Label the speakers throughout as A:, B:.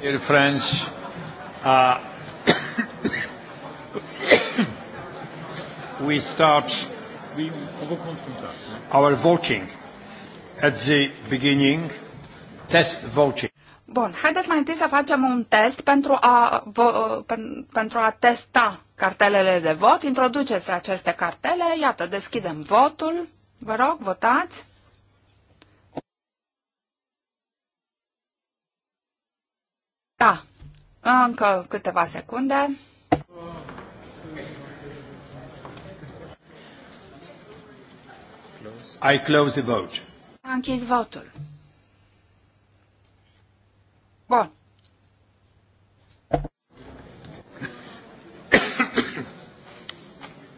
A: Dear friends,
B: uh, we start our voting at the beginning, test voting. Bun, haideți mai întâi să facem un test pentru a, pen, pentru a testa cartelele de vot. Introduceți aceste cartele. Iată, deschidem votul. Vă rog, votați. Da, încă câteva secunde. I close the vote. A închis votul. Bun.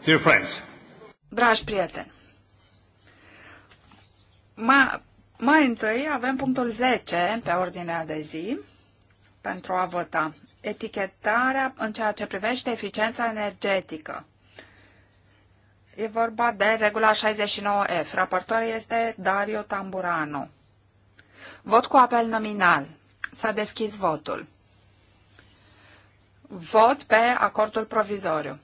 B: Dear friends. Dragi prieteni. Mai, mai întâi avem punctul 10 pe ordinea de zi pentru a vota. Etichetarea în ceea ce privește eficiența energetică. E vorba de regula 69F. Raportor este Dario Tamburano. Vot cu apel nominal. S-a deschis votul. Vot pe acordul provizoriu.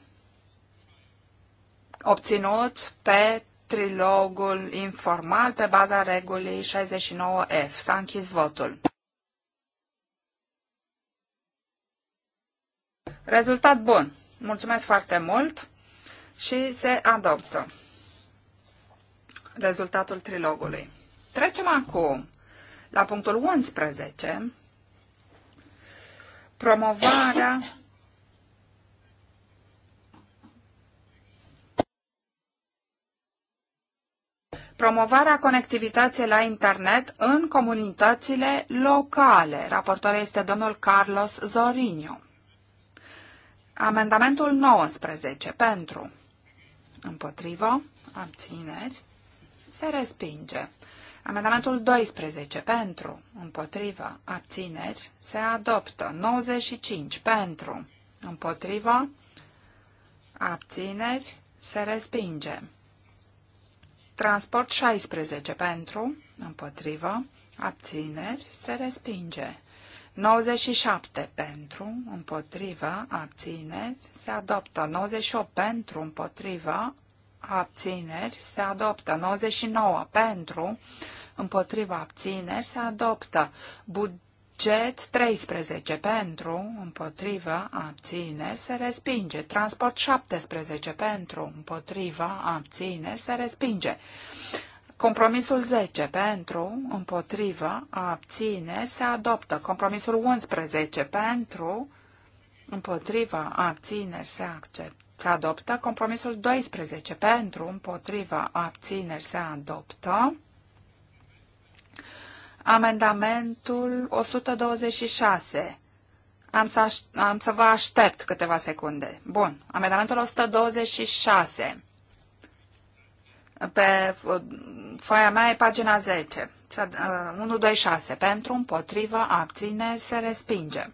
B: Obținut pe trilogul informal pe baza regulii 69F. S-a închis votul. Rezultat bun. Mulțumesc foarte mult și se adoptă rezultatul trilogului. Trecem acum la punctul 11, promovarea promovarea conectivității la internet în comunitățile locale. Raportor este domnul Carlos Zorinio. Amendamentul 19 pentru, împotrivă, abțineri, se respinge. Amendamentul 12 pentru, împotrivă, abțineri, se adoptă. 95 pentru, împotrivă, abțineri, se respinge. Transport 16 pentru, împotrivă, abțineri, se respinge. 97 pentru, împotrivă, abțineri, se adoptă. 98 pentru, împotrivă, abțineri, se adoptă. 99 pentru, împotrivă, abțineri, se adoptă. Buget 13 pentru, împotrivă, abțineri, se respinge. Transport 17 pentru, împotrivă, abțineri, se respinge. Compromisul 10 pentru, împotrivă, abțineri se adoptă. Compromisul 11 pentru, împotrivă, abțineri se acceptă. Se adoptă compromisul 12 pentru, împotriva, abțineri se adoptă. Amendamentul 126. Am să, am să vă aștept câteva secunde. Bun. Amendamentul 126. Pe foaia mea e pagina 10. 1, 2, 6, Pentru, împotrivă, abțineri, se respinge.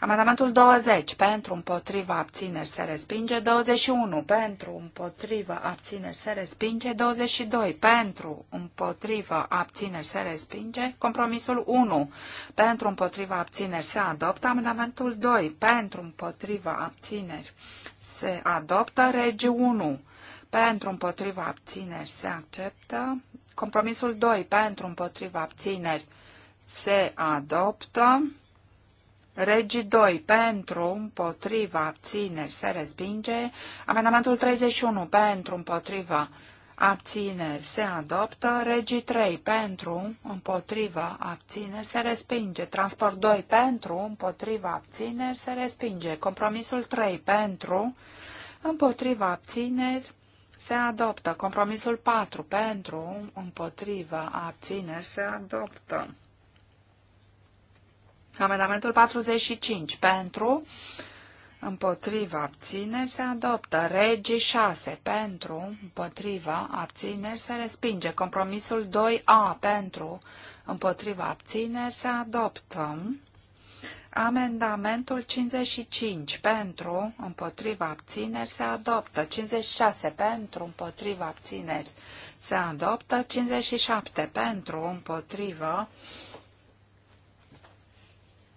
B: Amendamentul 20. Pentru, împotriva, abțineri, se respinge. 21. Pentru, împotriva, abțineri, se respinge. 22. Pentru, împotriva, abțineri, se respinge. Compromisul 1. Pentru, împotriva, abțineri, se adoptă. Amendamentul 2. Pentru, împotriva, abțineri, se adoptă. Regi 1 pentru împotriva abțineri se acceptă. Compromisul 2 pentru împotriva abțineri se adoptă. Regii 2 pentru împotriva abțineri se respinge. Amendamentul 31 pentru împotriva abțineri se adoptă. Regii 3 pentru împotriva abțineri se respinge. Transport 2 pentru împotriva abțineri se respinge. Compromisul 3 pentru împotriva abțineri se adoptă. Compromisul 4 pentru, împotrivă, abțineri se adoptă. Amendamentul 45 pentru, împotrivă, abțineri se adoptă. Regii 6 pentru, împotrivă, abțineri se respinge. Compromisul 2A pentru, împotrivă, abțineri se adoptă. Amendamentul 55 pentru, împotriva abțineri se adoptă. 56 pentru, împotriva abțineri se adoptă. 57 pentru, împotriva.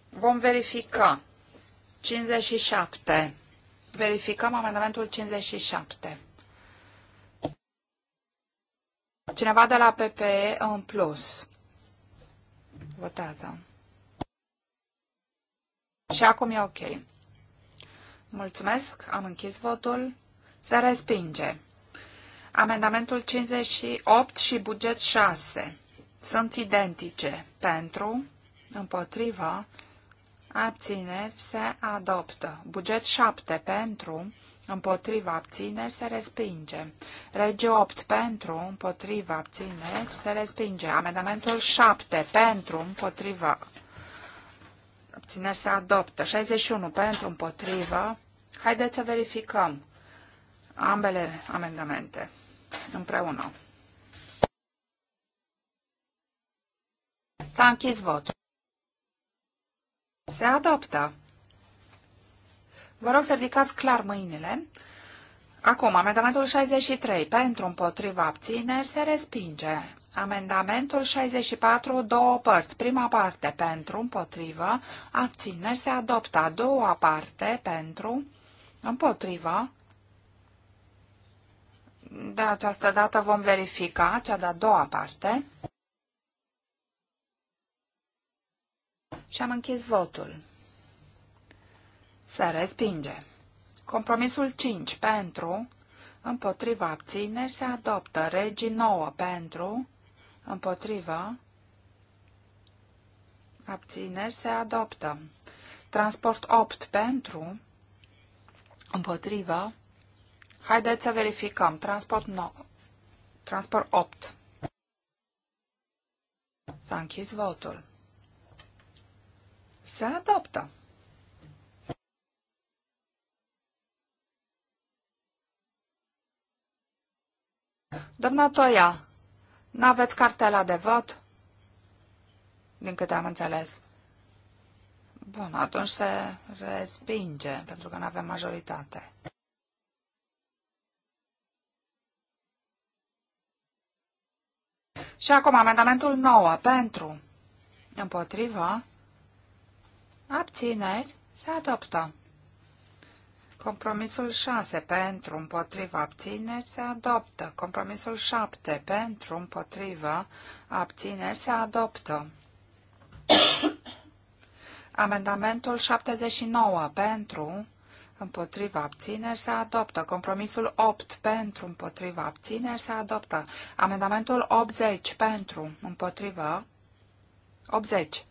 B: Vom verifica. 57. Verificăm amendamentul 57. Cineva de la PPE în plus. Votează. Și acum e ok. Mulțumesc, am închis votul. Se respinge. Amendamentul 58 și buget 6 sunt identice. Pentru, împotriva, abțineri se adoptă. Buget 7 pentru, împotriva abțineri se respinge. Rege 8 pentru, împotriva abțineri se respinge. Amendamentul 7 pentru, împotriva abțineri se adoptă. 61 pentru, împotrivă. Haideți să verificăm ambele amendamente împreună. S-a închis votul. Se adoptă. Vă rog să ridicați clar mâinile. Acum, amendamentul 63. Pentru împotriva abțineri se respinge. Amendamentul 64, două părți. Prima parte pentru, împotrivă, abține, se adoptă. A doua parte pentru, împotrivă. De această dată vom verifica cea de-a doua parte. Și am închis votul. Se respinge. Compromisul 5 pentru, împotriva abțineri se adoptă. Regii 9 pentru, Împotrivă. Abțineri se adoptă. Transport 8 pentru. Împotrivă. Haideți să verificăm. Transport no, Transport 8. S-a închis votul. Se adoptă. Domnul Toia, N-aveți cartela de vot? Din câte am înțeles. Bun, atunci se respinge, pentru că nu avem majoritate. Și acum amendamentul 9 pentru, împotriva, abțineri, se adoptă. Compromisul 6 pentru împotriva abțineri se adoptă. Compromisul 7 pentru împotriva abțineri se adoptă. Amendamentul 79 pentru împotriva abțineri se adoptă. Compromisul 8 pentru împotriva abțineri se adoptă. Amendamentul 80 pentru împotriva 80.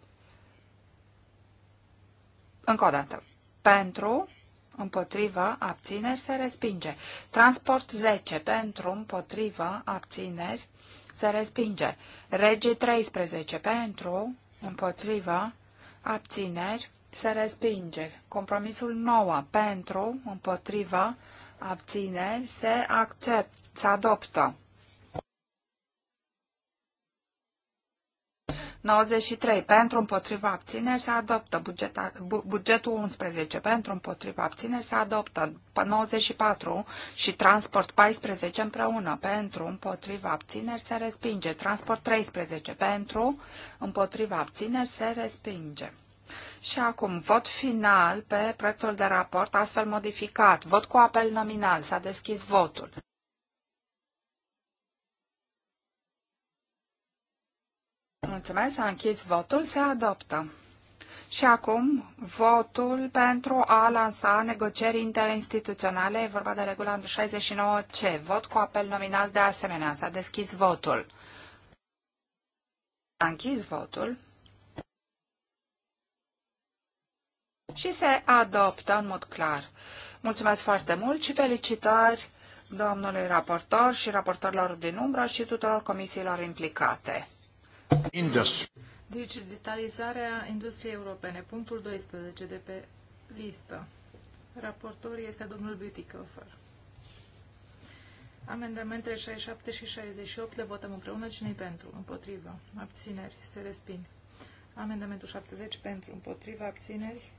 B: Încă o dată. Pentru împotrivă, abțineri, se respinge. Transport 10 pentru, împotrivă, abțineri, se respinge. Regi 13 pentru, împotrivă, abțineri, se respinge. Compromisul 9 pentru, împotrivă, abțineri, se acceptă, se adoptă. 93 pentru împotriva abține se adoptă. Bugeta, bu, bugetul 11 pentru împotriva abține se adoptă. 94 și transport 14 împreună pentru împotriva abține se respinge. Transport 13 pentru împotriva abține se respinge. Și acum, vot final pe proiectul de raport astfel modificat. Vot cu apel nominal. S-a deschis votul. Mulțumesc, a închis votul, se adoptă. Și acum votul pentru a lansa negocieri interinstituționale, e vorba de regula 69C, vot cu apel nominal de asemenea, s-a deschis votul. a închis votul și se adoptă în mod clar. Mulțumesc foarte mult și felicitări domnului raportor și raportorilor din umbră și tuturor comisiilor implicate.
A: Indus. Digitalizarea industriei europene, punctul 12 de pe listă. Raportor este domnul Beautycofer. Amendamentele 67 și 68 le votăm împreună. cine pentru? Împotrivă. Abțineri. Se resping. Amendamentul 70 pentru. Împotrivă. Abțineri.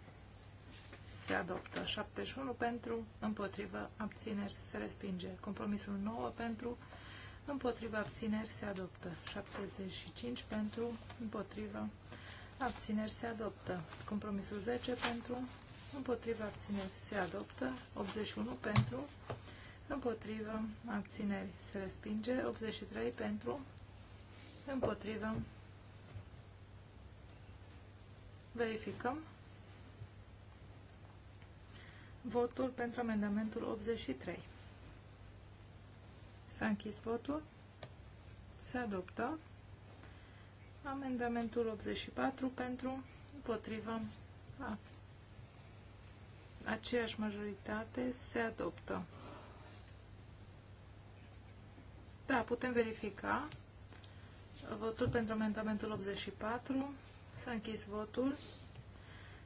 A: Se adoptă. 71 pentru. Împotrivă. Abțineri. Se respinge. Compromisul 9 pentru împotriva abțineri se adoptă. 75 pentru, împotriva abțineri se adoptă. Compromisul 10 pentru, împotriva abțineri se adoptă. 81 pentru, împotriva abțineri se respinge. 83 pentru, împotriva. Verificăm. Votul pentru amendamentul 83. S-a închis votul. Se adoptă. Amendamentul 84 pentru, împotriva, a, aceeași majoritate se adoptă. Da, putem verifica. Votul pentru amendamentul 84. S-a închis votul.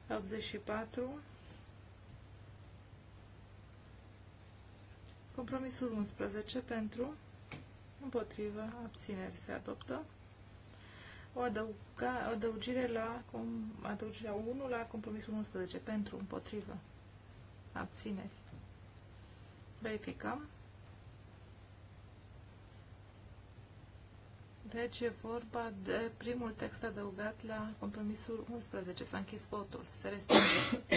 A: 84. Compromisul 11 pentru, împotrivă, abțineri se adoptă. O, adăuga, o adăugire la com, adăugirea 1 la compromisul 11 pentru, împotrivă, abțineri. Verificăm. Deci e vorba de primul text adăugat la compromisul 11. S-a închis votul. Se respinge.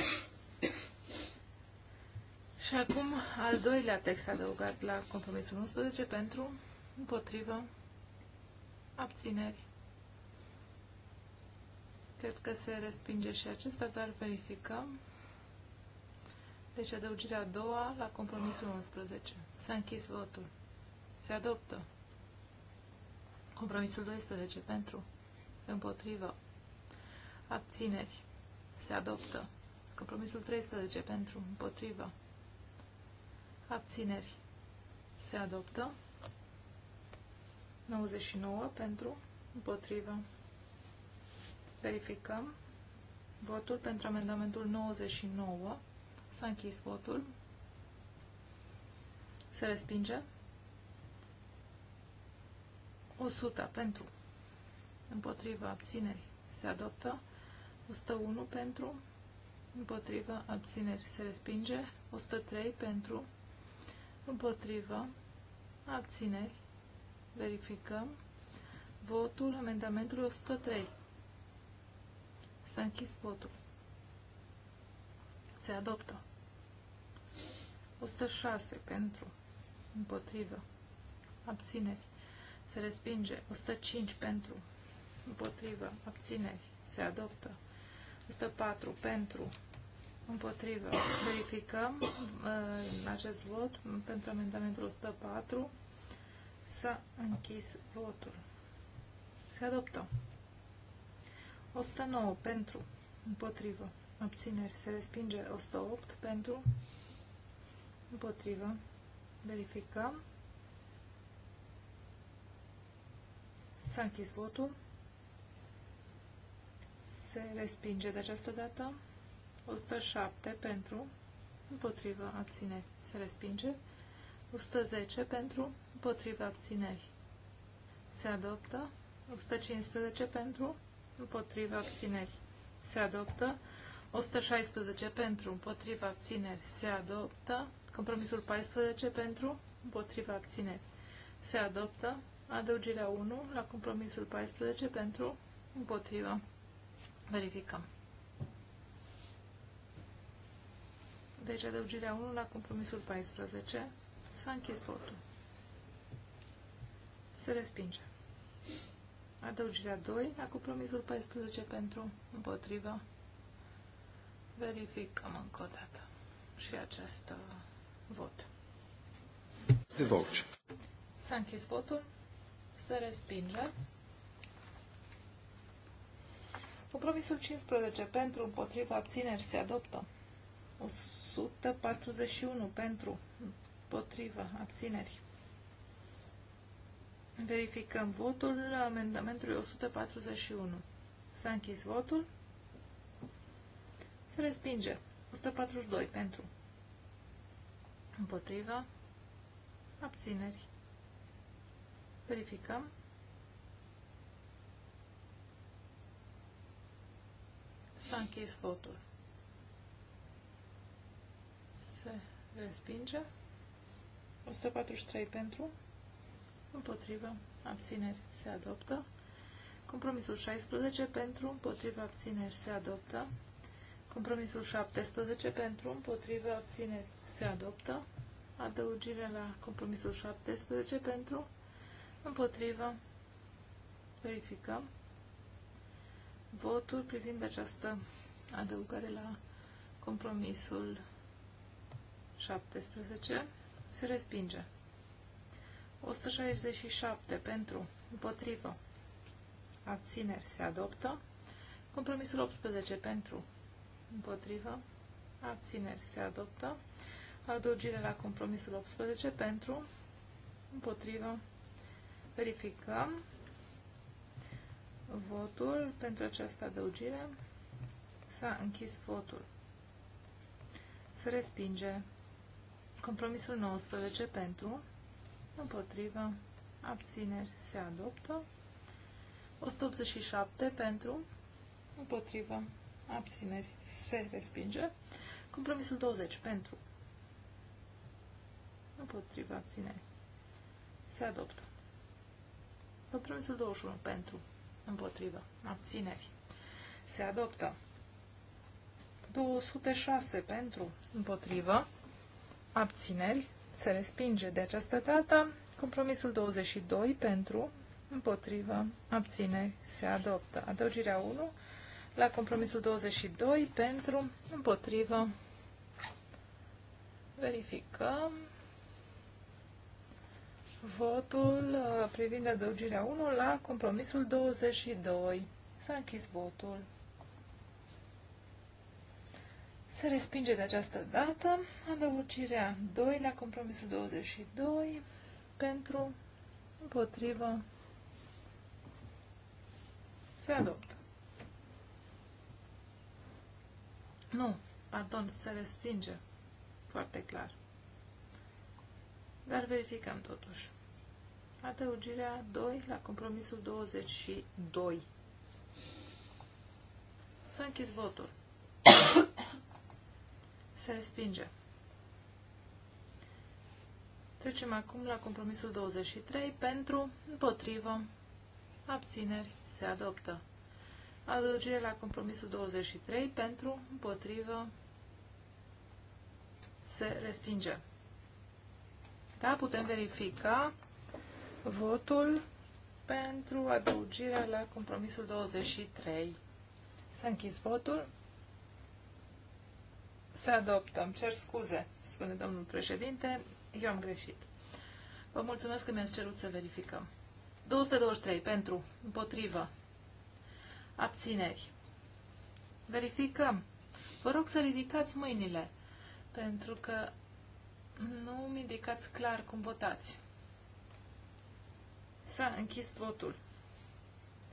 A: Și acum al doilea text adăugat la compromisul 11 pentru, împotrivă, abțineri. Cred că se respinge și acesta, dar verificăm. Deci adăugirea a doua la compromisul 11. S-a închis votul. Se adoptă. Compromisul 12 pentru, împotrivă, abțineri. Se adoptă. Compromisul 13 pentru, împotrivă, abțineri, se adoptă. 99 pentru, împotrivă. Verificăm. Votul pentru amendamentul 99. S-a închis votul. Se respinge. 100 pentru, împotrivă, abțineri, se adoptă. 101 pentru, împotrivă, abțineri, se respinge. 103 pentru, împotrivă, abțineri, verificăm votul amendamentului 103. S-a închis votul. Se adoptă. 106 pentru, împotrivă, abțineri, se respinge. 105 pentru, împotrivă, abțineri, se adoptă. 104 pentru, Împotrivă. Verificăm uh, acest vot pentru amendamentul 104. S-a închis votul. Se adoptă. 109 pentru. Împotrivă. Abțineri. Se respinge 108 pentru. Împotrivă. Verificăm. S-a închis votul. Se respinge de această dată. 107 pentru, împotriva abțineri se respinge. 110 pentru, împotriva abțineri se adoptă. 115 pentru, împotriva abțineri se adoptă. 116 pentru, împotriva abțineri se adoptă. Compromisul 14 pentru, împotriva abțineri se adoptă. Adăugirea 1 la compromisul 14 pentru, împotriva. Verificăm. Deci adăugirea 1 la compromisul 14. S-a închis votul. Se respinge. Adăugirea 2 la compromisul 14 pentru împotrivă. Verificăm încă o dată și acest uh, vot. De vot. S-a închis votul. Se respinge. Compromisul 15 pentru împotrivă abțineri se adoptă. 141 pentru, împotrivă, abțineri. Verificăm votul amendamentului 141. S-a închis votul. Se respinge. 142 pentru. Împotriva. Abțineri. Verificăm. S-a închis votul se respinge. 143 pentru, împotrivă, abțineri, se adoptă. Compromisul 16 pentru, împotrivă, abțineri, se adoptă. Compromisul 17 pentru, împotrivă, abțineri, se adoptă. Adăugire la compromisul 17 pentru, împotrivă, verificăm votul privind această adăugare la compromisul 17. Se respinge. 167 pentru, împotrivă, abțineri se adoptă. Compromisul 18 pentru, împotrivă, abțineri se adoptă. Adăugire la compromisul 18 pentru, împotrivă, verificăm votul pentru această adăugire. S-a închis votul. Se respinge. Compromisul 19 pentru, împotrivă, abțineri se adoptă. 187 pentru, împotrivă, abțineri se respinge. Compromisul 20 pentru, împotrivă, abțineri se adoptă. Compromisul 21 pentru, împotrivă, abțineri se adoptă. 206 pentru, împotrivă, abțineri, se respinge de această dată. Compromisul 22 pentru, împotrivă, abțineri, se adoptă. Adăugirea 1 la compromisul 22 pentru, împotrivă, verificăm. Votul uh, privind adăugirea 1 la compromisul 22. S-a închis votul. Se respinge de această dată adăugirea 2 la compromisul 22 pentru împotrivă se adoptă. Nu, pardon, se respinge foarte clar. Dar verificăm totuși. Adăugirea 2 la compromisul 22. Să a închis votul. Se respinge. Trecem acum la compromisul 23. Pentru, împotrivă, abțineri, se adoptă. Adăugire la compromisul 23. Pentru, împotrivă, se respinge. Da, putem verifica votul pentru adăugirea la compromisul 23. S-a închis votul. Se adoptă. cer scuze, spune domnul președinte. Eu am greșit. Vă mulțumesc că mi-ați cerut să verificăm. 223 pentru, împotrivă, abțineri. Verificăm. Vă rog să ridicați mâinile, pentru că nu îmi indicați clar cum votați. S-a închis votul.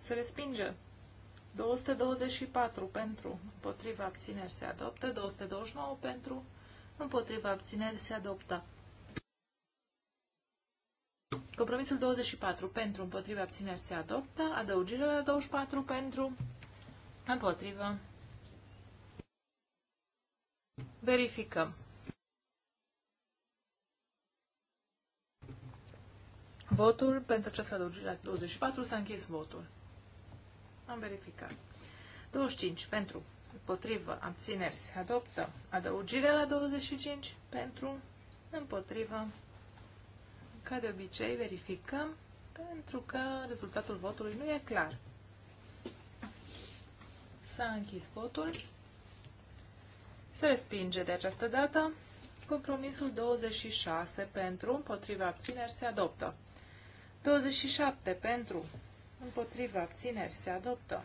A: Se respinge. 224 pentru, împotriva abțineri se adoptă, 229 pentru, împotriva abțineri se adoptă. Compromisul 24 pentru, împotriva abțineri se adoptă, adăugirea la 24 pentru, împotriva. Verificăm. Votul pentru această adăugire la 24 s-a închis votul. Am verificat. 25 pentru, împotrivă, abțineri, se adoptă. Adăugirea la 25 pentru, împotrivă. Ca de obicei, verificăm pentru că rezultatul votului nu e clar. S-a închis votul. Se respinge de această dată. Compromisul 26 pentru, împotriva abțineri, se adoptă. 27 pentru, împotriva abțineri se adoptă.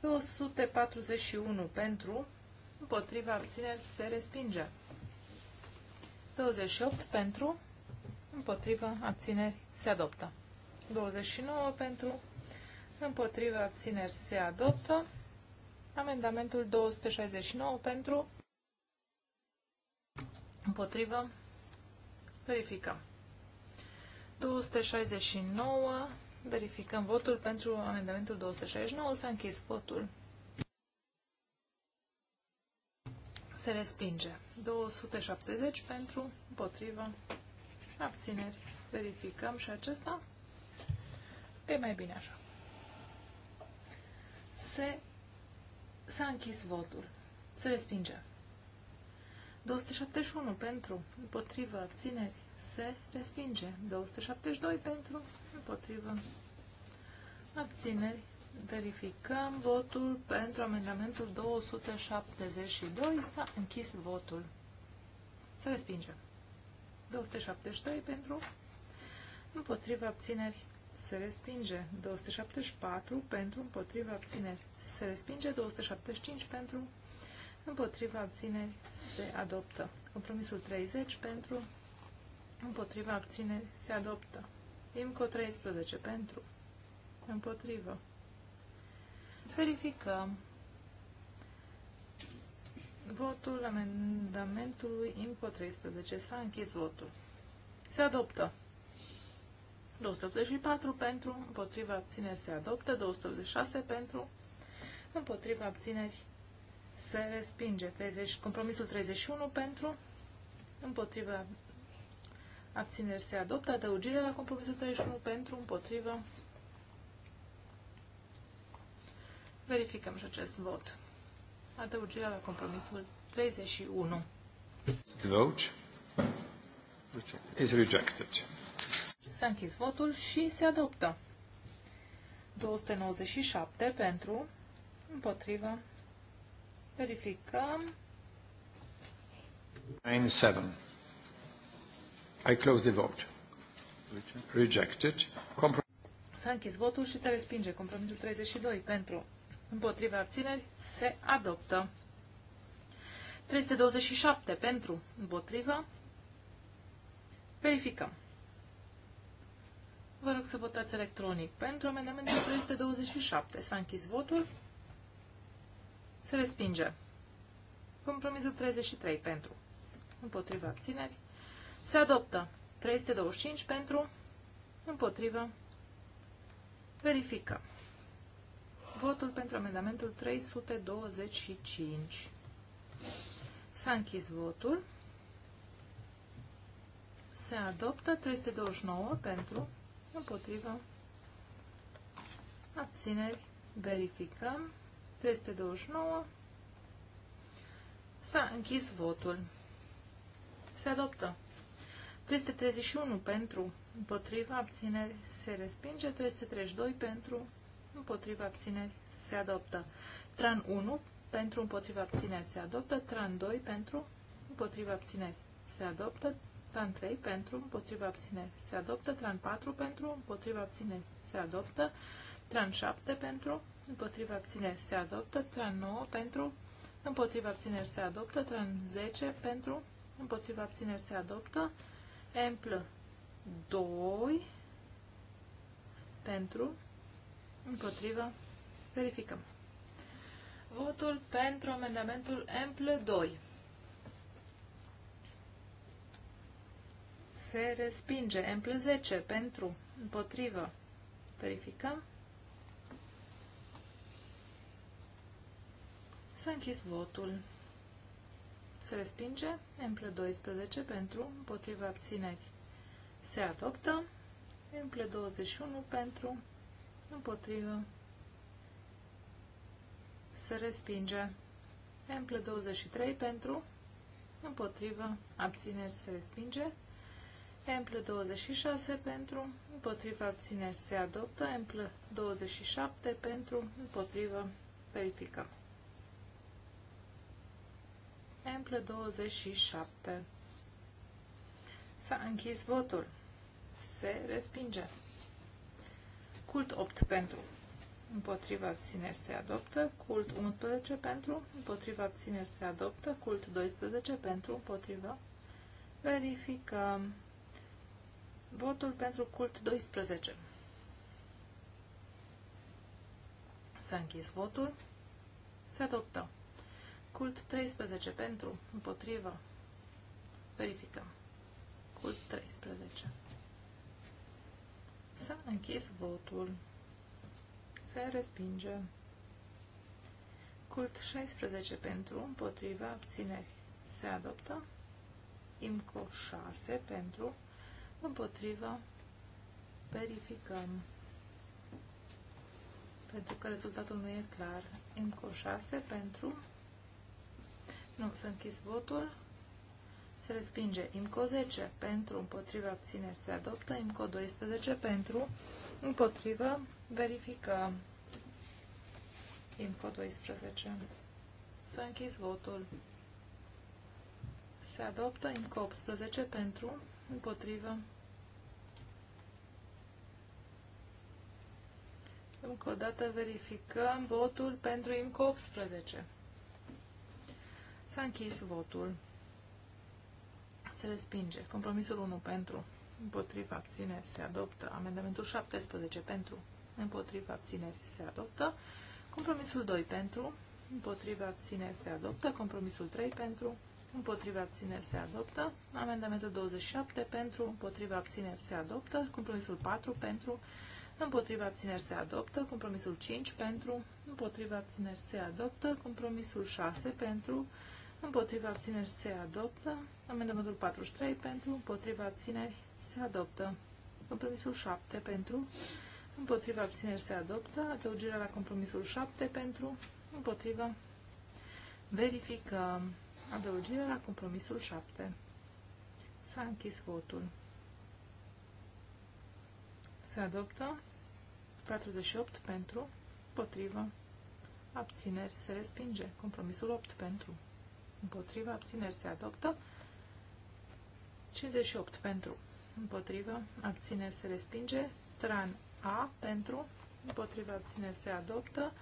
A: 241 pentru, împotriva abțineri se respinge. 28 pentru, împotriva abțineri se adoptă. 29 pentru, împotriva abțineri se adoptă. Amendamentul 269 pentru, împotrivă, verificăm. 269 Verificăm votul pentru amendamentul 269. S-a închis votul. Se respinge. 270 pentru, împotriva, abțineri. Verificăm și acesta. E mai bine așa. Se... S-a închis votul. Se respinge. 271 pentru, împotriva, abțineri se respinge. 272 pentru, împotrivă, abțineri. Verificăm votul pentru amendamentul 272. S-a închis votul. Se respinge. 273 pentru, împotrivă, abțineri. Se respinge 274 pentru împotriva abțineri. Se respinge 275 pentru împotriva abțineri. Se adoptă. Compromisul 30 pentru Împotriva abține se adoptă. IMCO 13 pentru. Împotrivă. Verificăm votul amendamentului IMCO 13. S-a închis votul. Se adoptă. 284 pentru, împotriva abțineri se adoptă, 286 pentru, împotriva abțineri se respinge, 30, compromisul 31 pentru, împotriva Abțineri se adoptă. Adăugirea la compromisul 31 pentru, împotrivă. Verificăm și acest vot. Adăugirea la compromisul 31. The vote is rejected. S-a închis votul și se adoptă. 297 pentru, împotrivă. Verificăm. 9, 7. I close the vote. Rejected. Comprom- S-a închis votul și se respinge. Compromisul 32 pentru. Împotriva abțineri se adoptă. 327 pentru. Împotriva. Verificăm. Vă rog să votați electronic. Pentru amendamentul 327 s-a închis votul. Se respinge. Compromisul 33 pentru. Împotriva abțineri se adoptă. 325 pentru, împotrivă, verificăm. Votul pentru amendamentul 325. S-a închis votul. Se adoptă 329 pentru, împotrivă, abțineri, verificăm. 329. S-a închis votul. Se adoptă. 331 pentru, împotriva abțineri se respinge, 332 pentru, împotriva abțineri se adoptă. Tran 1 pentru, împotriva abțineri se adoptă, Tran 2 pentru, împotriva abțineri se adoptă, Tran 3 pentru, împotriva abțineri se adoptă, Tran 4 pentru, împotriva abțineri se adoptă, Tran 7 pentru, împotriva abțineri se adoptă, Tran 9 pentru, împotriva abțineri se adoptă, Tran 10 pentru, împotriva abțineri se adoptă, Amplă 2 pentru, împotrivă, verificăm. Votul pentru amendamentul Amplă 2. Se respinge. Amplă 10 pentru, împotrivă, verificăm. S-a închis votul se respinge, plus 12 pentru, împotriva abțineri se adoptă, plus 21 pentru, împotriva se respinge, plus 23 pentru, împotriva abțineri se respinge, plus 26 pentru, împotriva abțineri se adoptă, plus 27 pentru, împotriva verificăm. Amplă 27. S-a închis votul. Se respinge. Cult 8 pentru. Împotriva abțineri se adoptă. Cult 11 pentru. Împotriva abțineri se adoptă. Cult 12 pentru. Împotriva. Verificăm. Votul pentru cult 12. S-a închis votul. Se adoptă. Cult 13 pentru, împotrivă. Verificăm. Cult 13. S-a închis votul. Se respinge. Cult 16 pentru, împotriva, abțineri. Se adoptă. IMCO 6 pentru, împotriva, verificăm. Pentru că rezultatul nu e clar. IMCO 6 pentru, nu, s-a închis votul. Se respinge IMCO 10 pentru, împotriva, abțineri. Se adoptă IMCO 12 pentru, împotriva, verificăm. IMCO 12. S-a închis votul. Se adoptă IMCO 18 pentru, împotrivă. Încă o dată verificăm votul pentru IMCO 18. S-a închis votul. Se respinge. Compromisul 1 pentru. Împotriva abțineri se adoptă. Amendamentul 17 pentru. Împotriva abțineri se adoptă. Compromisul 2 pentru. Împotriva abțineri se adoptă. Compromisul 3 pentru. Împotriva abțineri se adoptă. Amendamentul 27 pentru. Împotriva abțineri se adoptă. Compromisul 4 pentru. Împotriva abțineri se adoptă. Compromisul 5 pentru. Împotriva abțineri se adoptă. Compromisul 6 pentru. Împotriva abțineri se adoptă. Amendamentul 43 pentru. Împotriva abțineri se adoptă. Compromisul 7 pentru. Împotriva abțineri se adoptă. Adăugirea la compromisul 7 pentru. Împotriva. Verificăm. Adăugirea la compromisul 7. S-a închis votul. Se adoptă 48 pentru, potrivă, abțineri, se respinge. Compromisul 8 pentru, împotriva, abțineri se adoptă. 58 pentru, împotriva, abțineri se respinge. Tran A pentru, împotriva, abțineri se adoptă.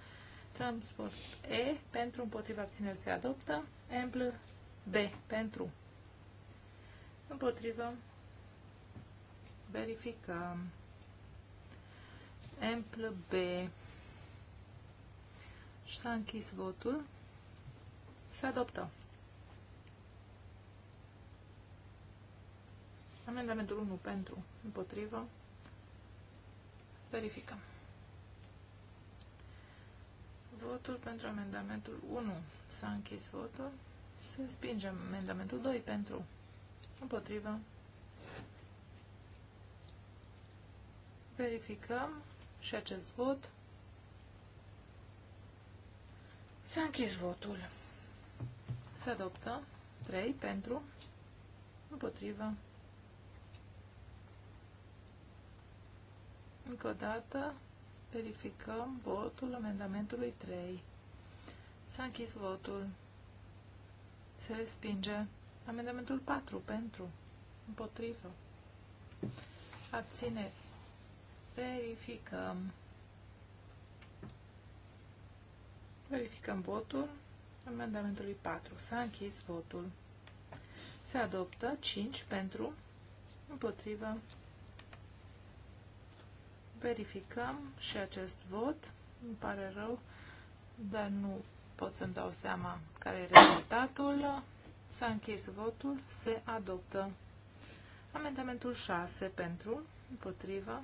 A: Transport E pentru, împotriva, abțineri se adoptă. Empl B pentru, împotriva, verificăm. Empl B. Și s-a închis votul. Se adoptă. Amendamentul 1 pentru, împotrivă. Verificăm. Votul pentru amendamentul 1. S-a închis votul. Se spinge amendamentul 2 pentru, împotrivă. Verificăm și acest vot. S-a închis votul. Se adoptă 3 pentru, împotrivă. Încă o dată verificăm votul amendamentului 3. S-a închis votul. Se respinge. Amendamentul 4 pentru. Împotrivă. Abțineri. Verificăm. Verificăm votul. Amendamentului 4. S-a închis votul. Se adoptă 5 pentru. Împotrivă. Verificăm și acest vot. Îmi pare rău, dar nu pot să-mi dau seama care e rezultatul. S-a închis votul. Se adoptă. Amendamentul 6 pentru, împotrivă,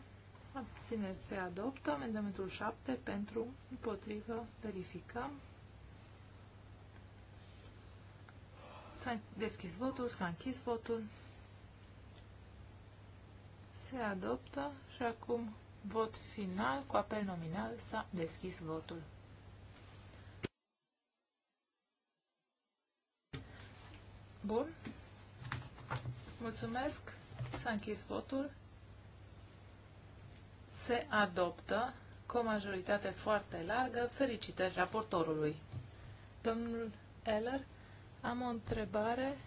A: abțineri se adoptă. Amendamentul 7 pentru, împotrivă, verificăm. S-a deschis votul, s-a închis votul. Se adoptă și acum Vot final cu apel nominal s-a deschis votul. Bun. Mulțumesc. S-a închis votul. Se adoptă cu o majoritate foarte largă. Felicitări raportorului. Domnul Eller, am o întrebare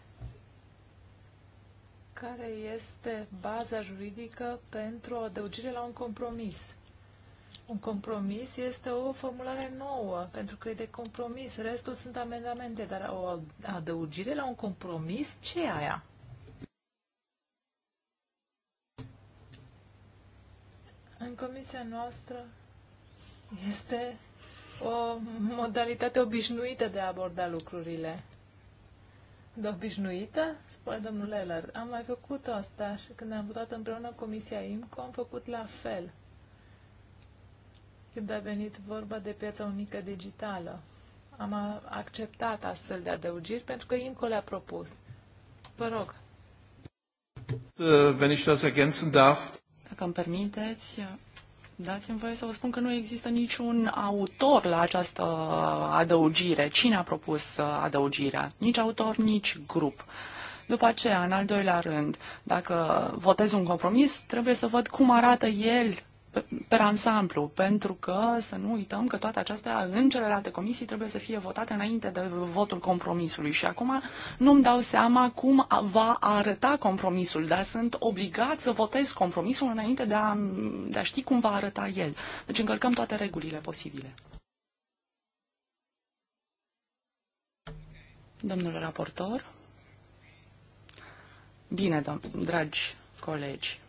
A: care este baza juridică pentru o adăugire la un compromis. Un compromis este o formulare nouă, pentru că e de compromis. Restul sunt amendamente, dar o adăugire la un compromis, ce e aia? În comisia noastră este o modalitate obișnuită de a aborda lucrurile de obișnuită, spune domnul Leller. Am mai făcut asta și când am votat împreună Comisia IMCO, am făcut la fel. Când a venit vorba de piața unică digitală, am acceptat astfel de adăugiri
C: pentru că IMCO le-a propus. Vă rog. Dacă îmi permiteți, Dați-mi voie să vă spun că nu există niciun autor la această adăugire. Cine a propus uh, adăugirea? Nici autor, nici grup. După aceea, în al doilea rând, dacă votez un compromis, trebuie să văd cum arată el pe, pe ansamblu, pentru că să nu uităm că toate acestea în celelalte comisii trebuie să fie votate înainte de votul compromisului și acum nu-mi dau seama cum va arăta compromisul, dar sunt obligat să votez compromisul înainte de a, de a ști cum va arăta el. Deci încălcăm toate regulile posibile. Domnule raportor. Bine, dom- dragi colegi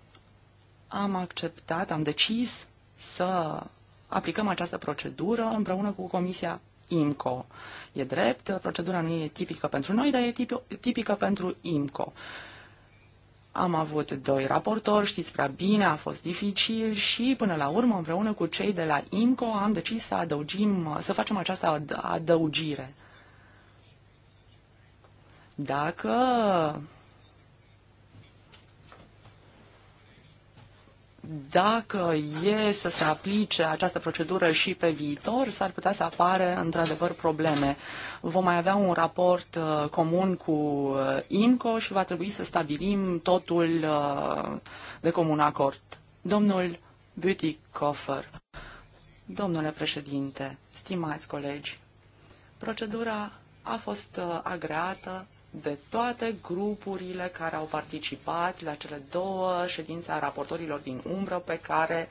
C: am acceptat, am decis să aplicăm această procedură împreună cu Comisia IMCO. E drept, procedura nu e tipică pentru noi, dar e tipică pentru IMCO. Am avut doi raportori, știți prea bine, a fost dificil și până la urmă, împreună cu cei de la IMCO, am decis să adăugim, să facem această adăugire. Dacă dacă e să se aplice această procedură și pe viitor, s-ar putea să apare într-adevăr probleme. Vom mai avea un raport uh, comun cu uh, INCO și va trebui să stabilim totul uh, de comun acord. Domnul Butikofer, domnule președinte, stimați colegi, procedura a fost uh, agreată de toate grupurile care au participat la cele două ședințe a raportorilor din umbră pe care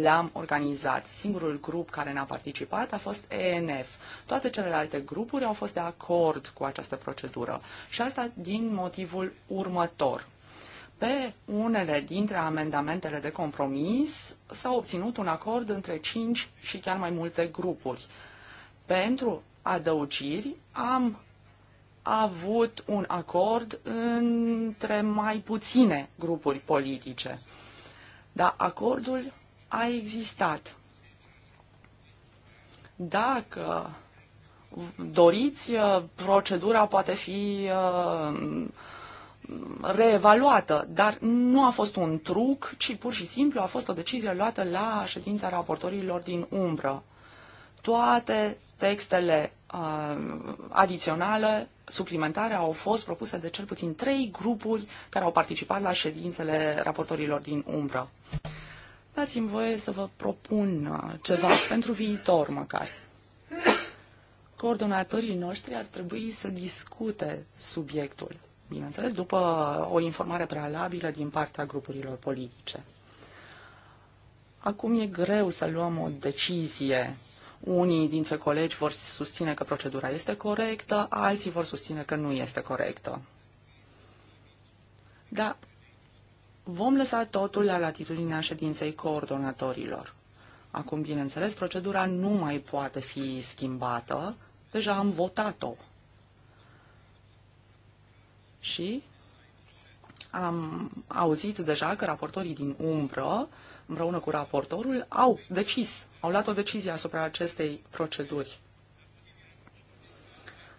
C: le-am organizat. Singurul grup care ne a participat a fost ENF. Toate celelalte grupuri au fost de acord cu această procedură și asta din motivul următor. Pe unele dintre amendamentele de compromis s-a obținut un acord între 5 și chiar mai multe grupuri. Pentru adăugiri am a avut un acord între mai puține grupuri politice. Dar acordul a existat. Dacă doriți, procedura poate fi uh, reevaluată, dar nu a fost un truc, ci pur și simplu a fost o decizie luată la ședința raportorilor din umbră. Toate textele uh, adiționale suplimentare au fost propuse de cel puțin trei grupuri care au participat la ședințele raportorilor din umbră. Dați-mi voie să vă propun uh, ceva pentru viitor măcar. Coordonatorii noștri ar trebui să discute subiectul, bineînțeles, după o informare prealabilă din partea grupurilor politice. Acum e greu să luăm o decizie unii dintre colegi vor susține că procedura este corectă, alții vor susține că nu este corectă. Da, vom lăsa totul la latitudinea ședinței coordonatorilor. Acum, bineînțeles, procedura nu mai poate fi schimbată, deja am votat-o. Și am auzit deja că raportorii din umbră uh, împreună cu raportorul, au decis, au luat o decizie asupra acestei proceduri.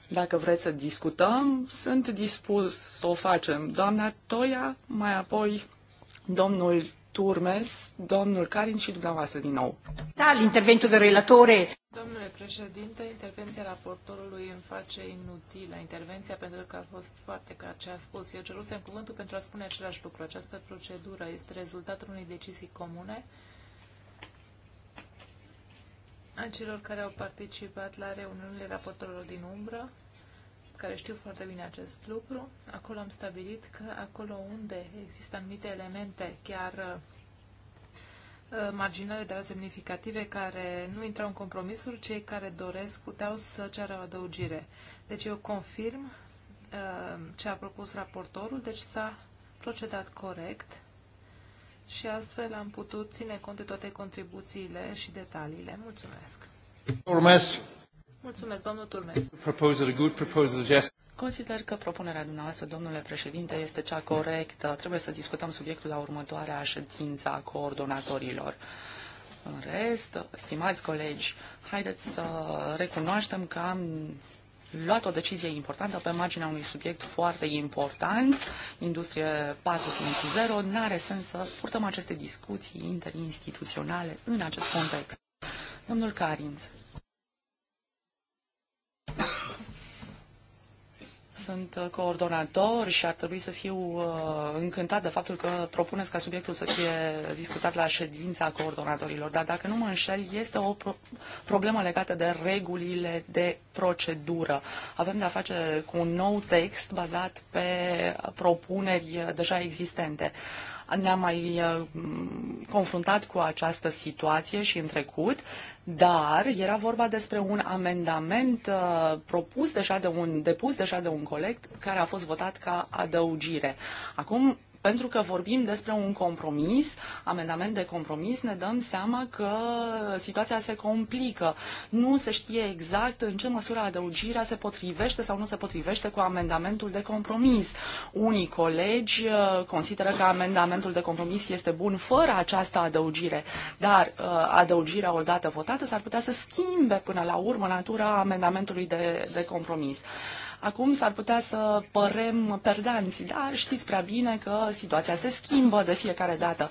C: Dacă vreți să discutăm, sunt dispus să o facem. Doamna Toia, mai apoi domnul Turmes, domnul Carin și dumneavoastră din nou. Da, interventul de relatore.
A: Domnule președinte, intervenția raportorului îmi face inutilă intervenția pentru că a fost foarte clar ce a spus. Eu cerusem cuvântul pentru a spune același lucru. Această procedură este rezultatul unei decizii comune a celor care au participat la reuniunile raportorilor din umbră care știu foarte bine acest lucru. Acolo am stabilit că acolo unde există anumite elemente chiar uh, uh, marginale, dar semnificative, care nu intrau în compromisuri, cei care doresc puteau să ceară o adăugire. Deci eu confirm uh, ce a propus raportorul, deci s-a procedat corect și astfel am putut ține cont de toate contribuțiile și detaliile. Mulțumesc! Mulțumesc, domnul Turmes.
C: Consider că propunerea dumneavoastră, domnule președinte, este cea corectă. Trebuie să discutăm subiectul la următoarea ședință a coordonatorilor. În rest, stimați colegi, haideți să recunoaștem că am luat o decizie importantă pe marginea unui subiect foarte important, industrie 4.0. N-are sens să purtăm aceste discuții interinstituționale în acest context. Domnul Carinț. Sunt uh, coordonator și ar trebui să fiu uh, încântat de faptul că propuneți ca subiectul să fie discutat la ședința coordonatorilor. Dar dacă nu mă înșel, este o pro- problemă legată de regulile de procedură. Avem de a face cu un nou text bazat pe propuneri deja existente. Uh, ne-am mai uh, confruntat cu această situație și în trecut, dar era vorba despre un amendament uh, propus deja de un, depus deja de un coleg care a fost votat ca adăugire. Acum pentru că vorbim despre un compromis, amendament de compromis, ne dăm seama că situația se complică. Nu se știe exact în ce măsură adăugirea se potrivește sau nu se potrivește cu amendamentul de compromis. Unii colegi uh, consideră că amendamentul de compromis este bun fără această adăugire, dar uh, adăugirea odată votată s-ar putea să schimbe până la urmă natura amendamentului de, de compromis. Acum s-ar putea să părem perdanți, dar știți prea bine că situația se schimbă de fiecare dată.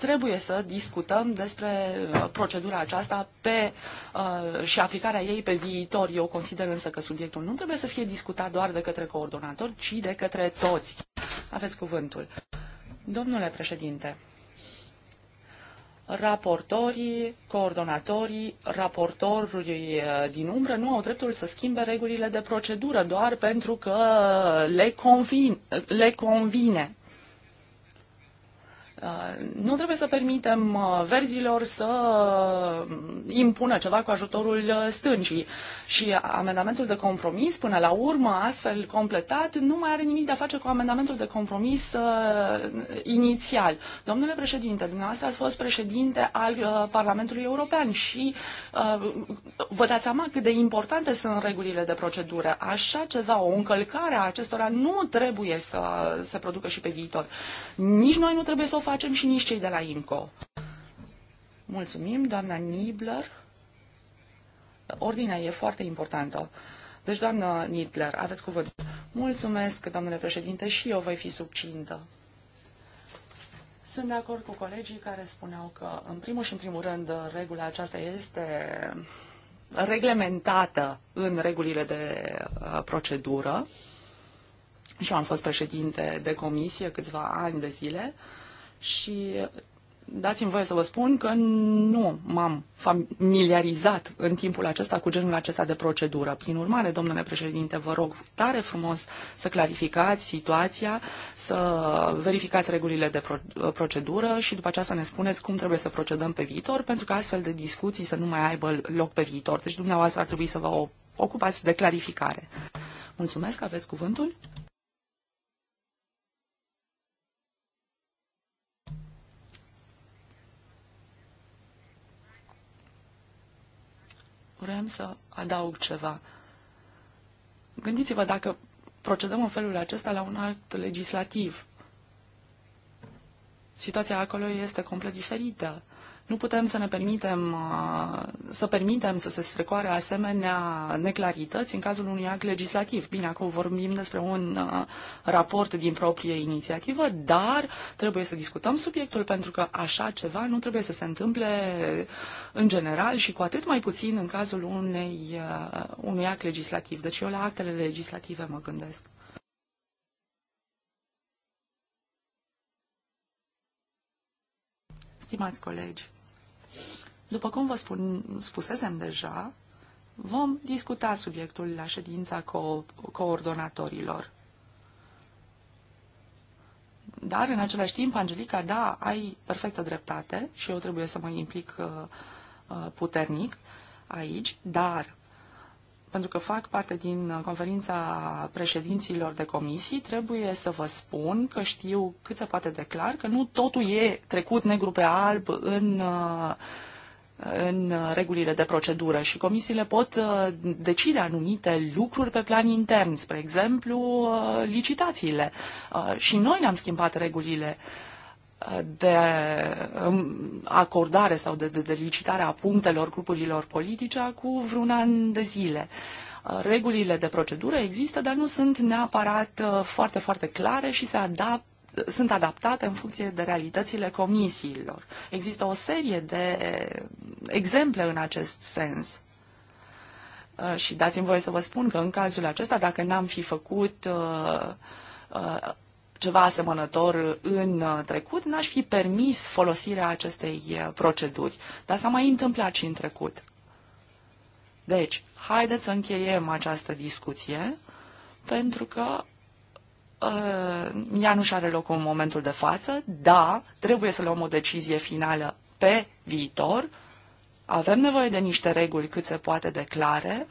C: Trebuie să discutăm despre procedura aceasta pe, și aplicarea ei pe viitor. Eu consider însă că subiectul nu trebuie să fie discutat doar de către coordonator, ci de către toți. Aveți cuvântul. Domnule președinte, raportorii, coordonatorii, raportorului eh, din umbră nu au dreptul să schimbe regulile de procedură doar pentru că le, convin, le convine. Uh, nu trebuie să permitem uh, verzilor să uh, impună ceva cu ajutorul stângii. Și amendamentul de compromis, până la urmă, astfel completat, nu mai are nimic de a face cu amendamentul de compromis inițial. Domnule președinte, dumneavoastră ați fost președinte al Parlamentului European și vă dați seama cât de importante sunt regulile de procedură. Așa ceva, o încălcare a acestora nu trebuie să se producă și pe viitor. Nici noi nu trebuie să o facem și nici cei de la IMCO. Mulțumim, doamna Nibler. Ordinea e foarte importantă. Deci, doamnă Nibler, aveți cuvânt. Mulțumesc, domnule președinte, și eu voi fi subcintă. Sunt de acord cu colegii care spuneau că, în primul și în primul rând, regula aceasta este reglementată în regulile de uh, procedură. Și am fost președinte de comisie câțiva ani de zile. Uh, și dați-mi voie să vă spun că nu m-am familiarizat în timpul acesta cu genul acesta de procedură. Prin urmare, domnule președinte, vă rog tare frumos să clarificați situația, să verificați regulile de procedură și după aceea să ne spuneți cum trebuie să procedăm pe viitor, pentru că astfel de discuții să nu mai aibă loc pe viitor. Deci dumneavoastră ar trebui să vă ocupați de clarificare. Mulțumesc, aveți cuvântul. vrem să adaug ceva. Gândiți-vă dacă procedăm în felul acesta la un act legislativ. Situația acolo este complet diferită. Nu putem să ne permitem uh, să permitem să se strecoare asemenea neclarități în cazul unui act legislativ. Bine, acum vorbim despre un uh, raport din proprie inițiativă, dar trebuie să discutăm subiectul pentru că așa ceva nu trebuie să se întâmple în general și cu atât mai puțin în cazul unei, uh, unui act legislativ. Deci eu la actele legislative mă gândesc. stimați colegi. După cum vă spun, spusesem deja, vom discuta subiectul la ședința co- coordonatorilor. Dar, în același timp, Angelica, da, ai perfectă dreptate și eu trebuie să mă implic uh, uh, puternic aici, dar pentru că fac parte din conferința președinților de comisii, trebuie să vă spun că știu cât se poate declar că nu totul e trecut negru pe alb în uh, în regulile de procedură și comisiile pot uh, decide anumite lucruri pe plan intern, spre exemplu uh, licitațiile. Uh, și noi ne-am schimbat regulile de um, acordare sau de, de, de licitare a punctelor grupurilor politice cu vreun an de zile. Regulile de procedură există, dar nu sunt neapărat foarte, foarte clare și se adaptă sunt adaptate în funcție de realitățile comisiilor. Există o serie de exemple în acest sens. Uh, și dați-mi voie să vă spun că în cazul acesta, dacă n-am fi făcut uh, uh, ceva asemănător în trecut, n-aș fi permis folosirea acestei proceduri. Dar s-a mai întâmplat și în trecut. Deci, haideți să încheiem această discuție, pentru că Uh, ea nu și are loc în momentul de față, da, trebuie să luăm o decizie finală pe viitor, avem nevoie de niște reguli cât se poate declare.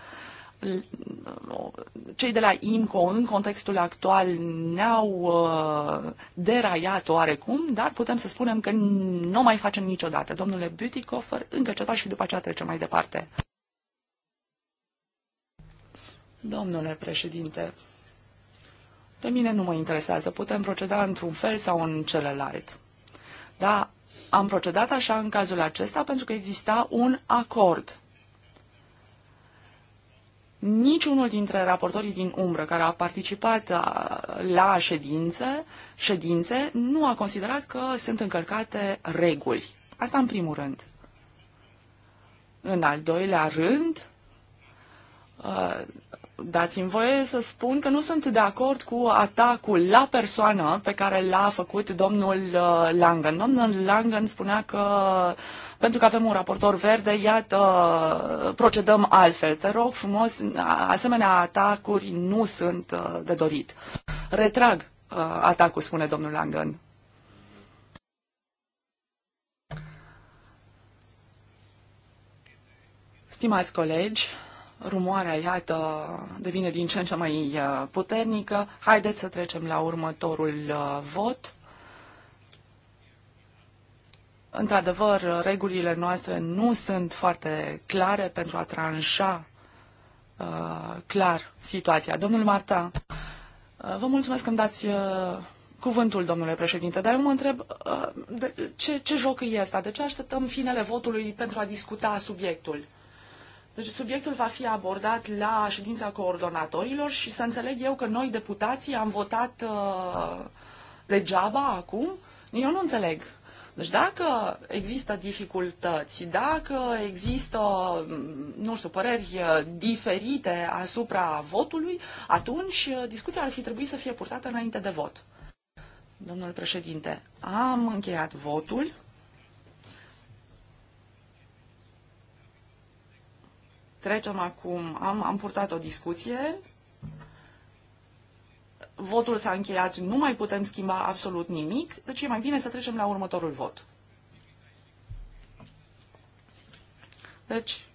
C: Cei de la IMCO în contextul actual ne-au uh, deraiat oarecum, dar putem să spunem că nu mai facem niciodată. Domnule Butikofer, încă ceva și după aceea trecem mai departe. Domnule președinte, pe mine nu mă interesează, putem proceda într-un fel sau în celălalt. Da, am procedat așa în cazul acesta pentru că exista un acord. Niciunul dintre raportorii din umbră care a participat la ședințe, ședințe nu a considerat că sunt încălcate reguli. Asta în primul rând. În al doilea rând, dați-mi voie să spun că nu sunt de acord cu atacul la persoană pe care l-a făcut domnul uh, Langen. Domnul Langen spunea că pentru că avem un raportor verde, iată, procedăm altfel. Te rog frumos, asemenea atacuri nu sunt uh, de dorit. Retrag uh, atacul, spune domnul Langen. Stimați colegi, rumoarea, iată, devine din ce în ce mai uh, puternică. Haideți să trecem la următorul uh, vot. Într-adevăr, uh, regulile noastre nu sunt foarte clare pentru a tranșa uh, clar situația. Domnul Marta, uh, vă mulțumesc că îmi dați uh, cuvântul, domnule președinte, dar eu mă întreb uh, de, ce, ce joc e asta? De ce așteptăm finele votului pentru a discuta subiectul? Deci subiectul va fi abordat la ședința coordonatorilor și să înțeleg eu că noi, deputații, am votat uh, degeaba acum? Eu nu înțeleg. Deci dacă există dificultăți, dacă există, mm, nu știu, păreri uh, diferite asupra votului, atunci uh, discuția ar fi trebuit să fie purtată înainte de vot. Domnul președinte, am încheiat votul. Trecem acum, am, am purtat o discuție, votul s-a încheiat, nu mai putem schimba absolut nimic, deci e mai bine să trecem la următorul vot. Deci,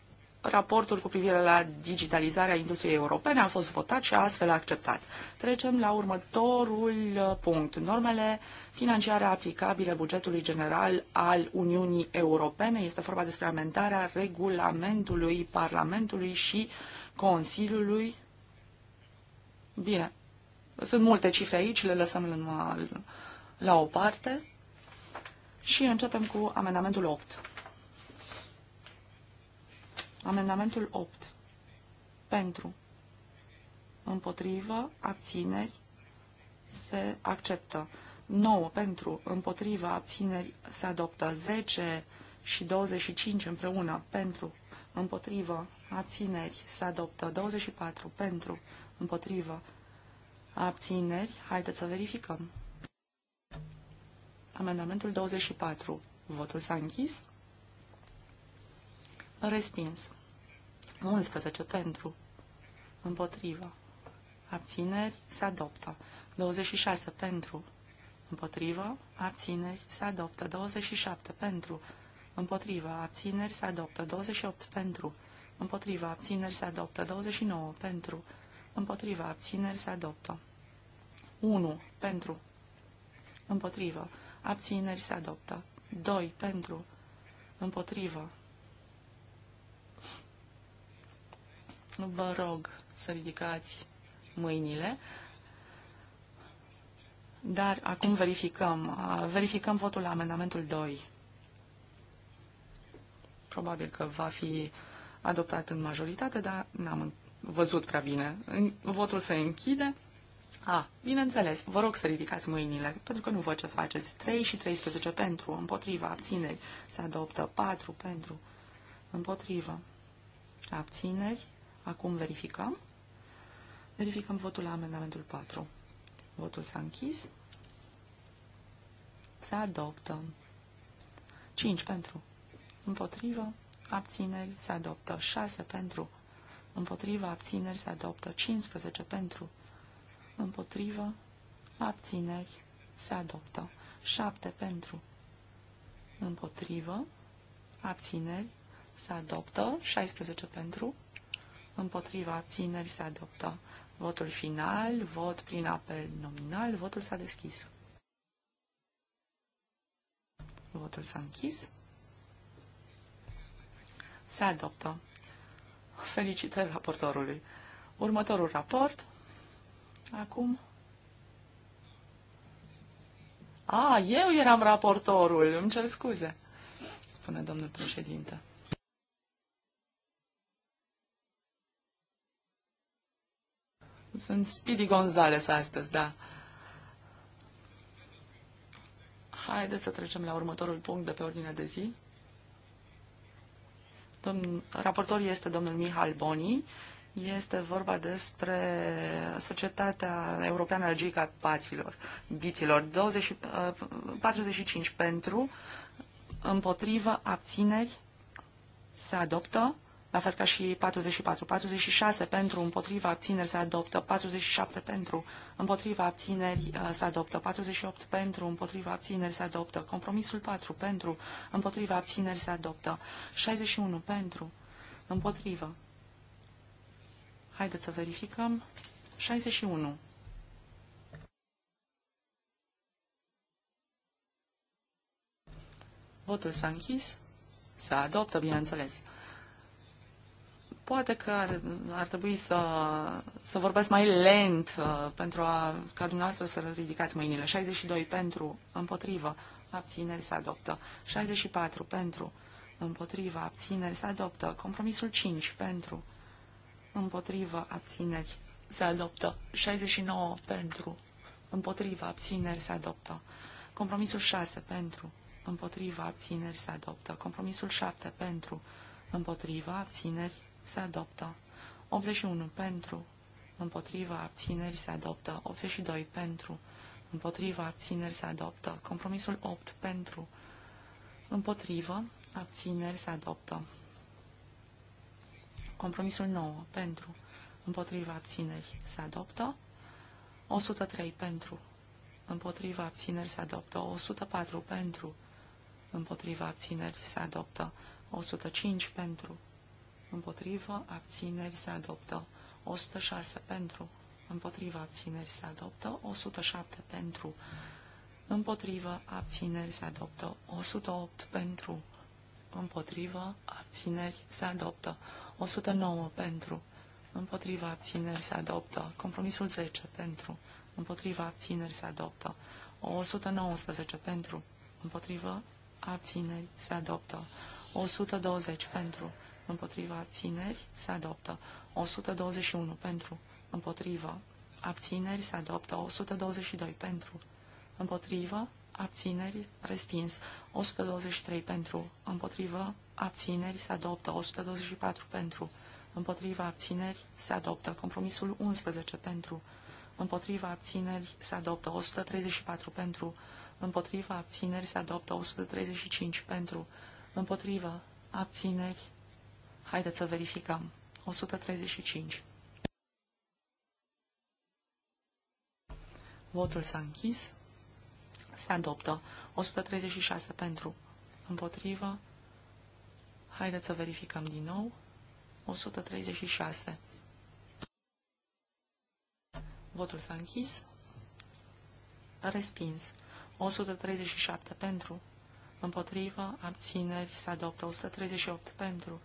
C: raportul cu privire la digitalizarea industriei europene a fost votat și astfel acceptat. Trecem la următorul uh, punct. Normele financiare aplicabile bugetului general al Uniunii Europene. Este vorba despre amendarea regulamentului Parlamentului și Consiliului. Bine, sunt multe cifre aici, le lăsăm uh, la, o parte și începem cu amendamentul 8. Amendamentul 8. Pentru. Împotrivă. Abțineri. Se acceptă. 9. Pentru. Împotrivă. Abțineri. Se adoptă. 10 și 25 împreună. Pentru. Împotrivă. Abțineri. Se adoptă. 24. Pentru. Împotrivă. Abțineri. Haideți să verificăm. Amendamentul 24. Votul s-a închis. Respins. 11 pentru. Împotrivă. Abțineri. Se adoptă. 26 pentru. Împotrivă. Abțineri. Se adoptă. 27 pentru. Împotrivă. Abțineri. Se adoptă. 28 pentru. Împotrivă. abțineri se adoptă 29 pentru. Împotrivă. abțineri se adoptă 1 pentru. Împotrivă. Abțineri se adoptă 2 pentru. Împotrivă. vă rog să ridicați mâinile. Dar acum verificăm. Uh, verificăm votul la amendamentul 2. Probabil că va fi adoptat în majoritate, dar n-am văzut prea bine. Votul se închide. A, bineînțeles, vă rog să ridicați mâinile, pentru că nu văd ce faceți. 3 și 13 pentru, împotriva, abțineri. Se adoptă 4 pentru, împotriva, abțineri. Acum verificăm. Verificăm votul la amendamentul 4. Votul s-a închis. Se adoptă. 5 pentru. Împotrivă. Abțineri. Se adoptă. 6 pentru. Împotrivă. Abțineri. Se adoptă. 15 pentru. Împotrivă. Abțineri. Se adoptă. 7 pentru. Împotrivă. Abțineri. Se adoptă. 16 pentru împotriva abțineri se adoptă. Votul final, vot prin apel nominal, votul s-a deschis. Votul s-a închis. Se adoptă. Felicitări raportorului. Următorul raport. Acum. A, eu eram raportorul. Îmi cer scuze, spune domnul președinte. Sunt Speedy Gonzales astăzi, da. Haideți să trecem la următorul punct de pe ordinea de zi. Domn, raportor este domnul Mihal Boni. Este vorba despre Societatea Europeană a Gigapaților, Biților, 20, 45 uh, pentru, împotrivă, abțineri, se adoptă la fel ca și 44. 46 pentru, împotriva abțineri se adoptă, 47 pentru, împotriva abțineri uh, se adoptă, 48 pentru, împotriva abțineri se adoptă, compromisul 4 pentru, împotriva abțineri se adoptă, 61 pentru, împotrivă. Haideți să verificăm. 61. Votul s-a închis. Se adoptă, bineînțeles. Poate că ar, ar trebui să, să vorbesc mai lent uh, pentru a, ca dumneavoastră să ridicați mâinile. 62 pentru, împotrivă, abțineri se adoptă. 64 pentru, împotrivă, abțineri se adoptă. Compromisul 5 pentru, împotrivă, abțineri se adoptă. 69 pentru, împotrivă, abțineri se adoptă. Compromisul 6 pentru, împotrivă, abțineri se adoptă. Compromisul 7 pentru, împotrivă, abțineri se adoptă. 81 pentru, împotriva abțineri se adoptă. 82 pentru, împotriva abțineri se adoptă. Compromisul 8 pentru, împotriva abțineri se adoptă. Compromisul 9 pentru, împotriva abțineri se adoptă. 103 pentru, împotriva abțineri se adoptă. 104 pentru, împotriva abțineri se adoptă. 105 pentru, împotrivă, abțineri se adoptă. 106 pentru, împotrivă, abțineri se adoptă. 107 pentru, împotrivă, abțineri se adoptă. 108 pentru, împotrivă, abțineri se adoptă. 109 pentru, Împotrivă, abțineri se adoptă. Compromisul 10 pentru, Împotrivă, abțineri se adoptă. 119 pentru, Împotrivă, abțineri se adoptă. 120 pentru, împotriva abțineri se adoptă. 121 pentru, împotriva abțineri se adoptă. 122 pentru, împotriva abțineri respins. 123 pentru, împotriva abțineri se adoptă. 124 pentru, împotriva abțineri se adoptă. Compromisul 11 pentru, împotriva abțineri se adoptă. 134 pentru, împotriva abțineri se adoptă. 135 pentru, împotriva abțineri Haideți să verificăm. 135. Votul s-a închis. Se adoptă. 136 pentru. Împotrivă. Haideți să verificăm din nou. 136. Votul s-a închis. Respins. 137 pentru. Împotrivă. Abțineri. Se adoptă. 138 pentru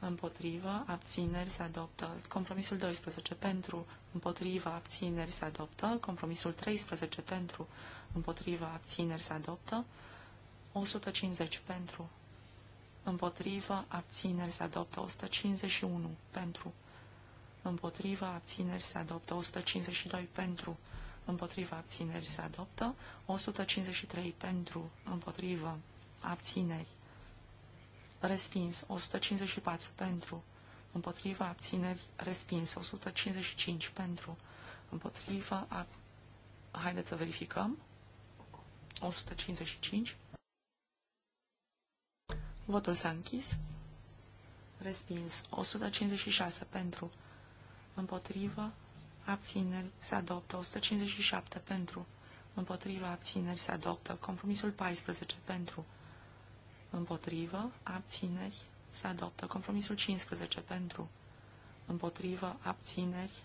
C: împotrivă, abțineri se adoptă. Compromisul 12 pentru, împotrivă, abțineri se adoptă. Compromisul 13 pentru, împotrivă, abțineri se adoptă. 150 pentru, împotrivă, abțineri se adoptă. 151 pentru, împotrivă, abțineri se adoptă. 152 pentru, împotriva abțineri se adoptă, 153 pentru, împotrivă, abțineri respins. 154 pentru, împotriva abțineri, respins. 155 pentru, împotriva ab... Haideți să verificăm. 155. Votul s-a închis. Respins. 156 pentru, împotriva abțineri, se adoptă. 157 pentru, împotriva abțineri, se adoptă. Compromisul 14 pentru, împotrivă, abțineri, se adoptă. Compromisul 15 pentru, împotrivă, abțineri,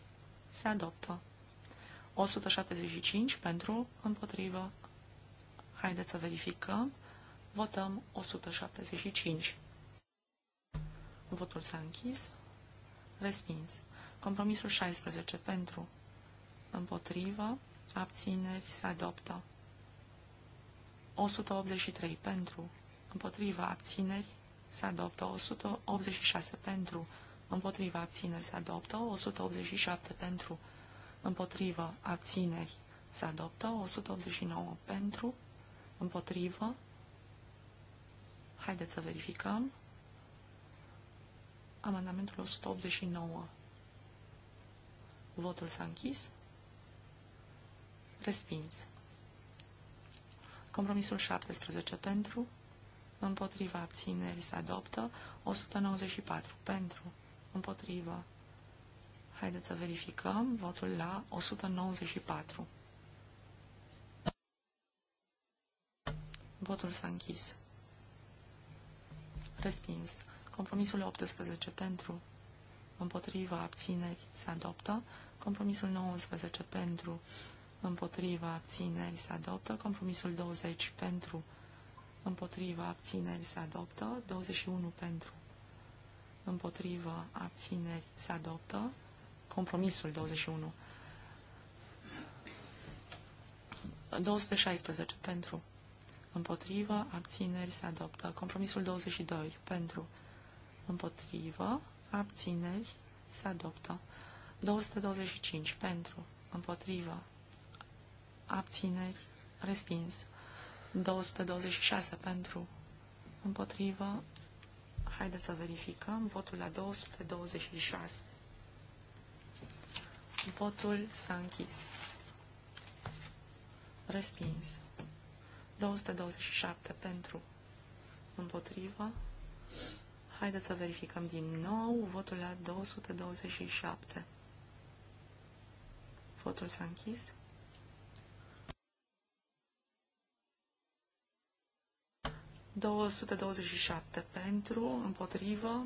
C: se adoptă. 175 pentru, împotrivă, haideți să verificăm, votăm 175. Votul s-a închis, respins. Compromisul 16 pentru, împotrivă, abțineri, se adoptă. 183 pentru, împotriva abțineri se adoptă 186 pentru, împotriva abțineri se adoptă 187 pentru, împotriva abțineri se adoptă 189 pentru, împotrivă. Haideți să verificăm. Amendamentul 189. Votul s-a închis. Respins. Compromisul 17 pentru, împotriva abținerii se adoptă, 194 pentru, împotriva. Haideți să verificăm votul la 194. Votul s-a închis. Respins. Compromisul 18 pentru, împotriva abținerii se adoptă, compromisul 19 pentru, împotriva abținerii se adoptă, compromisul 20 pentru, împotriva abțineri se adoptă, 21 pentru, împotriva abțineri se adoptă, compromisul 21, 216 pentru, împotriva abțineri se adoptă, compromisul 22 pentru, împotriva abțineri se adoptă, 225 pentru, împotriva abțineri, respins, 226 pentru împotrivă. Haideți să verificăm. Votul la 226. Votul s-a închis. Respins. 227 pentru împotrivă. Haideți să verificăm din nou votul la 227. Votul s-a închis. 227 pentru, împotrivă,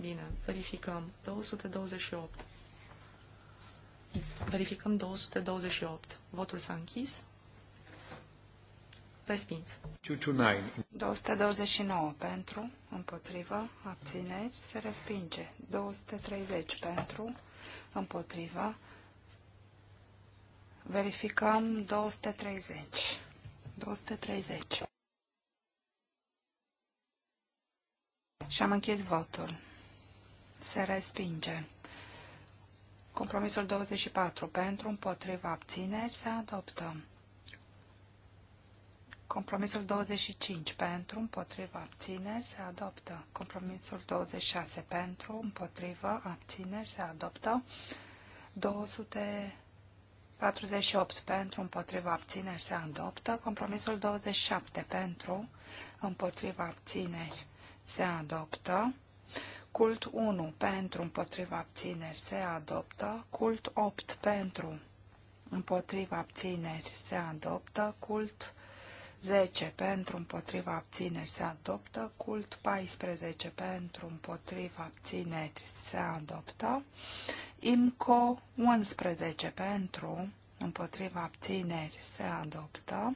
C: bine, verificăm, 228. Verificăm 228. Votul s-a închis. Respins.
B: 229 pentru, împotrivă, abțineri, se respinge. 230 pentru, împotrivă, verificăm 230. 230. Și am închis votul. Se respinge. Compromisul 24. Pentru, împotriva, abțineri, se adoptă. Compromisul 25. Pentru, împotriva, abțineri, se adoptă. Compromisul 26. Pentru, împotriva, abțineri, se adoptă. 248. Pentru, împotriva, abțineri, se adoptă. Compromisul 27. Pentru, împotriva, abțineri, se adoptă. Cult 1 pentru împotriva abțineri se adoptă. Cult 8 pentru împotriva abțineri se adoptă. Cult 10 pentru împotriva abțineri se adoptă. Cult 14 pentru împotriva abțineri se adoptă. IMCO 11 pentru împotriva abțineri se adoptă.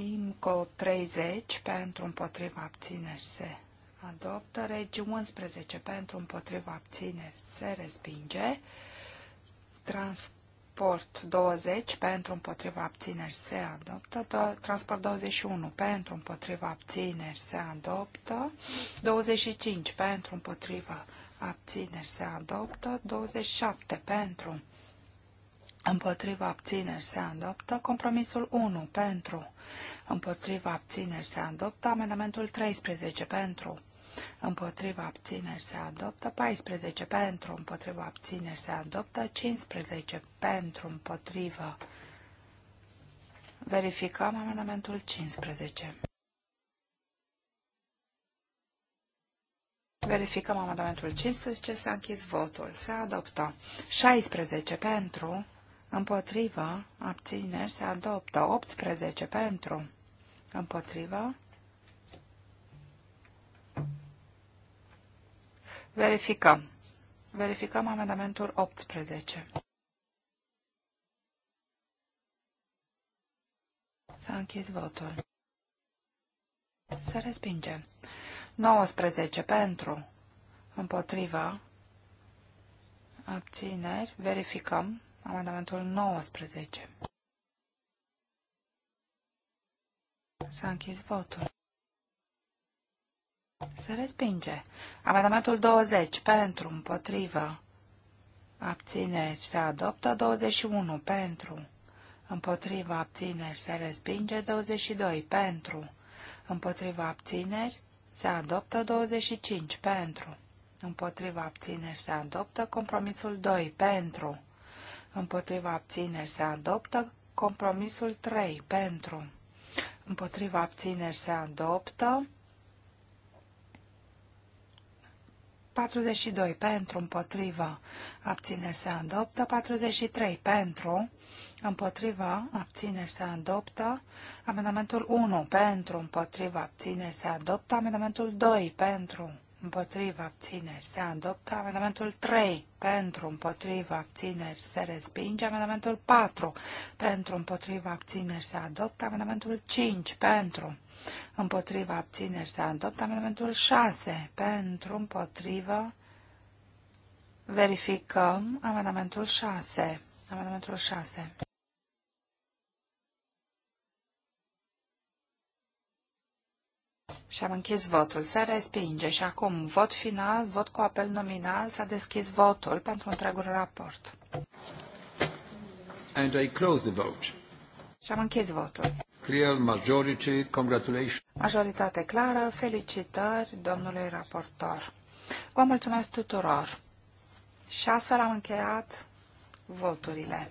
B: IMCO 30 pentru împotriva abțineri se adoptă, regi 11 pentru împotriva abțineri se respinge, transport 20 pentru împotriva abțineri se adoptă, transport 21 pentru împotriva abțineri se adoptă, 25 pentru împotriva abțineri se adoptă, 27 pentru Împotriva abțineri se adoptă compromisul 1 pentru. Împotriva abțineri se adoptă amendamentul 13 pentru. Împotriva abțineri se adoptă 14 pentru. Împotriva abțineri se adoptă 15 pentru. Împotriva. Verificăm amendamentul 15. Verificăm amendamentul 15. S-a închis votul. Se adoptă 16 pentru împotrivă, abțineri, se adoptă. 18 pentru, împotrivă. Verificăm. Verificăm amendamentul 18. S-a închis votul. Se respinge. 19 pentru, împotriva, abțineri, verificăm. Amendamentul 19. S-a închis votul. Se respinge. Amendamentul 20. Pentru. Împotrivă. Abțineri. Se adoptă. 21. Pentru. Împotriva abțineri se respinge 22 pentru. Împotriva abțineri se adoptă 25 pentru. Împotriva abțineri se adoptă compromisul 2 pentru împotriva abțineri se adoptă. Compromisul 3 pentru, împotriva abțineri se adoptă. 42 pentru, împotriva, abțineri se adoptă, 43 pentru, împotriva, abțineri se adoptă, amendamentul 1 pentru, împotriva, abțineri se adoptă, amendamentul 2 pentru, împotriva abțineri se adoptă, amendamentul 3 pentru împotriva abțineri se respinge, amendamentul 4 pentru împotriva abțineri se adoptă, amendamentul 5 pentru împotriva abțineri se adoptă, amendamentul 6 pentru împotriva verificăm amendamentul 6. Amendamentul 6. Și am închis votul. Se respinge. Și acum, vot final, vot cu apel nominal, s-a deschis votul pentru întregul raport.
A: And I close the vote.
B: Și am închis votul.
A: Clear majority, congratulations.
B: Majoritate clară, felicitări domnului raportor. Vă mulțumesc tuturor. Și astfel am încheiat voturile.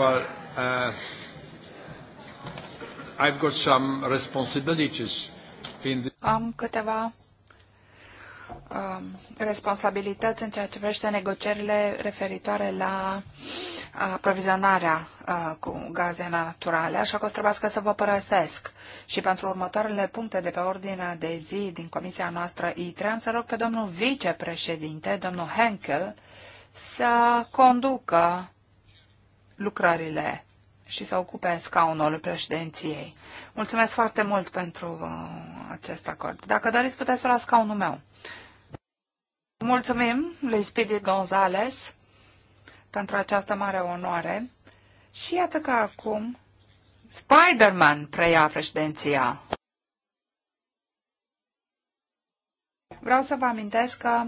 B: well, uh, I've got some responsibilities in the... Am câteva um, responsabilități în ceea ce privește negocierile referitoare la uh, aprovizionarea uh, cu gaze naturale, așa că o să trebuiască să vă părăsesc. Și pentru următoarele puncte de pe ordinea de zi din comisia noastră ITRE, am să rog pe domnul vicepreședinte, domnul Henkel, să conducă lucrările și să ocupe scaunul președinției. Mulțumesc foarte mult pentru uh, acest acord. Dacă doriți, puteți să luați scaunul meu. Mulțumim lui Speedy Gonzales pentru această mare onoare și iată că acum Spider-Man preia președinția. Vreau să vă amintesc că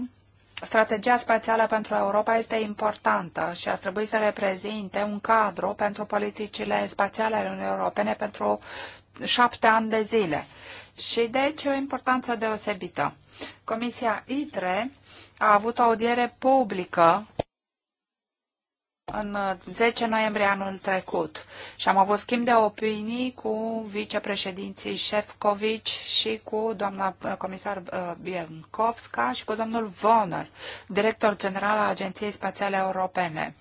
B: Strategia spațială pentru Europa este importantă și ar trebui să reprezinte un cadru pentru politicile spațiale ale Uniunii Europene pentru șapte ani de zile. Și deci o importanță deosebită. Comisia ITRE a avut o audiere publică în 10 noiembrie anul trecut și am avut schimb de opinii cu vicepreședinții Șefcovici și cu doamna uh, comisar uh, Biencovska și cu domnul Voner, director general al Agenției Spațiale Europene.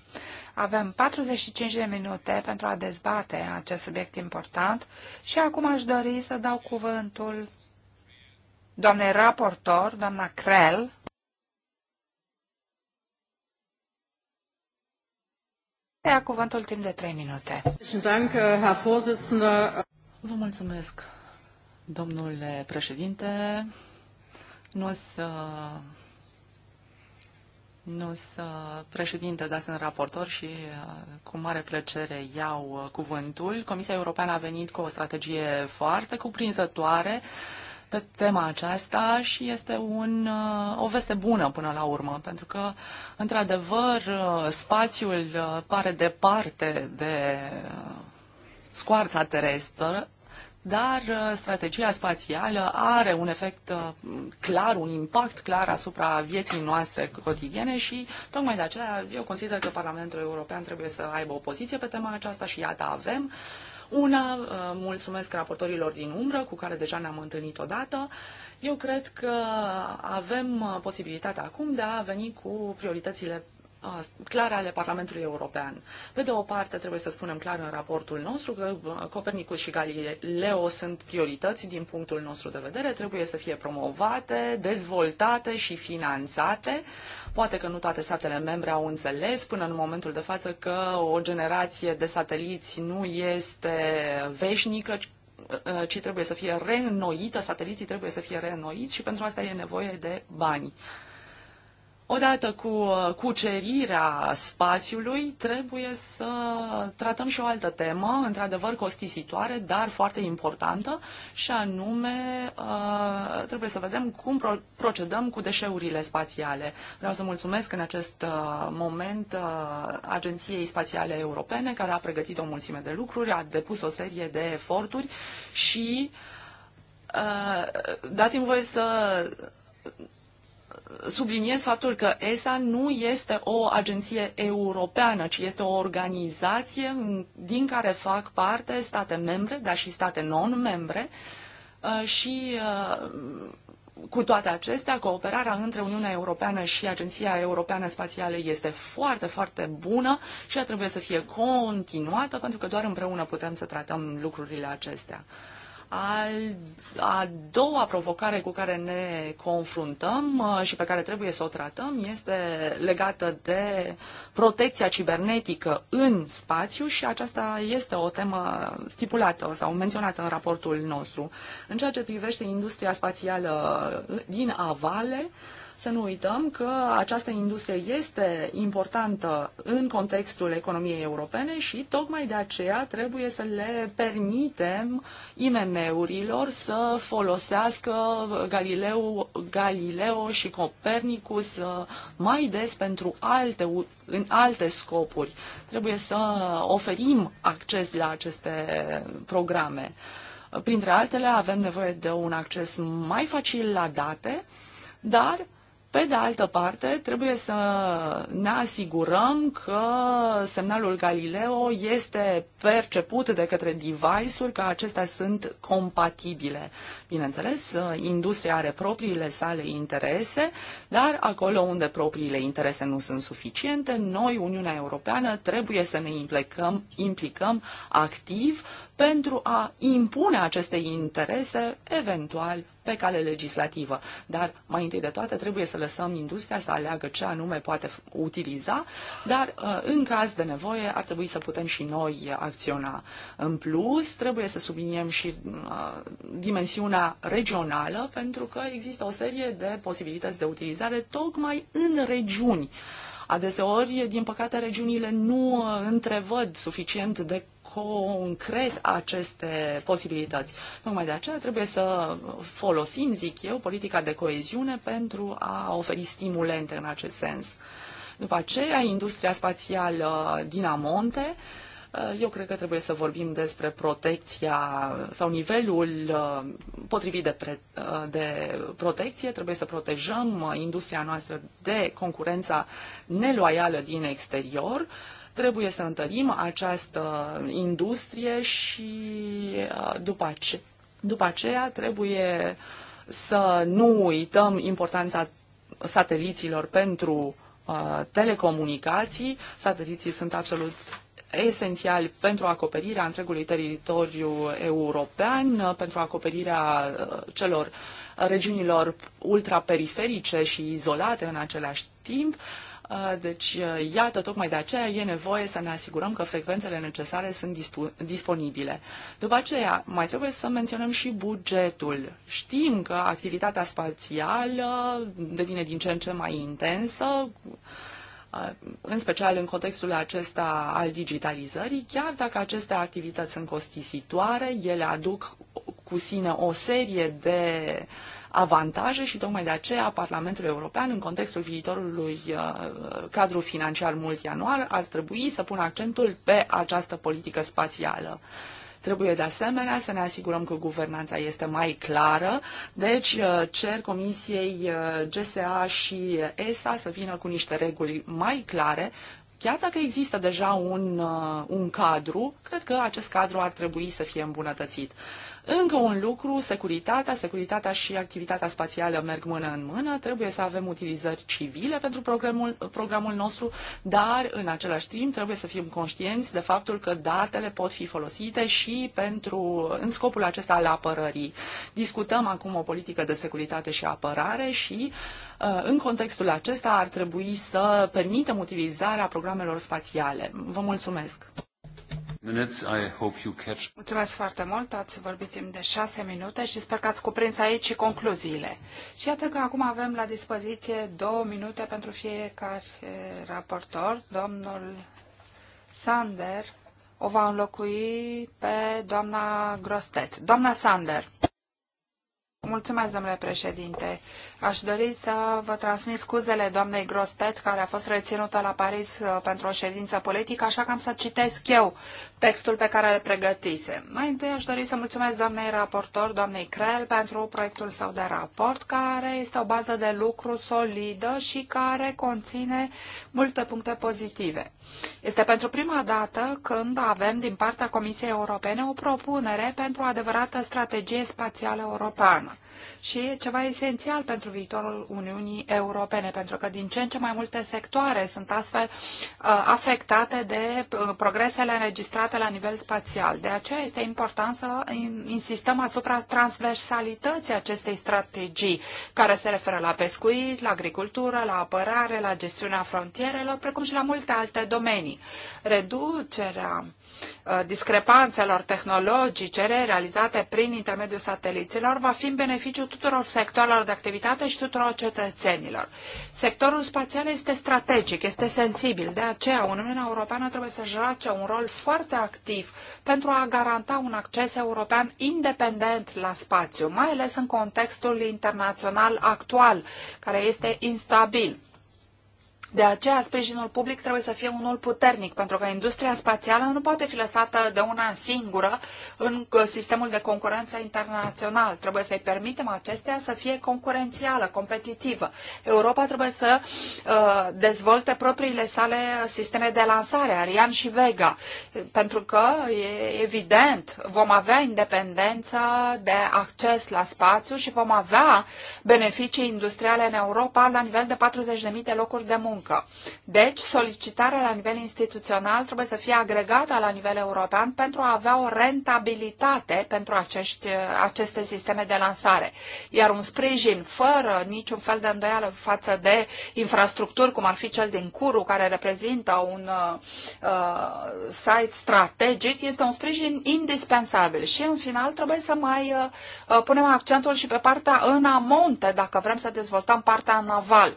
B: Avem 45 de minute pentru a dezbate acest subiect important și acum aș dori să dau cuvântul doamnei raportor, doamna Krell,
C: Ea cuvântul timp de 3 minute. Äh, Vă mulțumesc, domnule președinte. Nu o să nu sunt președinte, dar sunt raportor și uh, cu mare plăcere iau uh, cuvântul. Comisia Europeană a venit cu o strategie foarte cuprinzătoare pe tema aceasta și este un, uh, o veste bună până la urmă, pentru că, într-adevăr, uh, spațiul uh, pare departe de scoarța terestră, dar strategia spațială are un efect clar, un impact clar asupra vieții noastre cotidiene și tocmai de aceea eu consider că Parlamentul European trebuie să aibă o poziție pe tema aceasta și iată avem. Uh, una, uh, mulțumesc raportorilor din umbră, cu care deja ne-am întâlnit odată. Eu cred că avem uh, posibilitatea acum de a veni cu prioritățile clare ale Parlamentului European. Pe de o parte, trebuie să spunem clar în raportul nostru că Copernicus și Galileo sunt priorități din punctul nostru de vedere, trebuie să fie promovate, dezvoltate și finanțate. Poate că nu toate statele membre au înțeles până în momentul de față că o generație de sateliți nu este veșnică, ci ă, trebuie să fie reînnoită, sateliții trebuie să fie reînnoiți și pentru asta e nevoie de bani. Odată cu uh, cucerirea spațiului, trebuie să tratăm și o altă temă, într-adevăr costisitoare, dar foarte importantă, și anume uh, trebuie să vedem cum procedăm cu deșeurile spațiale. Vreau să mulțumesc în acest uh, moment Agenției Spațiale Europene, care a pregătit o mulțime de lucruri, a depus o serie de eforturi și dați-mi voie să subliniez faptul că ESA nu este o agenție europeană, ci este o organizație din care fac parte state membre, dar și state non-membre uh, și uh, cu toate acestea, cooperarea între Uniunea Europeană și Agenția Europeană Spațială este foarte, foarte bună și ea trebuie să fie continuată pentru că doar împreună putem să tratăm lucrurile acestea. Uh, al, a doua provocare cu care ne confruntăm uh, și pe care trebuie să o tratăm este legată de protecția cibernetică în spațiu și aceasta este o temă stipulată sau menționată în raportul nostru. În ceea ce privește industria spațială uh, din avale, uh, să nu uităm că această industrie este importantă în contextul economiei europene și tocmai de aceea trebuie să le permitem IMM-urilor să folosească Galileu, Galileo și Copernicus uh, mai des pentru alte, în alte scopuri. Trebuie să oferim acces la aceste programe. Printre altele, avem nevoie de un acces mai facil la date, dar pe de altă parte, trebuie să ne asigurăm că semnalul Galileo este perceput de către device-uri, că acestea sunt compatibile. Bineînțeles, uh, industria are propriile sale interese, dar acolo unde propriile interese nu sunt suficiente, noi, Uniunea Europeană, trebuie să ne implicăm, implicăm activ pentru a impune aceste interese, eventual, pe cale legislativă. Dar, mai întâi de toate, trebuie să lăsăm industria să aleagă ce anume poate utiliza, dar, uh, în caz de nevoie, ar trebui să putem și noi acționa. În plus, trebuie să subliniem și uh, dimensiunea partea regională, pentru că există o serie de posibilități de utilizare tocmai în regiuni. Adeseori, din păcate, regiunile nu uh, întrevăd suficient de concret aceste posibilități. Tocmai de aceea trebuie să folosim, zic eu, politica de coeziune pentru a oferi stimulente în acest sens. După aceea, industria spațială din Amonte, uh, Eh, eu cred că trebuie să vorbim despre protecția sau nivelul eh, potrivit de, pre, eh, de protecție. Trebuie să protejăm industria noastră de concurența neloială din exterior. Trebuie să întărim această industrie și după, ace- după aceea trebuie să nu uităm importanța sateliților pentru telecomunicații. Sateliții sunt absolut esențiali pentru acoperirea întregului teritoriu european, pentru acoperirea uh, celor uh, regiunilor ultraperiferice și izolate în același timp. Uh, deci, iată, tocmai de aceea e nevoie să ne asigurăm că frecvențele necesare sunt disponibile. După aceea, mai trebuie să menționăm și bugetul. Știm că activitatea spațială devine din ce în ce mai intensă, în special în contextul acesta al digitalizării, chiar dacă aceste activități sunt costisitoare, ele aduc cu sine o serie de avantaje și tocmai de aceea Parlamentul European, în contextul viitorului uh, cadru financiar multianual, ar trebui să pună accentul pe această politică spațială. Trebuie de asemenea să ne asigurăm că guvernanța este mai clară, deci uh, cer Comisiei uh, GSA și ESA să vină cu niște reguli mai clare Chiar dacă există deja un, uh, un cadru, cred că acest cadru ar trebui să fie îmbunătățit. Încă un lucru, securitatea, securitatea și activitatea spațială merg mână în mână, trebuie să avem utilizări civile pentru programul, programul nostru, dar în același timp trebuie să fim conștienți de faptul că datele pot fi folosite și pentru, în scopul acesta al apărării. Discutăm acum o politică de securitate și apărare și uh, în contextul acesta ar trebui să permitem utilizarea programelor spațiale. Vă mulțumesc!
B: Mulțumesc foarte mult, ați vorbit timp de șase minute și sper că ați cuprins aici și concluziile. Și iată că acum avem la dispoziție două minute pentru fiecare raportor. Domnul Sander o va înlocui pe doamna Grostet. Doamna Sander. Mulțumesc, domnule președinte. Aș dori să vă transmit scuzele doamnei Grostet, care a fost reținută la Paris uh, pentru o ședință politică, așa că am să citesc eu textul pe care îl pregătise. Mai întâi aș dori să mulțumesc doamnei raportor, doamnei Crel, pentru proiectul său de raport, care este o bază de lucru solidă și care conține multe puncte pozitive. Este pentru prima dată când avem din partea Comisiei Europene o propunere pentru o adevărată strategie spațială europeană și ceva esențial pentru viitorul Uniunii Europene, pentru că din ce în ce mai multe sectoare sunt astfel uh, afectate de uh, progresele înregistrate la nivel spațial. De aceea este important să insistăm asupra transversalității acestei strategii, care se referă la pescuit, la agricultură, la apărare, la gestiunea frontierelor, precum și la multe alte domenii. Reducerea Uh, discrepanțelor tehnologice realizate prin intermediul sateliților va fi în beneficiu tuturor sectoarelor de activitate și tuturor cetățenilor. Sectorul spațial este strategic, este sensibil, de aceea Uniunea Europeană trebuie să joace un rol foarte activ pentru a garanta un acces european independent la spațiu, mai ales în contextul internațional actual, care este instabil. De aceea, sprijinul public trebuie să fie unul puternic, pentru că industria spațială nu poate fi lăsată de una singură în sistemul de concurență internațional. Trebuie să-i permitem acestea să fie concurențială, competitivă. Europa trebuie să uh, dezvolte propriile sale sisteme de lansare, Arian și Vega, pentru că, e evident, vom avea independență de acces la spațiu și vom avea beneficii industriale în Europa la nivel de 40.000 de locuri de muncă muncă. Deci, solicitarea la nivel instituțional trebuie să fie agregată la nivel european pentru a avea o rentabilitate pentru acești, aceste sisteme de lansare. Iar un sprijin fără niciun fel de îndoială față de infrastructuri, cum ar fi cel din Curu, care reprezintă un uh, uh, site strategic, este un sprijin indispensabil. Și, în final, trebuie să mai uh, uh punem accentul și pe partea în amonte, dacă vrem să dezvoltăm partea naval.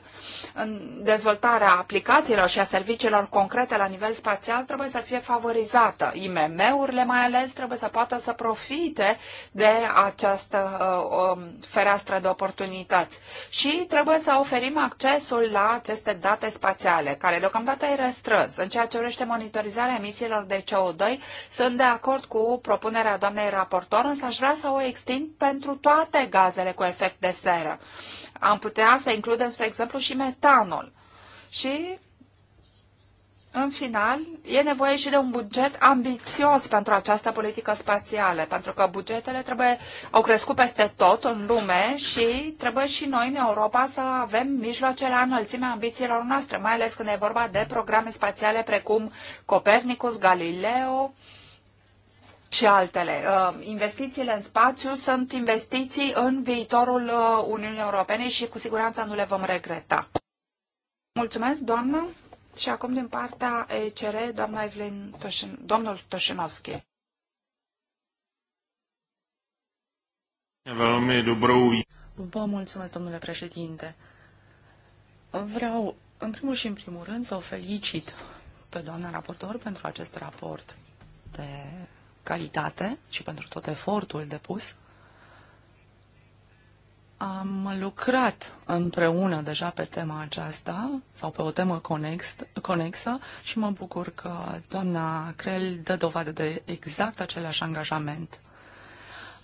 B: În dezvoltarea dezvoltarea aplicațiilor și a serviciilor concrete la nivel spațial trebuie să fie favorizată. IMM-urile mai ales trebuie să poată să profite de această uh, um, fereastră de oportunități. Și trebuie să oferim accesul la aceste date spațiale, care deocamdată e restrâns. În ceea ce vrește monitorizarea emisiilor de CO2, sunt de acord cu propunerea doamnei raportor, însă aș vrea să o extind pentru toate gazele cu efect de seră. Am putea să includem, spre exemplu, și metanul. Și, în final, e nevoie și de un buget ambițios pentru această politică spațială, pentru că bugetele trebuie, au crescut peste tot în lume și trebuie și noi în Europa să avem mijloace la înălțimea ambițiilor noastre, mai ales când e vorba de programe spațiale precum Copernicus, Galileo, și altele. Uh, investițiile în spațiu sunt investiții în viitorul uh, Uniunii Europene și cu siguranță nu le vom regreta. Mulțumesc, doamnă. Și acum din partea ECR, doamna Evelyn Toșin, domnul Toșinovski.
C: Vă mulțumesc, domnule președinte. Vreau, în primul și în primul rând, să o felicit pe doamna raportor pentru acest raport de calitate și pentru tot efortul depus. Am lucrat împreună deja pe tema aceasta sau pe o temă conex, conexă și mă bucur că doamna Crel dă dovadă de exact același angajament.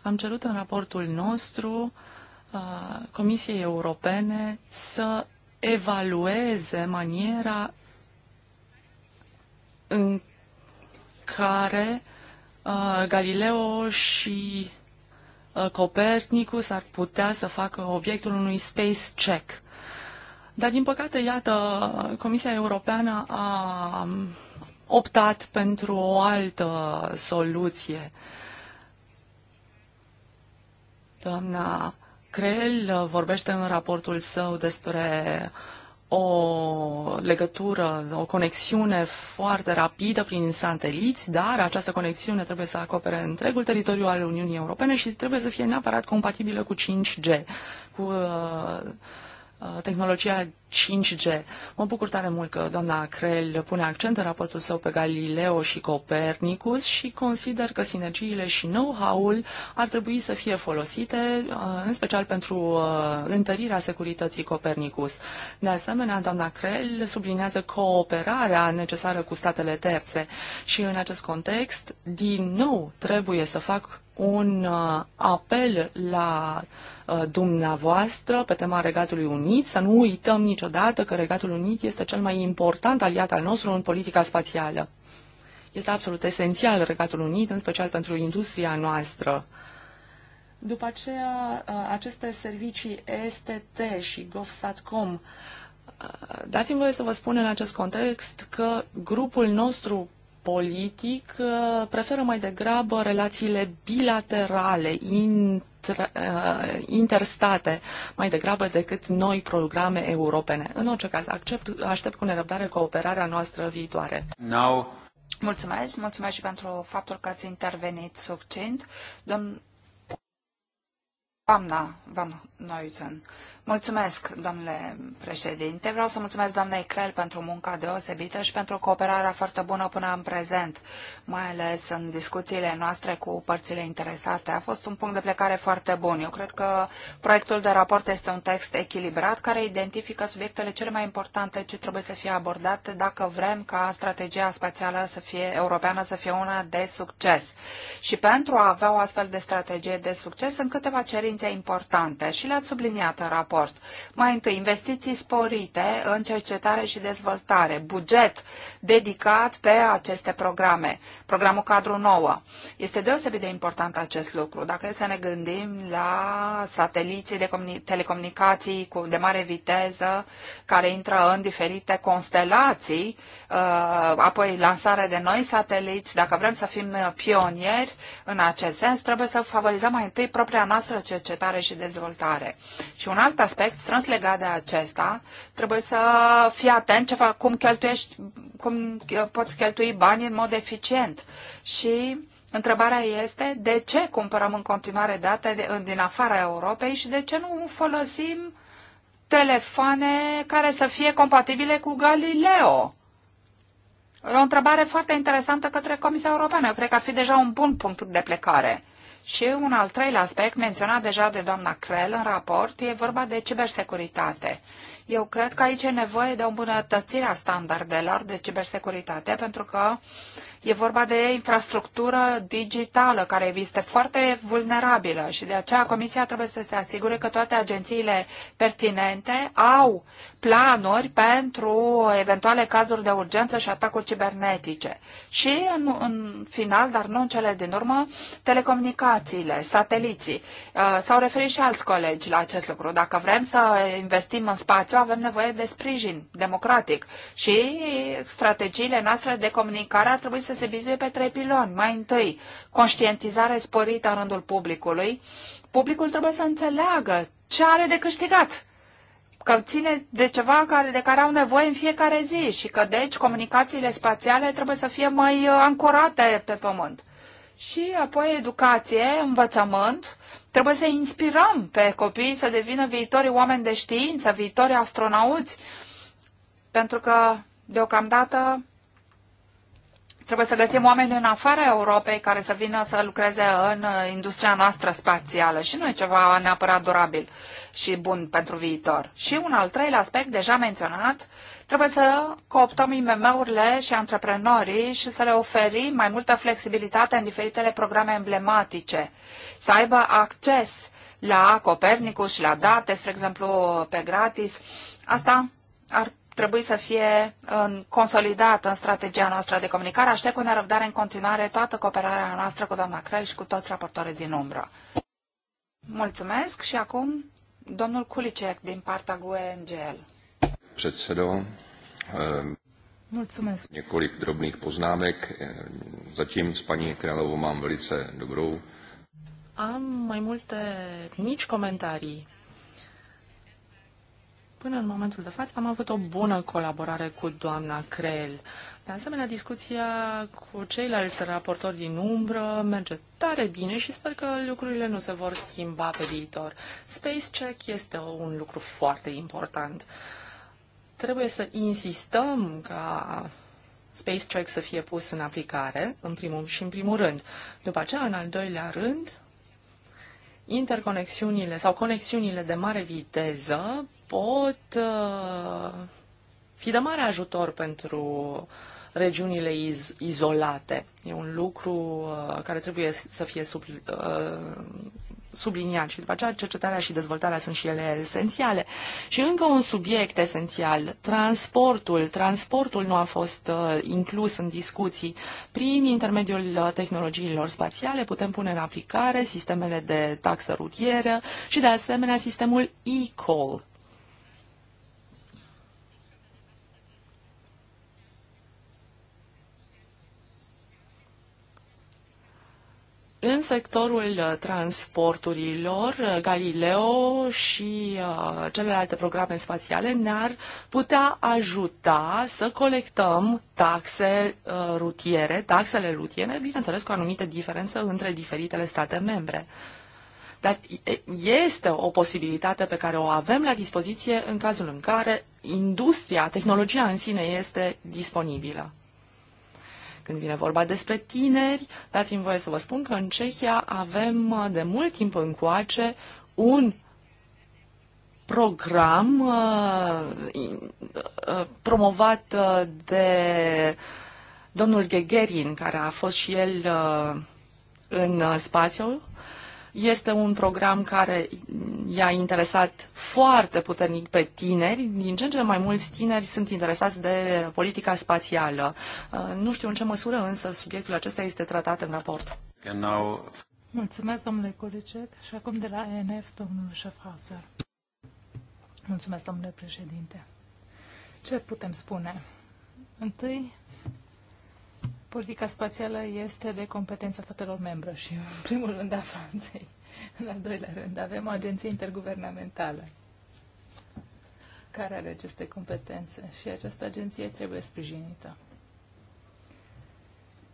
C: Am cerut în raportul nostru uh, Comisiei Europene să evalueze maniera în care uh, Galileo și Uh, Copernicus ar putea să facă obiectul unui space check. Dar, din păcate, iată, Comisia Europeană a optat pentru o altă soluție. Doamna Creel vorbește în raportul său despre uh, o legătură, o conexiune foarte rapidă prin sateliți, dar această conexiune trebuie să acopere întregul teritoriu al Uniunii Europene și trebuie să fie neapărat compatibilă cu 5G, cu uh, Uh, tehnologia 5G. Mă bucur tare mult că doamna Crel pune accent în raportul său pe Galileo și Copernicus și consider că sinergiile și know-how-ul ar trebui să fie folosite, uh, în special pentru uh, întărirea securității Copernicus. De asemenea, doamna Crel sublinează cooperarea necesară cu statele terțe și în acest context, din nou, trebuie să fac un uh, apel la uh, dumneavoastră pe tema Regatului Unit, să nu uităm niciodată că Regatul Unit este cel mai important aliat al nostru în politica spațială. Este absolut esențial Regatul Unit, în special pentru industria noastră. După aceea, uh, aceste servicii STT și GovSatcom, dați-mi voie să vă spun în acest context că grupul nostru politic uh, preferă mai degrabă relațiile bilaterale, uh, interstate mai degrabă decât noi programe europene. În orice caz, accept, aștept cu nerăbdare cooperarea noastră viitoare. Now.
B: Mulțumesc, mulțumesc și pentru faptul că ați intervenit succint. Domn Doamna Van Noizen. Mulțumesc, domnule președinte. Vreau să mulțumesc doamnei Crel pentru munca deosebită și pentru cooperarea foarte bună până în prezent, mai ales în discuțiile noastre cu părțile interesate. A fost un punct de plecare foarte bun. Eu cred că proiectul de raport este un text echilibrat care identifică subiectele cele mai importante ce trebuie să fie abordate dacă vrem ca strategia spațială să fie europeană să fie una de succes. Și pentru a avea o astfel de strategie de succes, sunt câteva cerințe cerințe importante și le-ați subliniat în raport. Mai întâi, investiții sporite în cercetare și dezvoltare, buget dedicat pe aceste programe programul cadru nouă. Este deosebit de important acest lucru. Dacă e să ne gândim la sateliții de telecomunicații cu, de mare viteză care intră în diferite constelații, uh, apoi lansarea de noi sateliți, dacă vrem să fim pionieri în acest sens, trebuie să favorizăm mai întâi propria noastră cercetare și dezvoltare. Și un alt aspect strâns legat de acesta, trebuie să fii atent ce fac, cum cheltuiești, cum poți cheltui bani în mod eficient și întrebarea este de ce cumpărăm în continuare date din afara Europei și de ce nu folosim telefoane care să fie compatibile cu Galileo. E o întrebare foarte interesantă către Comisia Europeană. Eu cred că ar fi deja un bun punct de plecare. Și un al treilea aspect menționat deja de doamna Crel în raport e vorba de cibersecuritate. Eu cred că aici e nevoie de o îmbunătățire a standardelor de cibersecuritate pentru că uh, E vorba de infrastructură digitală care este foarte vulnerabilă și de aceea Comisia trebuie să se asigure că toate agențiile pertinente au planuri pentru eventuale cazuri de urgență și atacuri cibernetice. Și în, în final, dar nu în cele din urmă, telecomunicațiile, sateliții. Uh, s-au referit și alți colegi la acest lucru. Dacă vrem să investim în spațiu, avem nevoie de sprijin democratic și strategiile noastre de comunicare ar trebui să se vizuie pe trei piloni. Mai întâi, conștientizare sporită în rândul publicului. Publicul trebuie să înțeleagă ce are de câștigat că ține de ceva care, de care au nevoie în fiecare zi și că, deci, comunicațiile spațiale trebuie să fie mai uh, ancorate pe pământ. Și apoi educație, învățământ, trebuie să inspirăm pe copii să devină viitori oameni de știință, viitori astronauți, pentru că, deocamdată, Trebuie să găsim oameni în afara Europei care să vină să lucreze în uh, industria noastră spațială și nu e ceva neapărat durabil și bun pentru viitor. Și un al treilea aspect, deja menționat, trebuie să cooptăm IMM-urile și antreprenorii și să le oferim mai multă flexibilitate în diferitele programe emblematice, să aibă acces la Copernicus și la date, spre exemplu, pe gratis. Asta ar trebui să fie consolidată în strategia noastră de comunicare. Aștept cu nerăbdare în continuare toată cooperarea noastră cu doamna Crel și cu toți raportorii din umbră. Mulțumesc și acum domnul Kulicek din partea GUE NGL.
C: Eh, Mulțumesc. Několik drobných poznámek. Eh, zatím s paní Královou mám velice dobrou. Am mai multe mici comentarii Până în momentul de față am avut o bună colaborare cu doamna Creel. De asemenea, discuția cu ceilalți raportori din umbră merge tare bine și sper că lucrurile nu se vor schimba pe viitor. Space Check este un lucru foarte important. Trebuie să insistăm ca Space Check să fie pus în aplicare, în primul și în primul rând. După aceea, în al doilea rând, interconexiunile sau conexiunile de mare viteză pot uh, fi de mare ajutor pentru regiunile iz- izolate. E un lucru uh, care trebuie să fie sub, uh, subliniat și după aceea cercetarea și dezvoltarea sunt și ele esențiale. Și încă un subiect esențial, transportul. Transportul nu a fost uh, inclus în discuții. Prin intermediul uh, tehnologiilor spațiale putem pune în aplicare sistemele de taxă rutieră și de asemenea sistemul e-call În sectorul uh, transporturilor, uh, Galileo și uh, celelalte programe spațiale ne-ar putea ajuta să colectăm taxe rutiere, taxele rutiere, bineînțeles cu anumite diferențe între diferitele state membre. Dar este o posibilitate pe care o avem la dispoziție în cazul în care industria, tehnologia în sine este disponibilă. Când vine vorba despre tineri, dați-mi voie să vă spun că în Cehia avem uh, de mult timp încoace un program uh, uh promovat uh, de domnul Gegerin, care a fost și el uh, în spațiu, este un program care i-a interesat foarte puternic pe tineri. Din ce în ce mai mulți tineri sunt interesați de politica spațială. Uh, nu știu în ce măsură însă subiectul acesta este tratat în raport.
A: Mulțumesc, domnule Colicec. Și acum de la ENF, domnul Schaffhauser. Mulțumesc, domnule președinte. Ce putem spune? Întâi, Politica spațială este de competența statelor membre și, în primul rând, a Franței. În al doilea rând, avem o agenție interguvernamentală care are aceste competențe și această agenție trebuie sprijinită.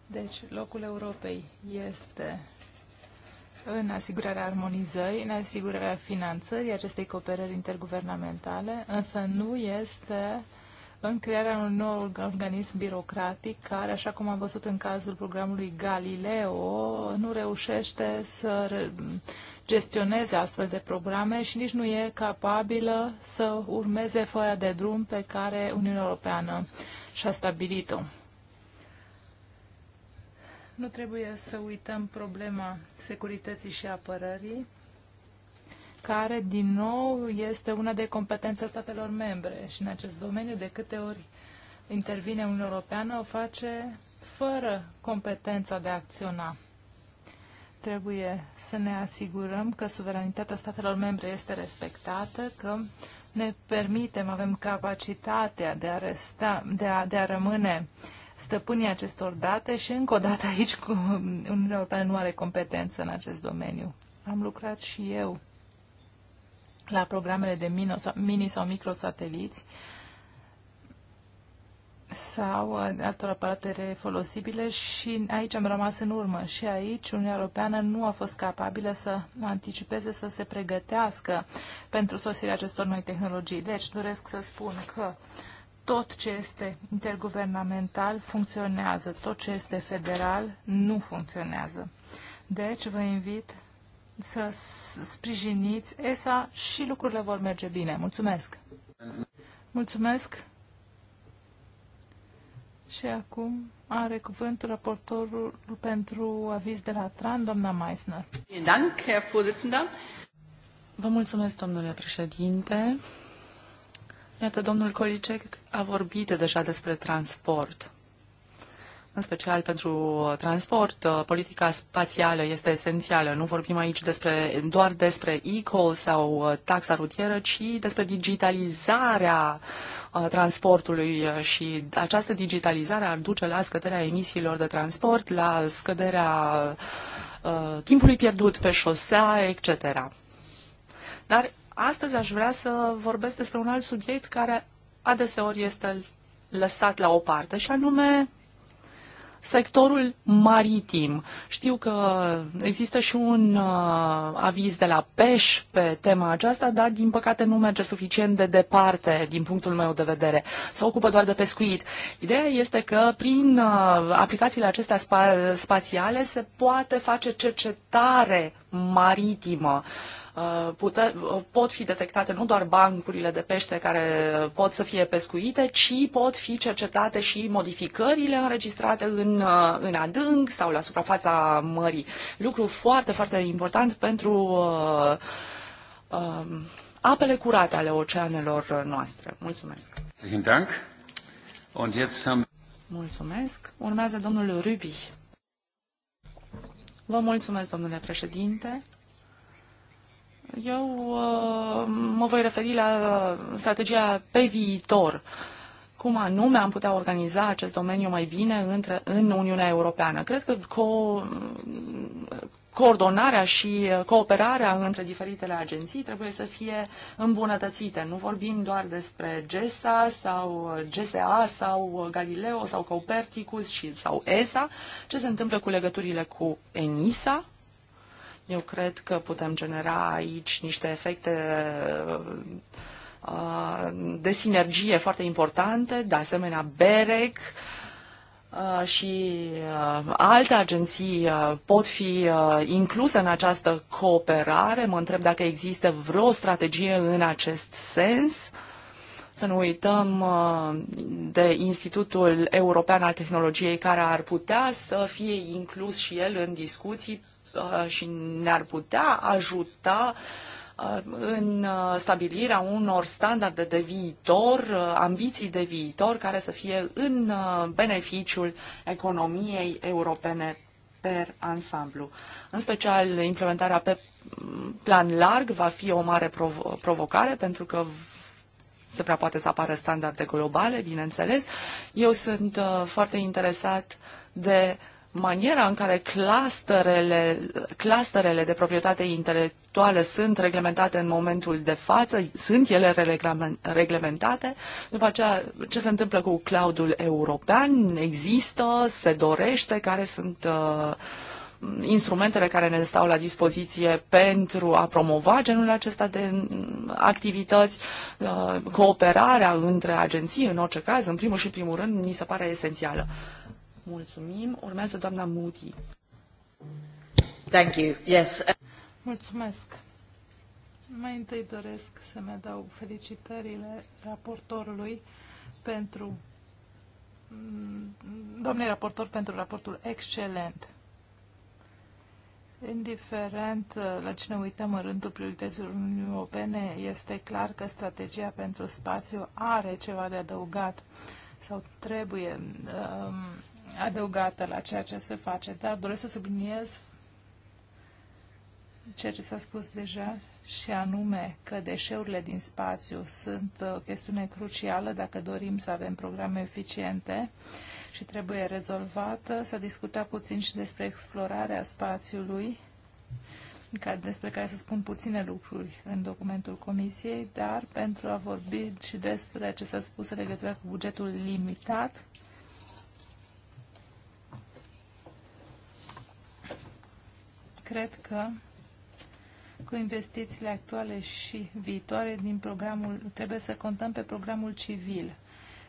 A: Deci, locul Europei este în asigurarea armonizării, în asigurarea finanțării acestei cooperări interguvernamentale, însă nu este în crearea unui nou organism birocratic care, așa cum am văzut în cazul programului Galileo, nu reușește să gestioneze astfel de programe și nici nu e capabilă să urmeze foaia de drum pe care Uniunea Europeană și-a stabilit-o. Nu trebuie să uităm problema securității și apărării care, din nou, este una de competență statelor membre. Și în acest domeniu, de câte ori intervine Uniunea Europeană, o face fără competența de a acționa. Trebuie să ne asigurăm că suveranitatea statelor membre este respectată, că ne permitem, avem capacitatea de a, resta, de a, de a rămâne stăpânii acestor date și încă o dată aici Uniunea Europeană nu are competență în acest domeniu. Am lucrat și eu la programele de mini sau microsateliți sau uh, altor aparate refolosibile și aici am rămas în urmă. Și aici Uniunea Europeană nu a fost capabilă să anticipeze, să se pregătească pentru sosirea acestor noi tehnologii. Deci doresc să spun că tot ce este interguvernamental funcționează, tot ce este federal nu funcționează. Deci vă invit să sprijiniți ESA și lucrurile vor merge bine. Mulțumesc! Mulțumesc! Și acum are cuvântul raportorul pentru aviz de la TRAN, doamna Meissner.
C: Vă mulțumesc, domnule președinte. Iată, domnul Colicec a vorbit deja despre transport în special pentru transport, uh, politica spațială este esențială. Nu vorbim aici despre, doar despre e-call sau uh, taxa rutieră, ci despre digitalizarea uh, transportului și această digitalizare ar duce la scăderea emisiilor de transport, la scăderea timpului pierdut pe șosea, etc. Dar astăzi aș vrea să vorbesc despre un alt subiect care adeseori este lăsat la o parte și anume sectorul maritim. Știu că există și un uh, aviz de la PEș pe tema aceasta, dar din păcate nu merge suficient de departe din punctul meu de vedere. Se ocupă doar de pescuit. Ideea este că prin uh, aplicațiile acestea spa- spațiale se poate face cercetare maritimă. Uh, Uh, pute, uh, pot fi detectate nu doar bancurile de pește care pot să fie pescuite, ci pot fi cercetate și modificările înregistrate în, uh, în adânc sau la suprafața mării. Lucru foarte, foarte important pentru uh, uh, apele curate ale oceanelor noastre. Mulțumesc! Mulțumesc! Urmează domnul Rubi. Vă mulțumesc, domnule președinte. Eu uh, mă voi referi la strategia pe viitor. Cum anume am putea organiza acest domeniu mai bine între, în Uniunea Europeană? Cred că co coordonarea și cooperarea între diferitele agenții trebuie să fie îmbunătățite. Nu vorbim doar despre GESA sau GSA sau Galileo sau Copernicus și, sau ESA. Ce se întâmplă cu legăturile cu ENISA? Eu cred că putem genera aici niște efecte uh, de sinergie foarte importante, de asemenea BEREC uh, și uh, alte agenții pot fi incluse în această cooperare. Mă întreb dacă există vreo strategie în acest sens. Să nu uităm de Institutul European al Tehnologiei care ar putea să fie inclus și el în discuții Uh, și ne-ar putea ajuta uh, în uh, stabilirea unor standarde de viitor, ambiții de viitor care să fie în beneficiul economiei europene per ansamblu. În special, implementarea pe plan larg va fi o mare provo- provocare pentru că se prea poate să apară standarde globale, bineînțeles. Eu sunt foarte interesat de uh, maniera în care clusterele, clusterele de proprietate intelectuală sunt reglementate în momentul de față, sunt ele reglementate, după aceea ce se întâmplă cu cloudul european, există, se dorește, care sunt uh, instrumentele care ne stau la dispoziție pentru a promova genul acesta de uh, activități, uh, cooperarea între agenții, în orice caz, în primul și primul rând, mi se pare esențială. Mulțumim. Urmează doamna Moody. Thank you. Yes. Mulțumesc.
A: Mai întâi doresc să-mi adaug felicitările raportorului pentru mm, domnului raportor pentru raportul excelent. Indiferent uh, la cine uităm în rândul priorităților Uniunii Europene, este clar că strategia pentru spațiu are ceva de adăugat sau trebuie um, adăugată la ceea ce se face, dar doresc să subliniez ceea ce s-a spus deja și anume că deșeurile din spațiu sunt o chestiune crucială dacă dorim să avem programe eficiente și trebuie rezolvată. S-a discutat puțin și despre explorarea spațiului, despre care să spun puține lucruri în documentul Comisiei, dar pentru a vorbi și despre ce s-a spus în legătură cu bugetul limitat, cred că cu investițiile actuale și viitoare din programul, trebuie să contăm pe programul civil.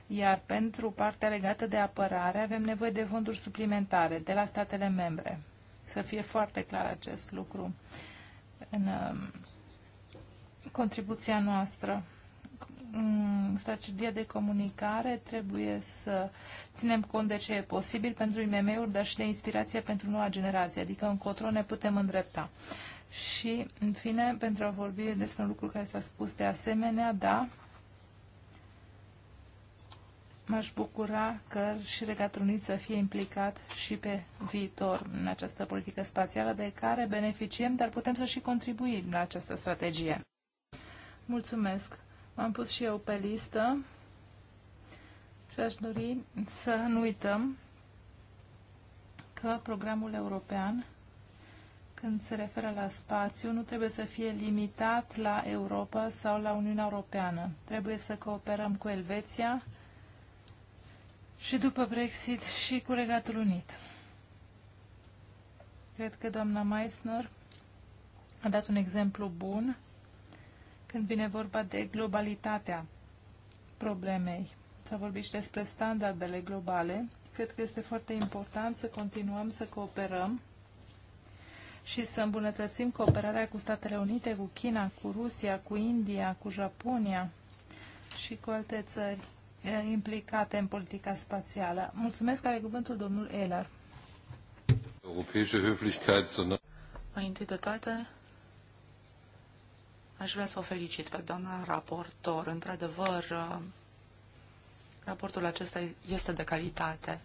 A: Iar pentru partea legată de apărare avem nevoie de fonduri suplimentare de la statele membre. Să fie foarte clar acest lucru în um, contribuția noastră strategia de comunicare trebuie să ținem cont de ce e posibil pentru IMM-uri, dar și de inspirație pentru noua generație, adică încotro ne putem îndrepta. Și, în fine, pentru a vorbi despre un lucru care s-a spus de asemenea, da, m-aș bucura că și Regatul Unit să fie implicat și pe viitor în această politică spațială de care beneficiem, dar putem să și contribuim la această strategie. Mulțumesc! am pus și eu pe listă și aș dori să nu uităm că programul european, când se referă la spațiu, nu trebuie să fie limitat la Europa sau la Uniunea Europeană. Trebuie să cooperăm cu Elveția și după Brexit și cu Regatul Unit. Cred că doamna Meissner a dat un exemplu bun când vine vorba de globalitatea problemei. S-a vorbit și despre standardele globale. Cred că este foarte important să continuăm să cooperăm și să îmbunătățim cooperarea cu Statele Unite, cu China, cu Rusia, cu India, cu Japonia și cu alte țări implicate în politica spațială.
C: Mulțumesc, are cuvântul domnul Eller. Mai întâi de toate, Aș vrea să o felicit pe doamna raportor. Într-adevăr, uh, raportul acesta este de calitate.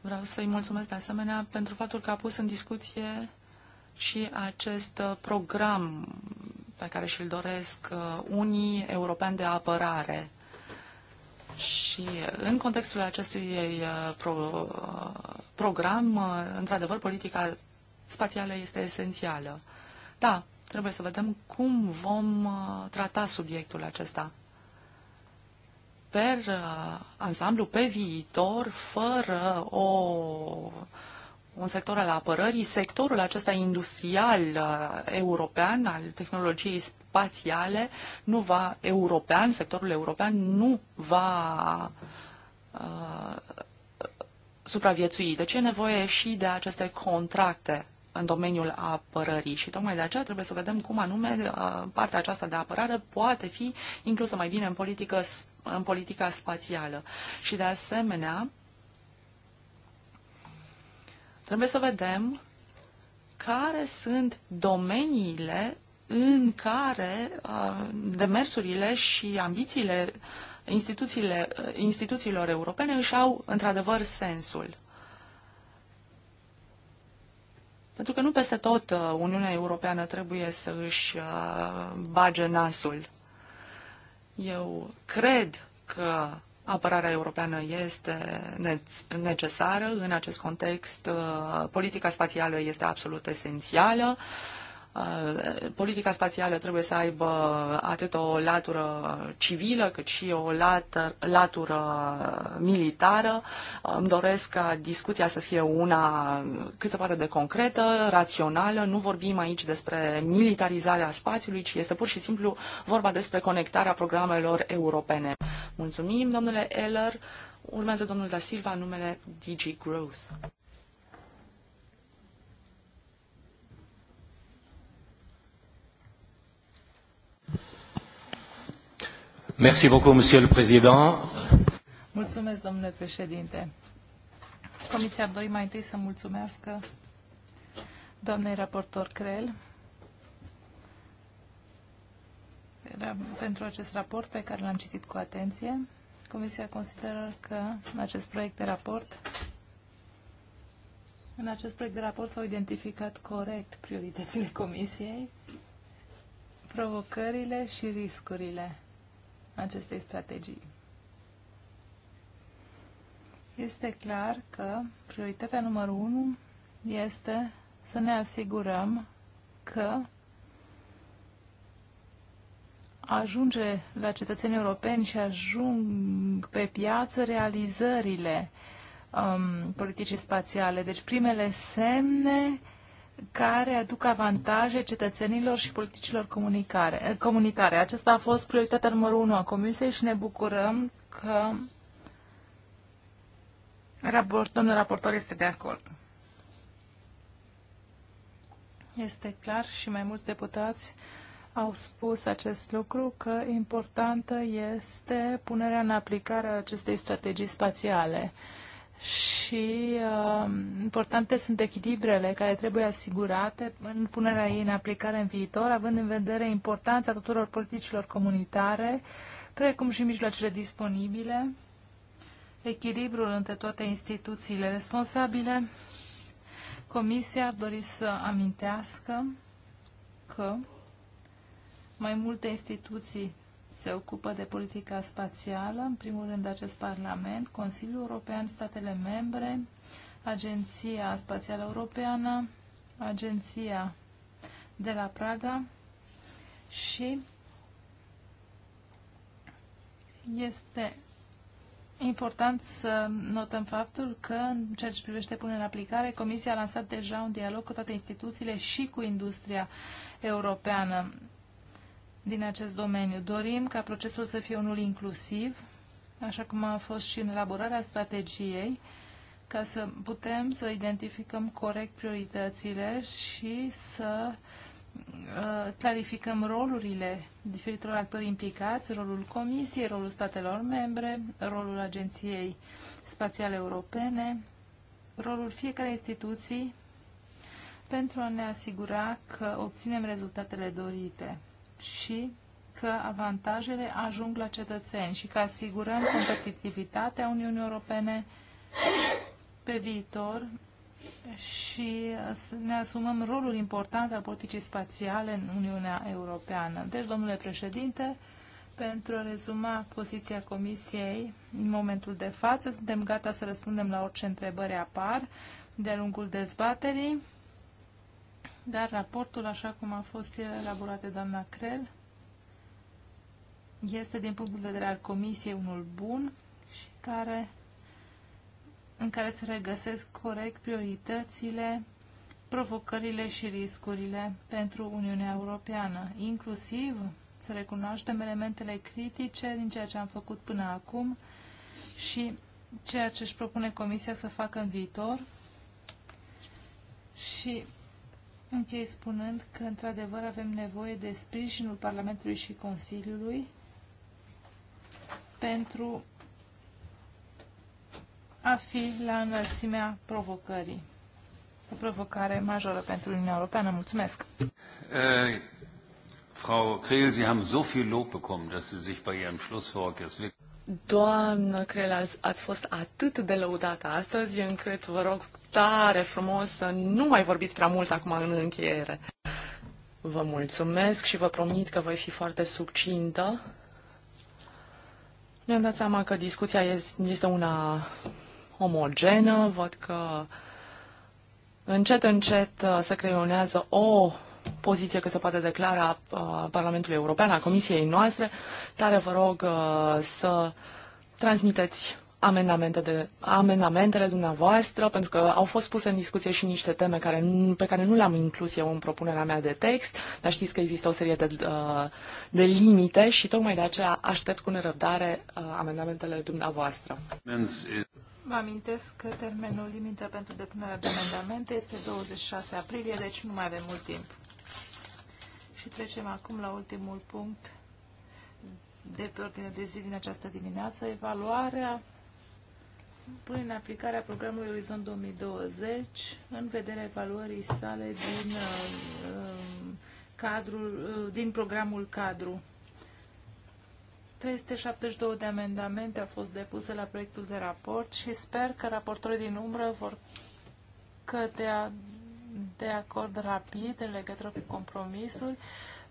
C: Vreau să-i mulțumesc de asemenea pentru faptul că a pus în discuție și acest uh, program pe care și-l doresc uh, unii europeni de apărare. Și în contextul acestui pro, program, într-adevăr, politica spațială este esențială. Da, trebuie să vedem cum vom uh, trata subiectul acesta. Per uh, ansamblu, pe viitor, fără o, un sector al apărării, sectorul acesta industrial uh, european al tehnologiei spațiale nu va european, sectorul european nu va uh, supraviețui. Deci e nevoie și de aceste contracte în domeniul apărării și tocmai de aceea trebuie să vedem cum anume uh, partea aceasta de apărare poate fi inclusă mai bine în, politică, în politica spațială. Și de asemenea, trebuie să vedem care sunt domeniile în care uh, demersurile și ambițiile uh, instituțiilor europene își au într-adevăr sensul. Pentru că nu peste tot uh, Uniunea Europeană trebuie să își uh, bage nasul. Eu cred că apărarea europeană este necesară în acest context. Uh, politica spațială este absolut esențială. Uh, politica spațială trebuie să aibă atât o latură civilă cât și o latură, latură militară. Îmi doresc ca discuția să fie una cât se poate de concretă, rațională. Nu vorbim aici despre militarizarea spațiului, ci este pur și simplu vorba despre conectarea programelor europene. Mulțumim, domnule Eller. Urmează domnul Da Silva numele DG Growth. Merci beaucoup, Monsieur le Président.
A: Mulțumesc, domnule președinte. Comisia ar dori mai întâi să mulțumească doamnei raportor Creel pentru acest raport pe care l-am citit cu atenție. Comisia consideră că în acest proiect de raport în acest proiect de raport s-au identificat corect prioritățile Comisiei, provocările și riscurile acestei strategii. Este clar că prioritatea numărul unu este să ne asigurăm că ajunge la cetățenii europeni și ajung pe piață realizările um, politicii spațiale. Deci primele semne care aduc avantaje cetățenilor și politicilor comunicare, eh, comunitare. Acesta a fost prioritatea numărul 1 a Comisiei și ne bucurăm că raport, domnul raportor este de acord. Este clar și mai mulți deputați au spus acest lucru că importantă este punerea în aplicare a acestei strategii spațiale. Uh, și uh, importante sunt echilibrele care trebuie asigurate în punerea ei în aplicare în viitor, având în vedere importanța tuturor politicilor comunitare, precum și mijloacele disponibile, echilibrul între toate instituțiile responsabile. Comisia ar dori să amintească că mai multe instituții se ocupă de politica spațială, în primul rând acest Parlament, Consiliul European, statele membre, Agenția Spațială Europeană, Agenția de la Praga și este important să notăm faptul că, în ceea ce privește punerea în aplicare, Comisia a lansat deja un dialog cu toate instituțiile și cu industria europeană din acest domeniu. Dorim ca procesul să fie unul inclusiv, așa cum a fost și în elaborarea strategiei, ca să putem să identificăm corect prioritățile și să uh, clarificăm rolurile diferitor actori implicați, rolul Comisiei, rolul statelor membre, rolul Agenției Spațiale Europene, rolul fiecare instituții pentru a ne asigura că obținem rezultatele dorite și că avantajele ajung la cetățeni și că asigurăm competitivitatea Uniunii Europene pe viitor și ne asumăm rolul important al politicii spațiale în Uniunea Europeană. Deci, domnule președinte, pentru a rezuma poziția Comisiei în momentul de față, suntem gata să răspundem la orice întrebări apar de-a lungul dezbaterii dar raportul, așa cum a fost elaborat de doamna Crel, este, din punct de vedere al Comisiei, unul bun și care, în care se regăsesc corect prioritățile, provocările și riscurile pentru Uniunea Europeană, inclusiv să recunoaștem elementele critice din ceea ce am făcut până acum și ceea ce își propune Comisia să facă în viitor și Închei spunând că, într-adevăr, avem nevoie de sprijinul Parlamentului și Consiliului pentru a fi la înălțimea provocării. O provocare majoră pentru Uniunea Europeană. Mulțumesc! Äh, Frau Krehl, Sie haben so viel Lob bekommen, dass Sie sich bei Ihrem Schlusswort jetzt wirklich...
C: Doamnă că ați fost atât de lăudată astăzi încât vă rog tare frumos să nu mai vorbiți prea mult acum în încheiere. Vă mulțumesc și vă promit că voi fi foarte succintă. Mi-am dat seama că discuția este una omogenă, văd că încet, încet uh, se creionează o poziție că se poate declara uh, Parlamentului European, a Comisiei noastre, tare vă rog uh, să transmiteți amendamente de, amendamentele dumneavoastră, pentru că au fost puse în discuție și niște teme care, pe care nu le-am inclus eu în propunerea mea de text, dar știți că există o serie de, uh, de limite și tocmai de aceea aștept cu nerăbdare amendamentele dumneavoastră.
A: Vă amintesc că termenul limită pentru depunerea de amendamente este 26 aprilie, deci nu mai avem mult timp. Și trecem acum la ultimul punct de pe ordine de zi din această dimineață, evaluarea până în aplicarea programului Orizont 2020 în vederea evaluării sale din, uh, um, cadrul, uh, din programul cadru. 372 de amendamente au fost depuse la proiectul de raport și sper că raportorii din umbră vor cădea de acord rapid în legătură cu compromisul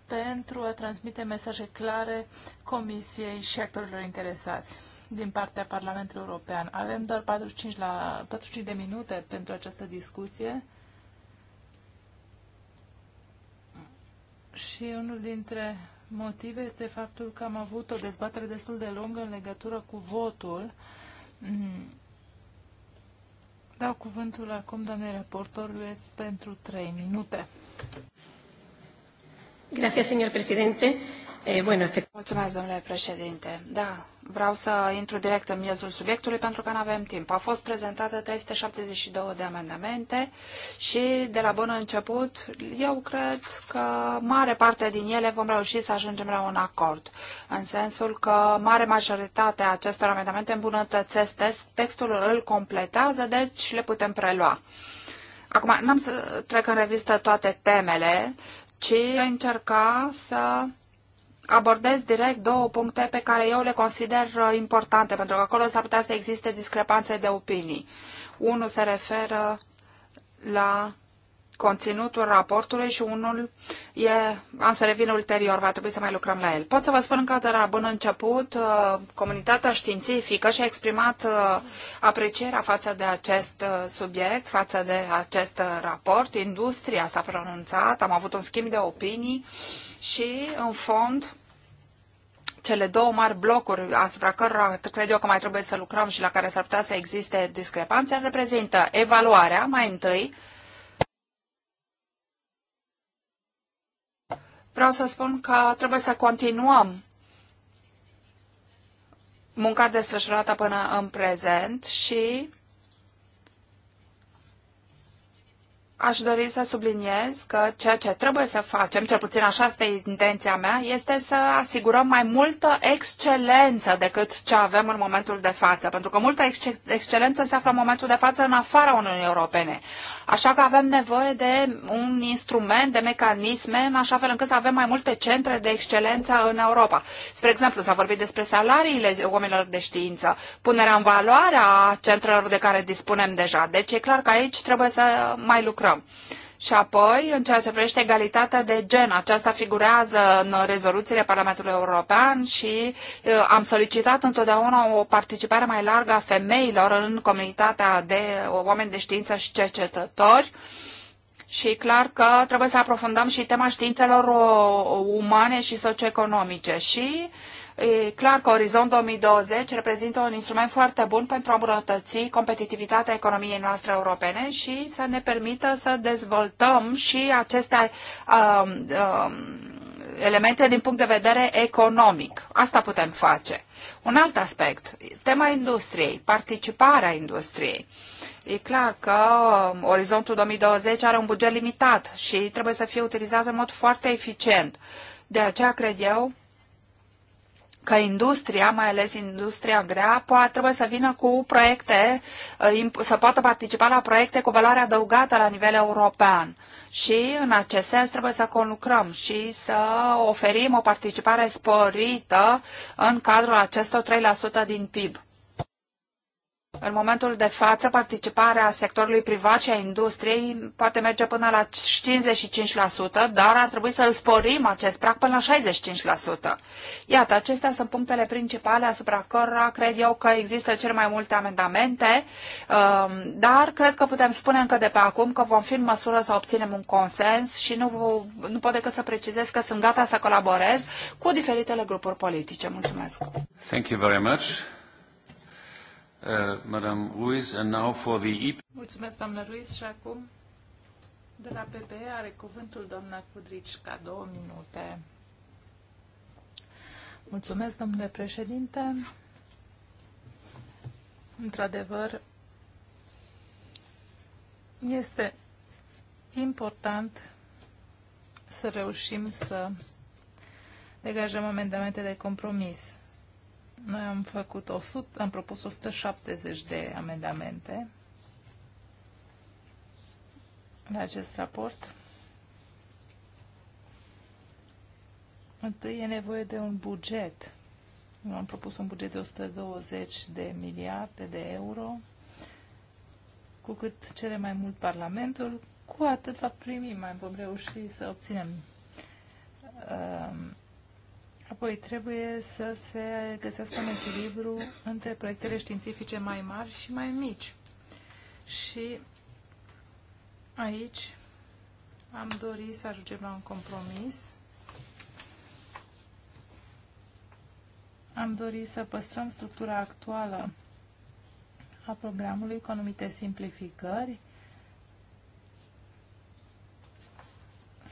A: pentru a transmite mesaje clare Comisiei și actorilor interesați din partea Parlamentului European. Avem doar 45, la, 45 de minute pentru această discuție. Și unul dintre motive este faptul că am avut o dezbatere destul de lungă în legătură cu votul mm, Dau cuvântul acum, doamnei raportor,
B: pentru 3 minute.
A: Gracias, señor presidente.
B: Eh, bueno, efect... Mulțumesc, domnule președinte. Da, vreau să intru direct în miezul subiectului pentru că nu avem timp. Au fost prezentate 372 de amendamente și de la bun început eu cred că mare parte din ele vom reuși să ajungem la un acord. În sensul că mare majoritatea acestor amendamente îmbunătățesc textul, îl completează, deci le putem prelua. Acum, n-am să trec în revistă toate temele, ci încerca să abordez direct două puncte pe care eu le consider importante, pentru că acolo s-ar putea să existe discrepanțe de opinii. Unul se referă la conținutul raportului și unul e, am să revin ulterior, va trebui să mai lucrăm la el. Pot să vă spun că de la bun început uh, comunitatea științifică și-a exprimat uh, aprecierea față de acest uh, subiect, față de acest raport, industria s-a pronunțat, am avut un schimb de opinii și în fond cele două mari blocuri asupra cărora cred eu că mai trebuie să lucrăm și la care s-ar putea să existe discrepanțe reprezintă evaluarea mai întâi, Vreau să spun că trebuie să continuăm munca desfășurată până în prezent și aș dori să subliniez că ceea ce trebuie să facem, cel puțin așa este intenția mea, este să asigurăm mai multă excelență decât ce avem în momentul de față, pentru că multă excelență se află în momentul de față în afara Uniunii Europene. Așa că avem nevoie de un instrument, de mecanisme, în așa fel încât să avem mai multe centre de excelență în Europa. Spre exemplu, s-a vorbit despre salariile oamenilor de știință, punerea în valoare a centrelor de care dispunem deja. Deci e clar că aici trebuie să mai lucrăm. Și apoi, în ceea ce privește egalitatea de gen, aceasta figurează în rezoluțiile Parlamentului European și uh, am solicitat întotdeauna o participare mai largă a femeilor în comunitatea de oameni de știință și cercetători. Și e clar că trebuie să aprofundăm și tema științelor uh, umane și socioeconomice. Și uh, E clar că Orizont 2020 reprezintă un instrument foarte bun pentru a îmbunătăți competitivitatea economiei noastre europene și să ne permită să dezvoltăm și aceste um, um, elemente din punct de vedere economic. Asta putem face. Un alt aspect, tema industriei, participarea industriei. E clar că um, Orizontul 2020 are un buget limitat și trebuie să fie utilizat în mod foarte eficient. De aceea cred eu că industria, mai ales industria grea, poate, trebuie să vină cu proiecte, uh, să poată participa la proiecte cu valoare adăugată la nivel european. Și în acest sens trebuie să conlucrăm și să oferim o participare sporită în cadrul acestor 3% din PIB. În momentul de față, participarea sectorului privat și a industriei poate merge până la 55%, dar ar trebui să sporim acest prag până la 65%. Iată, acestea sunt punctele principale asupra cărora cred eu că există cel mai multe amendamente, um, dar cred că putem spune încă de pe acum că vom fi în măsură să obținem un consens și nu, nu pot decât să precizez că sunt gata să colaborez cu diferitele grupuri politice. Mulțumesc!
A: Thank you very much uh, Madame Ruiz, and now for the EP. Mulțumesc, doamnă Ruiz, și acum de la PPE are cuvântul doamna Cudricica, două minute. Mulțumesc, domnule președinte. Într-adevăr, este important să reușim să degajăm amendamente de compromis. Noi am făcut 100, am propus 170 de amendamente la acest raport. Întâi e nevoie de un buget. Eu am propus un buget de 120 de miliarde de euro. Cu cât cere mai mult Parlamentul, cu atât va primi, mai vom reuși să obținem uh, Apoi trebuie să se găsească un echilibru între proiectele științifice mai mari și mai mici. Și aici am dorit să ajungem la un compromis. Am dorit să păstrăm structura actuală a programului cu anumite simplificări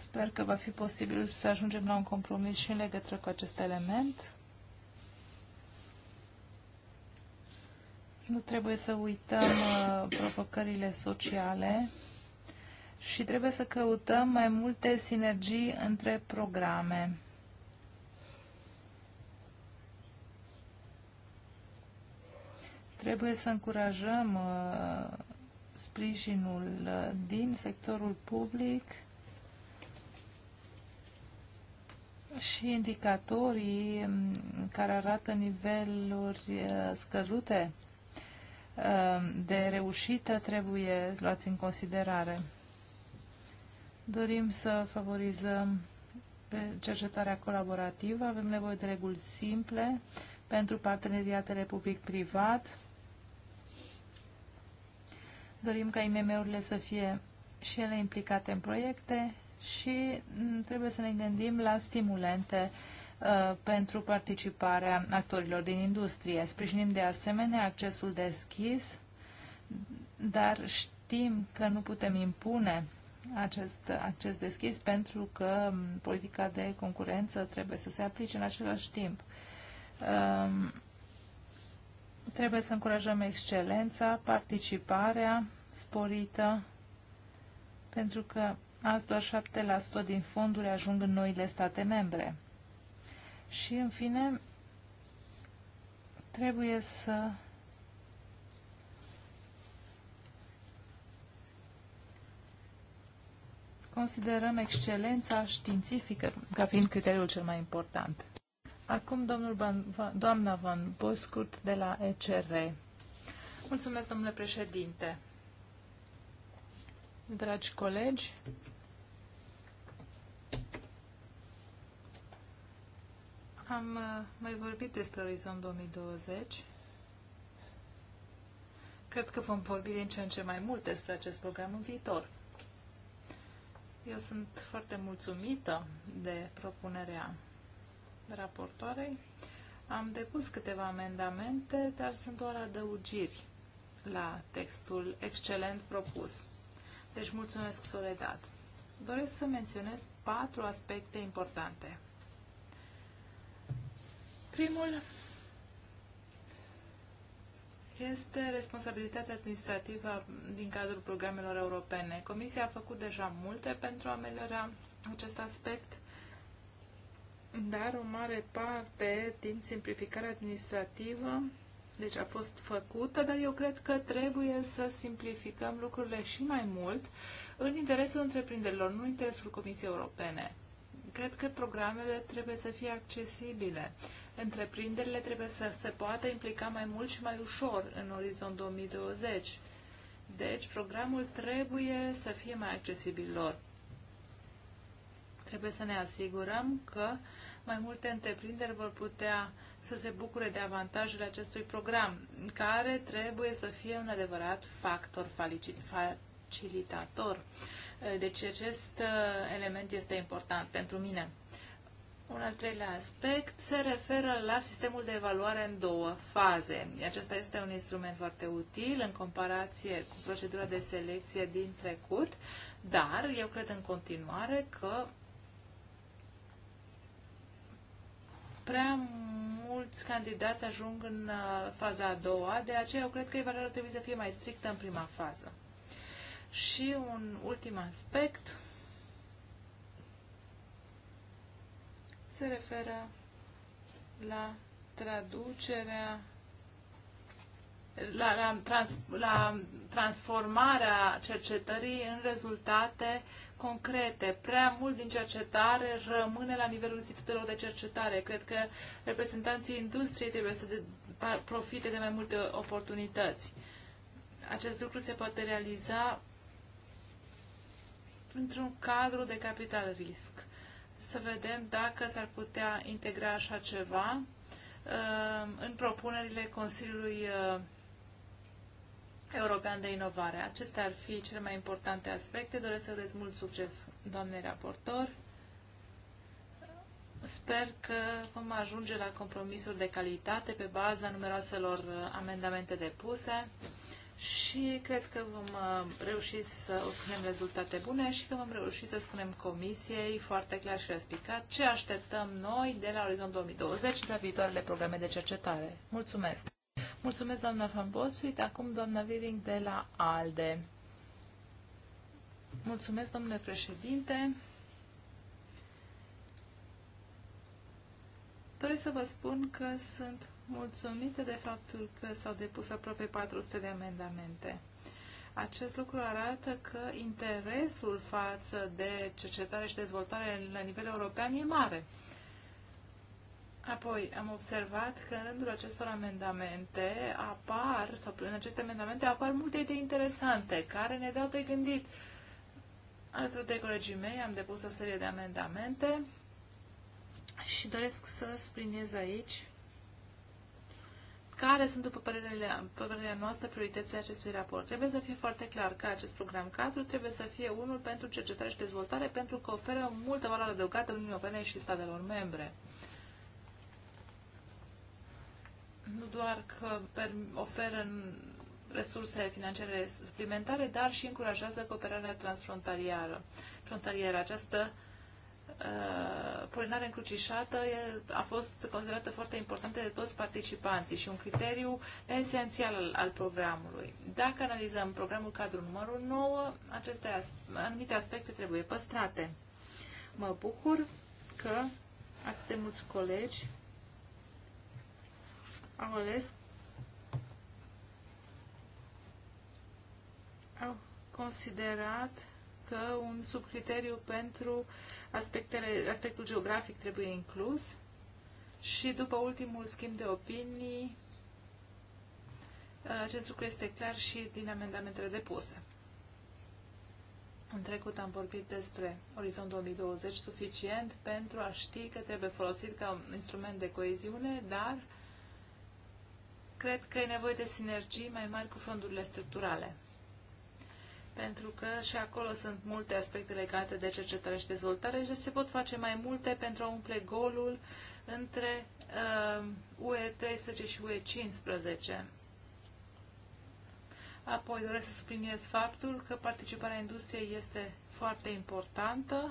A: Sper că va fi posibil să ajungem la un compromis și în legătură cu acest element. Nu trebuie să uităm uh, provocările sociale și trebuie să căutăm mai multe sinergii între programe. Trebuie să încurajăm uh, sprijinul uh, din sectorul public și indicatorii mm, care arată niveluri eh, scăzute eh, de reușită trebuie luați în considerare. Dorim să favorizăm eh, cercetarea colaborativă, avem nevoie de reguli simple pentru parteneriatele public-privat. Dorim ca IMM-urile să fie și ele implicate în proiecte și mm, trebuie să ne gândim la stimulente uh, pentru participarea actorilor din industrie. Sprijinim de asemenea accesul deschis, dar știm că nu putem impune acest acces deschis pentru că mm, politica de concurență trebuie să se aplice în același timp. Um, trebuie să încurajăm excelența, participarea sporită, pentru că azi doar 7% din fonduri ajung în noile state membre. Și, în fine, trebuie să considerăm excelența științifică ca fiind criteriul cel mai important. Acum, domnul Van, doamna Van Boscut de la ECR. Mulțumesc, domnule președinte. Dragi colegi, am uh, mai vorbit despre Orizont 2020. Cred că vom vorbi din ce în ce mai mult despre acest program în viitor. Eu sunt foarte mulțumită de propunerea raportoarei. Am depus câteva amendamente, dar sunt doar adăugiri la textul excelent propus. Deci mulțumesc, Soledad. Doresc să menționez patru aspecte importante. Primul este responsabilitatea administrativă din cadrul programelor europene. Comisia a făcut deja multe pentru a ameliora acest aspect, dar o mare parte din simplificarea administrativă deci a fost făcută, dar eu cred că trebuie să simplificăm lucrurile și mai mult în interesul întreprinderilor, nu în interesul Comisiei Europene. Cred că programele trebuie să fie accesibile. Întreprinderile trebuie să se poată implica mai mult și mai ușor în orizont 2020. Deci, programul trebuie să fie mai accesibil lor. Trebuie să ne asigurăm că mai multe întreprinderi vor putea uh, să se bucure de avantajele acestui program, care trebuie să fie un adevărat factor facilitator. Deci acest uh, element este important pentru mine. Un al treilea aspect se referă la sistemul de evaluare în două faze. Acesta este un instrument foarte util în comparație cu procedura de selecție din trecut, dar eu cred în continuare că prea mulți candidați ajung în uh, faza a doua, de aceea eu cred că evaluarea trebuie să fie mai strictă în prima fază. Și un ultim aspect se referă la traducerea la, la, trans, la transformarea cercetării în rezultate concrete. Prea mult din cercetare rămâne la nivelul institutelor de cercetare. Cred că reprezentanții industriei trebuie să profite de mai multe oportunități. Acest lucru se poate realiza într-un cadru de capital risc. Să vedem dacă s-ar putea integra așa ceva uh, în propunerile Consiliului uh, european de inovare. Acestea ar fi cele mai importante aspecte. Doresc să urez mult succes, doamnei raportor. Sper că vom ajunge la compromisuri de calitate pe baza numeroaselor uh, amendamente depuse și cred că vom uh, reuși să obținem rezultate bune și că vom reuși să spunem comisiei foarte clar și răspicat ce așteptăm noi de la Orizont 2020 de la viitoarele programe de cercetare. Mulțumesc! Mulțumesc, doamna Van Bosuit. Acum, doamna Viring de la ALDE. Mulțumesc, domnule președinte. Doresc să vă spun că sunt mulțumită de faptul că s-au depus aproape 400 de amendamente. Acest lucru arată că interesul față de cercetare și dezvoltare la nivel european e mare. Apoi, am observat că în rândul acestor amendamente apar, sau în aceste amendamente apar multe idei interesante care ne dau de gândit. Alături de colegii mei am depus o serie de amendamente și doresc să spliniez aici care sunt, după părerea noastră, prioritățile acestui raport. Trebuie să fie foarte clar că acest program cadru trebuie să fie unul pentru cercetare și dezvoltare, pentru că oferă multă valoare adăugată Uniunii Europene și statelor membre nu doar că oferă resurse financiare suplimentare, dar și încurajează cooperarea transfrontalieră. Frontalieră. Această uh, polinare încrucișată a fost considerată foarte importantă de toți participanții și un criteriu esențial al, al programului. Dacă analizăm programul cadru numărul 9, aceste as anumite aspecte trebuie păstrate. Mă bucur că atât de mulți colegi am ales au considerat că un subcriteriu pentru aspectele, aspectul geografic trebuie inclus și după ultimul schimb de opinii acest lucru este clar și din amendamentele depuse. În trecut am vorbit despre Orizont 2020 suficient pentru a ști că trebuie folosit ca un instrument de coeziune, dar cred că e nevoie de sinergii mai mari cu fondurile structurale. Pentru că și acolo sunt multe aspecte legate de cercetare și dezvoltare și se pot face mai multe pentru a umple golul între uh, UE 13 și UE 15. Apoi doresc să subliniez faptul că participarea industriei este foarte importantă.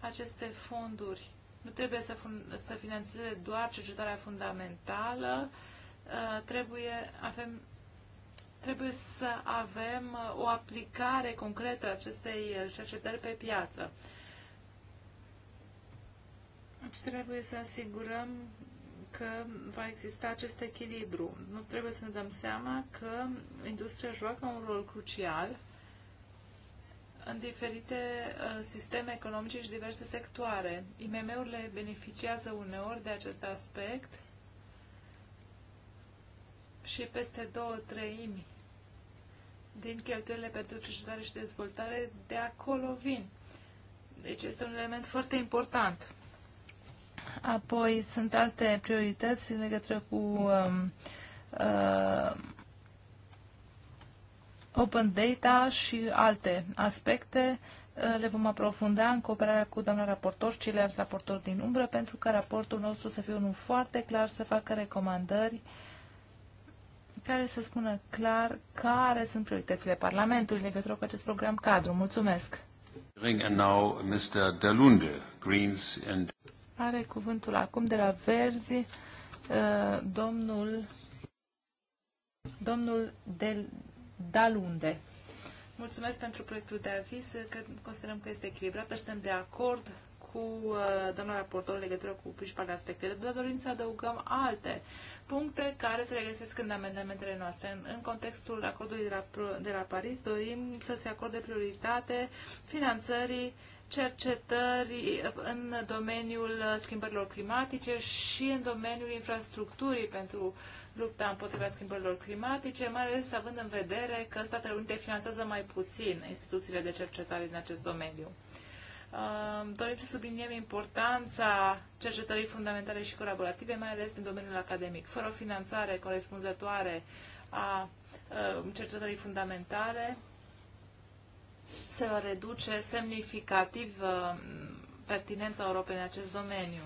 A: Aceste fonduri nu trebuie să, să financeze doar cercetarea fundamentală, uh, Uh, trebuie, avem, trebuie să avem uh, o aplicare concretă a acestei uh, cercetări pe piață. Trebuie să asigurăm că va exista acest echilibru. Nu trebuie să ne dăm seama că industria joacă un rol crucial în diferite uh, sisteme economice și diverse sectoare. IMM-urile beneficiază uneori de acest aspect și peste două treimi din cheltuielile pentru cercetare și dezvoltare de acolo vin. Deci este un element foarte important. Apoi sunt alte priorități în legătură cu um, uh, open data și alte aspecte. Uh, le vom aprofunda în cooperarea cu doamna raportor și ceilalți raportori din umbră pentru că raportul nostru să fie unul foarte clar, să facă recomandări uh, care să spună clar care sunt prioritățile Parlamentului legătură cu acest program cadru. Mulțumesc! And now Mr. Greens and... Are cuvântul acum de la Verzi uh, domnul, domnul Del, Dalunde. Mulțumesc pentru proiectul de aviz. Cred, considerăm că este echilibrat. Suntem de acord cu uh, doamna raportor în legătură cu principalele aspecte, dar dorim să adăugăm alte puncte care se regăsesc în amendamentele noastre. În, în contextul acordului de la, de la Paris dorim să se acorde prioritate finanțării cercetări în domeniul schimbărilor climatice și în domeniul infrastructurii pentru lupta împotriva schimbărilor climatice, mai ales având în vedere că Statele Unite finanțează mai puțin instituțiile de cercetare în acest domeniu dorim să subliniem importanța cercetării fundamentale și colaborative, mai ales din domeniul academic. Fără o finanțare corespunzătoare a uh, cercetării fundamentale, se va reduce semnificativ uh, pertinența Europei în acest domeniu.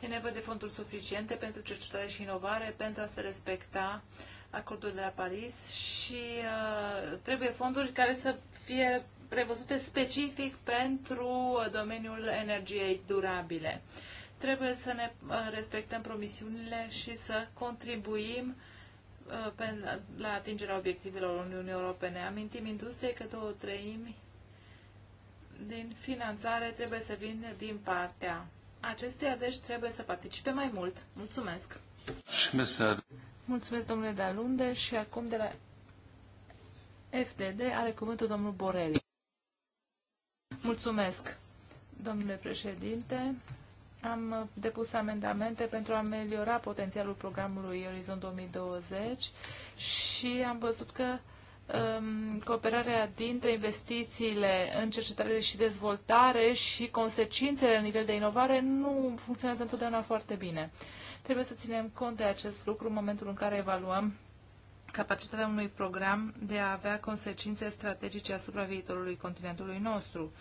A: E nevoie de fonduri suficiente pentru cercetare și inovare pentru a se respecta acordul de la Paris și uh, trebuie fonduri care să fie prevăzute specific pentru domeniul energiei durabile. Trebuie să ne uh, respectăm promisiunile și să contribuim uh, la atingerea obiectivelor Uniunii Europene. Amintim industriei că două treimi din finanțare trebuie să vină din partea acesteia, deci trebuie să participe mai mult. Mulțumesc! Mulțumesc, domnule Dalunde, și acum de la FDD are cuvântul domnul Borelli. Mulțumesc, domnule președinte. Am depus amendamente pentru a ameliora potențialul programului Orizont 2020 și am văzut că um, cooperarea dintre investițiile în cercetare și dezvoltare și consecințele la nivel de inovare nu funcționează întotdeauna foarte bine. Trebuie să ținem cont de acest lucru în momentul în care evaluăm capacitatea unui program de a avea consecințe strategice asupra viitorului continentului nostru.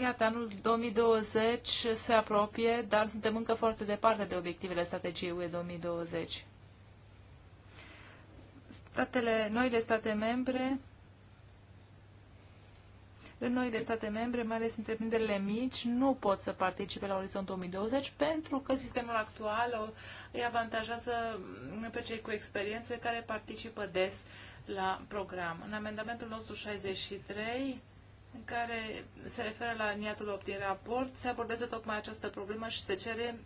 A: Iată, anul 2020 se apropie, dar suntem încă foarte departe de obiectivele strategiei UE 2020. Statele, noile state membre în noile state membre, mai ales întreprinderile mici, nu pot să participe la Orizont 2020 pentru că sistemul actual îi avantajează pe cei cu experiențe care participă des la program. În amendamentul nostru 63, în care se referă la liniatul 8 din raport, se abordează tocmai această problemă și se cere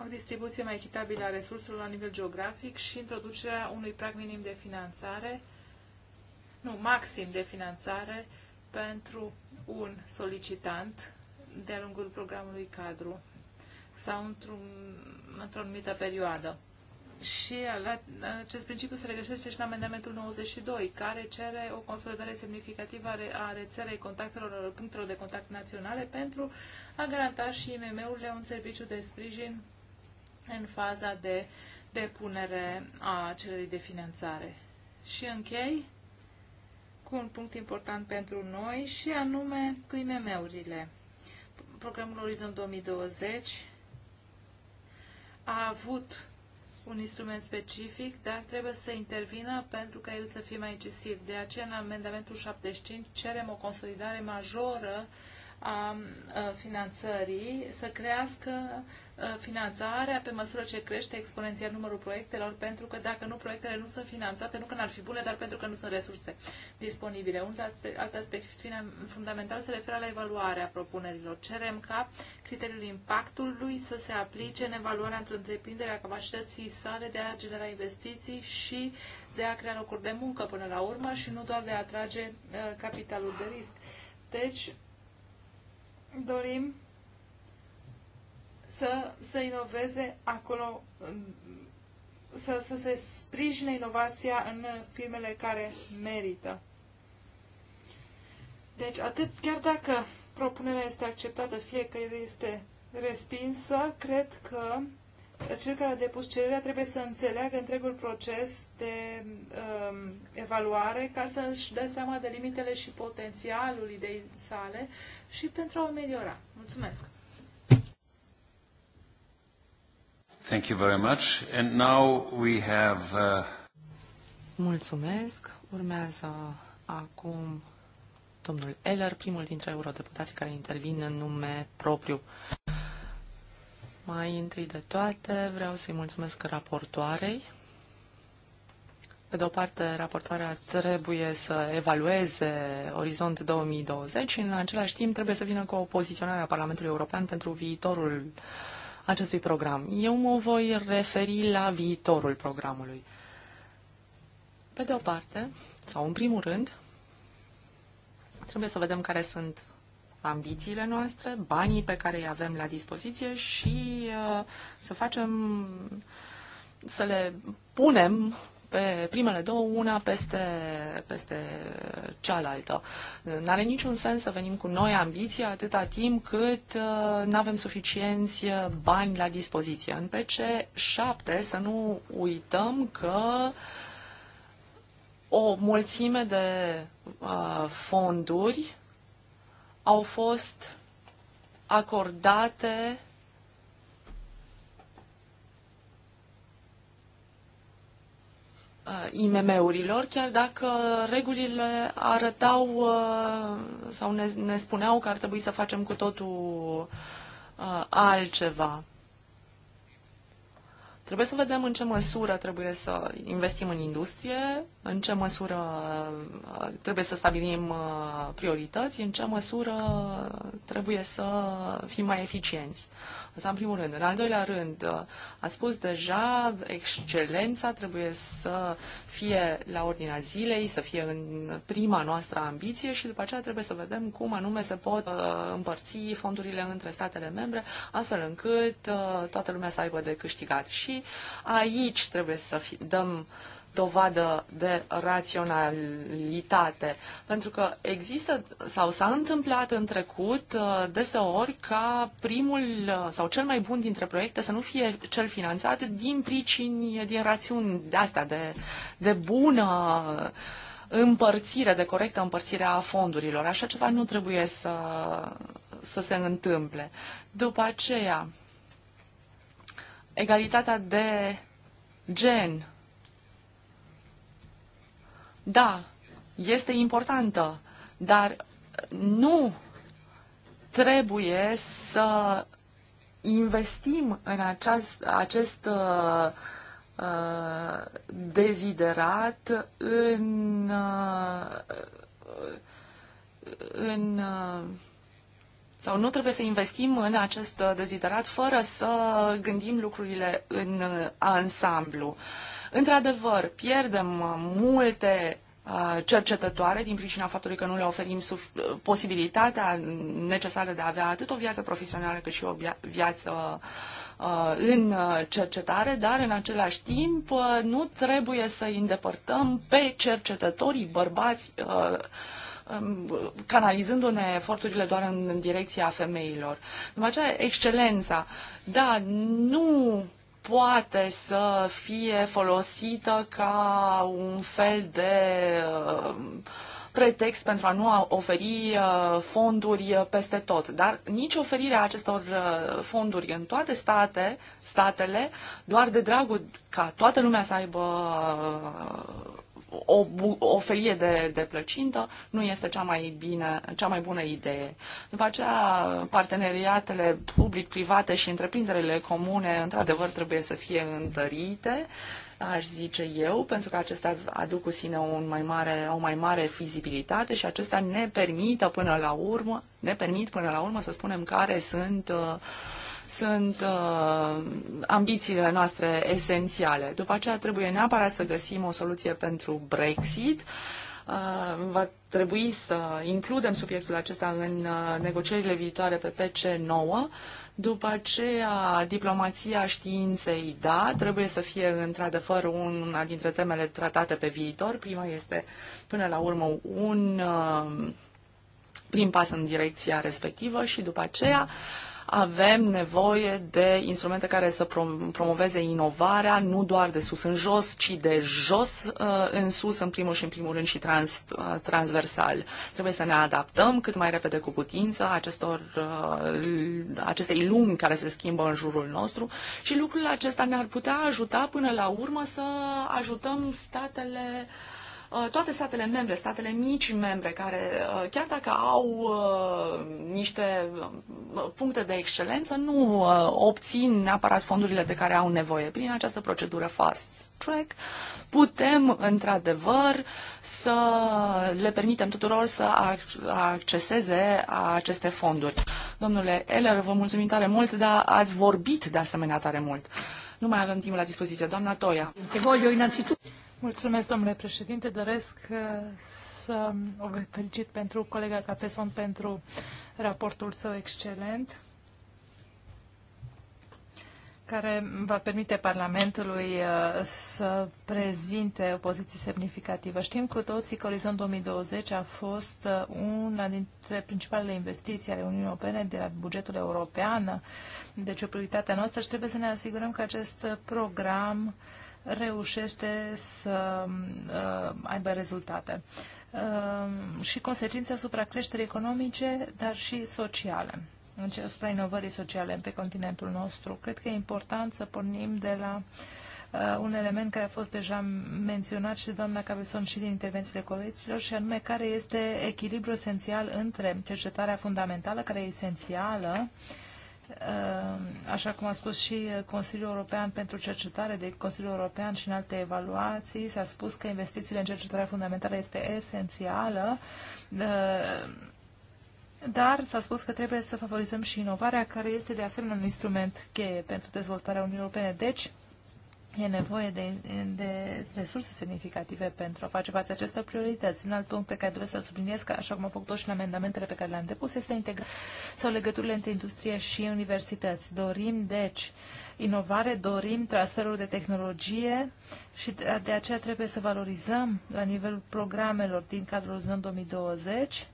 A: o distribuție mai echitabilă a resurselor la nivel geografic și introducerea unui prag minim de finanțare, nu, maxim de finanțare, pentru un solicitant de-a lungul programului cadru sau într-un, într-o anumită perioadă. Și la acest principiu se regăsește și în amendamentul 92, care cere o consolidare semnificativă a rețelei contactelor, punctelor de contact naționale pentru a garanta și IMM-urile un serviciu de sprijin în faza de depunere a cererii de finanțare. Și închei cu un punct important pentru noi și anume cu IMM-urile. Programul Orizon 2020 a avut un instrument specific, dar trebuie să intervină pentru ca el să fie mai incisiv. De aceea, în amendamentul 75, cerem o consolidare majoră uh, a finanțării să crească finanțarea pe măsură ce crește exponențial numărul proiectelor, pentru că dacă nu, proiectele nu sunt finanțate, nu că n-ar fi bune, dar pentru că nu sunt resurse disponibile. Un alt aspect fundamental se referă la evaluarea propunerilor. Cerem ca criteriul impactului să se aplice în evaluarea într-o întreprindere a capacității sale de a genera investiții și de a crea locuri de muncă până la urmă și nu doar de a atrage capitalul de risc. Deci, dorim să se inoveze acolo, să, să se sprijine inovația în firmele care merită. Deci, atât, chiar dacă propunerea este acceptată, fie că este respinsă, cred că cel care a depus cererea trebuie să înțeleagă întregul proces de um, evaluare ca să își dea seama de limitele și potențialul idei sale și pentru a o meliora. Mulțumesc! Thank you very much. And now we have... Uh...
C: Mulțumesc! Urmează acum domnul Eller, primul dintre eurodeputații care intervine în nume propriu. Mai întâi de toate, vreau să-i mulțumesc raportoarei. Pe de o parte, raportoarea trebuie să evalueze Orizont 2020 și, în același timp, trebuie să vină cu o poziționare a Parlamentului European pentru viitorul acestui program. Eu mă voi referi la viitorul programului. Pe de o parte, sau în primul rând, trebuie să vedem care sunt ambițiile noastre, banii pe care îi avem la dispoziție și uh, să facem, să le punem pe primele două, una peste, peste cealaltă. N-are niciun sens să venim cu noi ambiții atâta timp cât uh, nu avem suficienți uh, bani la dispoziție. În PC7 să nu uităm că o mulțime de uh, fonduri au fost acordate uh, IMM-urilor, chiar dacă regulile arătau uh, sau ne, ne spuneau că ar trebui să facem cu totul uh, altceva. Trebuie să vedem în ce măsură trebuie să investim în industrie, în ce măsură uh, trebuie să stabilim uh, priorități, în ce măsură trebuie să fim mai eficienți. Asta în primul rând. În al doilea rând, a spus deja, excelența trebuie să fie la ordinea zilei, să fie în prima noastră ambiție și după aceea trebuie să vedem cum anume se pot uh, împărți fondurile între statele membre, astfel încât uh, toată lumea să aibă de câștigat. Și aici trebuie să dăm uh, dovadă de raționalitate, pentru că există sau s-a întâmplat în trecut uh, deseori ca primul uh, sau cel mai bun dintre proiecte să nu fie cel finanțat din pricini, din rațiuni de astea, de, de bună împărțire, de corectă împărțire a fondurilor. Așa ceva nu trebuie să, să se întâmple. După aceea, egalitatea de gen da, este importantă, dar nu trebuie să investim în aceast, acest uh, uh, deziderat în, uh, în uh, sau nu trebuie să investim în acest deziderat fără să gândim lucrurile în uh, ansamblu. Uh, Într-adevăr, pierdem uh, multe uh, cercetătoare din pricina faptului că nu le oferim uh, posibilitatea necesară de a avea atât o viață profesională cât și o viață în cercetare, dar în același timp nu trebuie să îi îndepărtăm pe cercetătorii bărbați um, canalizându-ne eforturile doar în direcția femeilor. După aceea, excelența. Da, nu poate să fie folosită ca un fel de uh, pretext pentru a nu oferi uh, fonduri peste tot. Dar nici oferirea acestor uh, fonduri în toate state, statele, doar de dragul ca toată lumea să aibă o, o felie de, de plăcintă nu este cea mai, bine, cea mai bună idee. După aceea, parteneriatele public-private și întreprinderile comune, într-adevăr, trebuie să fie întărite, aș zice eu, pentru că acestea aduc cu sine un mai mare, o mai mare fizibilitate și acestea ne permită până la urmă, ne permit până la urmă să spunem care sunt uh, sunt uh, ambițiile noastre esențiale. După aceea trebuie neapărat să găsim o soluție pentru Brexit. Uh, va trebui să includem subiectul acesta în uh, negocierile viitoare pe PC9. După aceea, diplomația științei, da, trebuie să fie într-adevăr una dintre temele tratate pe viitor. Prima este, până la urmă, un uh, prim pas în direcția respectivă și după aceea uh, avem nevoie de instrumente care să promoveze inovarea, nu doar de sus în jos, ci de jos uh, în sus, în primul și în primul rând, și trans, uh, transversal. Trebuie să ne adaptăm cât mai repede cu putință acestor, uh, acestei lumi care se schimbă în jurul nostru și lucrurile acesta ne-ar putea ajuta până la urmă să ajutăm statele uh, Uh, toate statele membre, statele mici membre, care uh, chiar dacă au uh, niște puncte de excelență, nu obțin neapărat fondurile de care au nevoie. Prin această procedură fast track putem, într-adevăr, să le permitem tuturor să acceseze aceste fonduri. Domnule Eller, vă mulțumim tare mult, dar ați vorbit de asemenea tare mult. Nu mai avem timp la dispoziție. Doamna Toia. Te
A: voglio innanzitutto. Mulțumesc, domnule președinte. Doresc uh, să o felicit pentru colega Capeson pentru raportul său excelent care va permite Parlamentului uh, să prezinte o poziție semnificativă. Știm cu toții că Orizont 2020 a fost uh, una dintre principalele investiții ale Uniunii Europene de la bugetul european, deci o prioritate noastră și trebuie să ne asigurăm că acest program uh, reușește să uh, aibă rezultate uh, și consecințe asupra creșterii economice, dar și sociale, asupra inovării sociale pe continentul nostru. Cred că e important să pornim de la uh, un element care a fost deja menționat și de doamna Cabeson și din intervențiile colegilor, și anume care este echilibru esențial între cercetarea fundamentală, care e esențială, uh, Uh, așa cum a spus și Consiliul European pentru Cercetare, de Consiliul European și în alte evaluații, s-a spus că investițiile în cercetarea fundamentală este esențială, uh, dar s-a spus că trebuie să favorizăm și inovarea, care este de asemenea un instrument cheie pentru dezvoltarea Uniunii Europene. Deci, E nevoie de, de resurse semnificative pentru a face față acestor priorități. Un alt punct pe care trebuie să-l subliniez, că așa cum am făcut și în amendamentele pe care le-am depus, este integrarea sau legăturile între industrie și universități. Dorim, deci, inovare, dorim transferul de tehnologie și de aceea trebuie să valorizăm la nivelul programelor din cadrul Zon 2020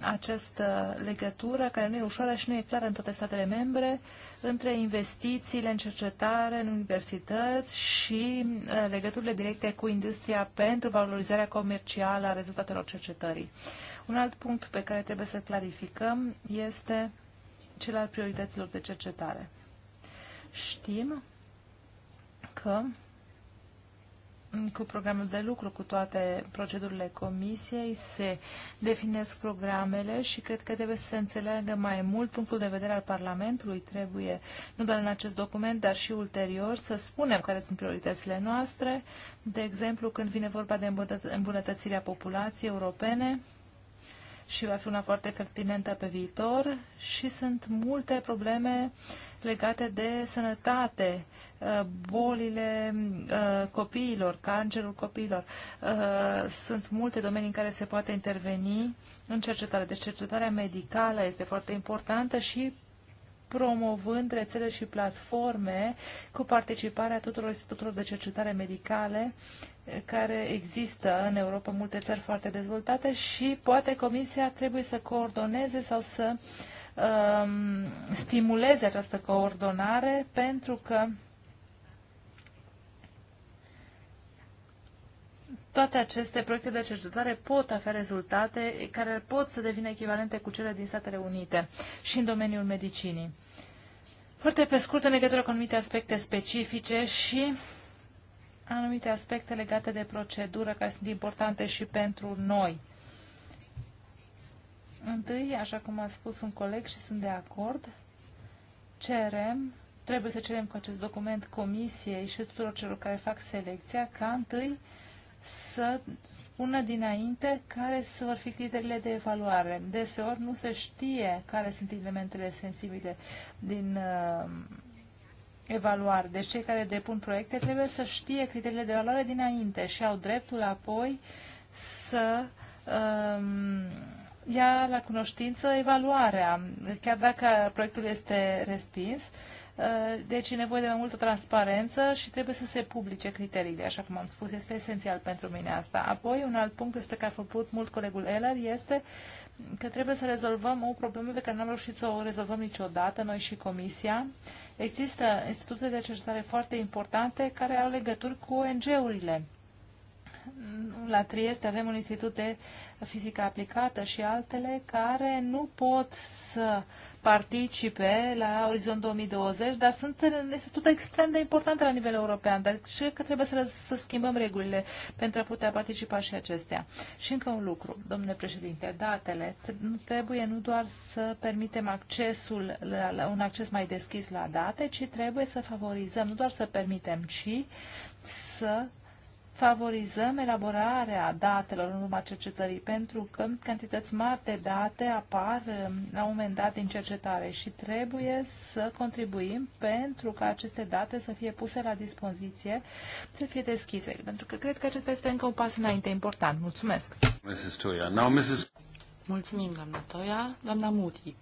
A: această legătură, care nu e ușoară și nu e clară în toate statele membre, între investițiile în cercetare, în universități și uh, legăturile directe cu industria pentru valorizarea comercială a rezultatelor cercetării. Un alt punct pe care trebuie să clarificăm este cel al priorităților de cercetare. Știm că cu programul de lucru, cu toate procedurile comisiei, se definesc programele și cred că trebuie să se înțeleagă mai mult punctul de vedere al Parlamentului. Trebuie, nu doar în acest document, dar și ulterior, să spunem care sunt prioritățile noastre. De exemplu, când vine vorba de îmbunătățirea populației europene, și va fi una foarte pertinentă pe viitor și sunt multe probleme legate de sănătate, uh, bolile uh, copiilor, cancerul copiilor. Uh, sunt multe domenii în care se poate interveni în cercetare. Deci cercetarea medicală este foarte importantă și promovând rețele și platforme cu participarea tuturor institutelor de cercetare medicale eh, care există în Europa, multe țări foarte dezvoltate și poate Comisia trebuie să coordoneze sau să um, stimuleze această coordonare pentru că toate aceste proiecte de cercetare pot avea rezultate care pot să devină echivalente cu cele din Statele Unite și în domeniul medicinii. Foarte pe scurt, în legătură cu anumite aspecte specifice și anumite aspecte legate de procedură care sunt importante și pentru noi. Întâi, așa cum a spus un coleg și sunt de acord, cerem, trebuie să cerem cu acest document comisiei și tuturor celor care fac selecția ca întâi să spună dinainte care să vor fi criteriile de evaluare. Deseori nu se știe care sunt elementele sensibile din uh, evaluare. Deci cei care depun proiecte trebuie să știe criteriile de evaluare dinainte și au dreptul apoi să uh, ia la cunoștință evaluarea. Chiar dacă proiectul este respins, uh, Uh, deci e nevoie de mai multă transparență și trebuie să se publice criteriile, așa cum am spus, este esențial pentru mine asta. Apoi, un alt punct despre care a făcut mult colegul Eller este că trebuie să rezolvăm o problemă pe care n-am reușit să o rezolvăm niciodată, noi și Comisia. Există institute de cercetare foarte importante care au legături cu ONG-urile. La Trieste avem un institut de fizică aplicată și altele care nu pot să uh, participe la Orizont 2020, dar sunt, este tot extrem de importantă la nivel european. Dar și cred că trebuie să, să schimbăm regulile pentru a putea participa și acestea. Și încă un lucru, domnule președinte, datele. Trebuie nu doar să permitem accesul, la, la, un acces mai deschis la date, ci trebuie să favorizăm, nu doar să permitem, ci să favorizăm elaborarea datelor în urma cercetării, pentru că cantități mari de date apar um, la un moment dat din cercetare și trebuie să contribuim pentru ca aceste date să fie puse la dispoziție, să fie deschise, pentru că cred că acesta este încă un pas înainte important. Mulțumesc! Mrs. Toia. Now, Mrs.
C: Mulțumim, doamna Toia. Doamna Muti.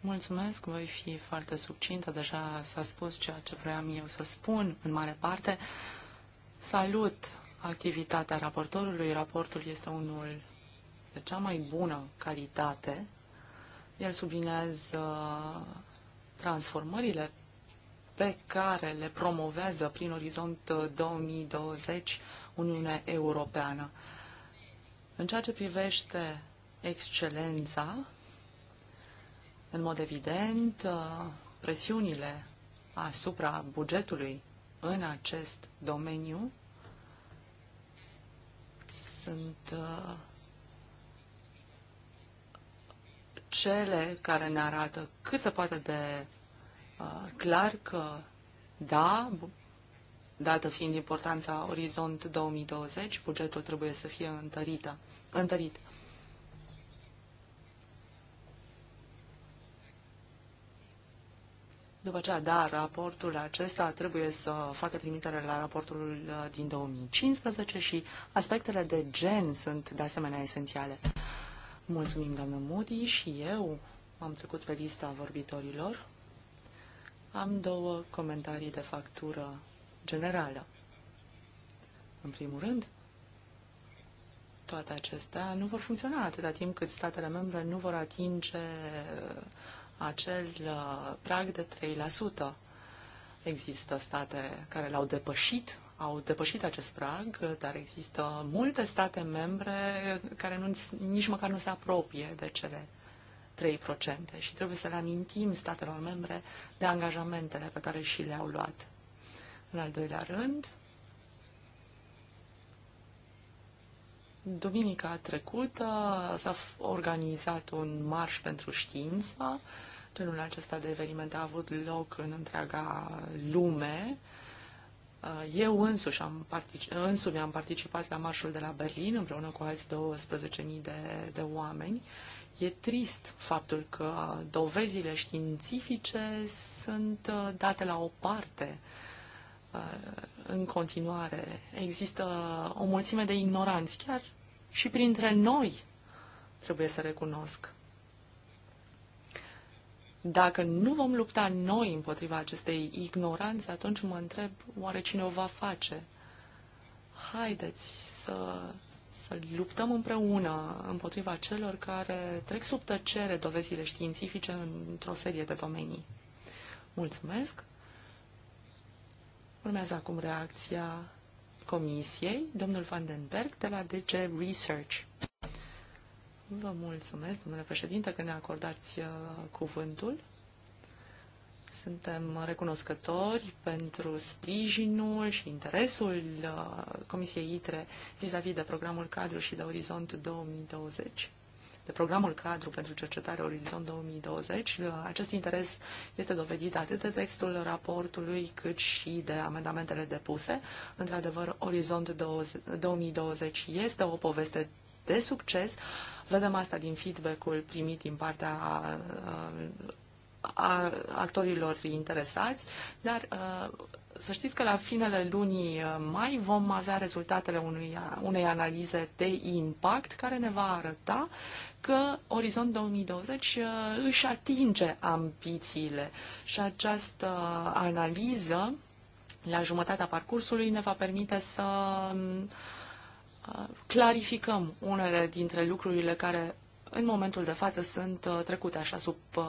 C: Mulțumesc, voi fi foarte succintă. Deja s-a spus ceea ce vreau eu să spun în mare parte. Salut activitatea raportorului. Raportul este unul de cea mai bună calitate. El sublinează transformările pe care le promovează prin Orizont 2020 Uniunea Europeană. În ceea ce privește excelența, în mod evident, presiunile asupra bugetului în acest domeniu sunt uh, cele care ne arată cât se poate de uh, clar că da, dată fiind importanța Orizont 2020, bugetul trebuie să fie întărită, întărit. După aceea, da, raportul acesta trebuie să facă trimitere la raportul uh, din 2015 și aspectele de gen sunt de asemenea esențiale. Mulțumim, doamnă Moody, și eu am trecut pe lista vorbitorilor. Am două comentarii de factură generală. În primul rând, toate acestea nu vor funcționa atâta timp cât statele membre nu vor atinge uh, acel uh, prag de 3%. Există state care l-au depășit, au depășit acest prag, dar există multe state membre care nu, nici măcar nu se apropie de cele 3% și trebuie să le amintim statelor membre de angajamentele pe care și le-au luat. În al doilea rând, duminica trecută s-a organizat un marș pentru știință Genul acesta de eveniment a avut loc în întreaga lume. Uh, eu însuși am, partici- însumi am participat la marșul de la Berlin împreună cu alți 12.000 de, de oameni. E trist faptul că dovezile științifice sunt uh, date la o parte uh, în continuare. Există o mulțime de ignoranți, chiar și printre noi, trebuie să recunosc. Dacă nu vom lupta noi împotriva acestei ignoranțe, atunci mă întreb oare cine o va face. Haideți să, să luptăm împreună împotriva celor care trec sub tăcere dovezile științifice într-o serie de domenii. Mulțumesc! Urmează acum reacția Comisiei, domnul Van den Berg, de la DG Research. Vă mulțumesc, domnule președinte, că ne acordați uh, cuvântul. Suntem recunoscători pentru sprijinul și interesul uh, Comisiei ITRE vis-a-vis -vis de programul cadru și de Orizont 2020 de programul cadru pentru cercetare Orizont 2020. Uh, acest interes este dovedit atât de textul raportului, cât și de amendamentele depuse. Într-adevăr, Orizont 2020 este o poveste de succes. Uh, Vedem asta din feedback-ul primit din partea a, a actorilor interesați, dar să știți că la finele lunii mai vom avea rezultatele unui, unei analize de impact care ne va arăta că Orizont 2020 își atinge ambițiile și această analiză la jumătatea parcursului ne va permite să clarificăm unele dintre lucrurile care în momentul de față sunt uh, trecute așa sub uh,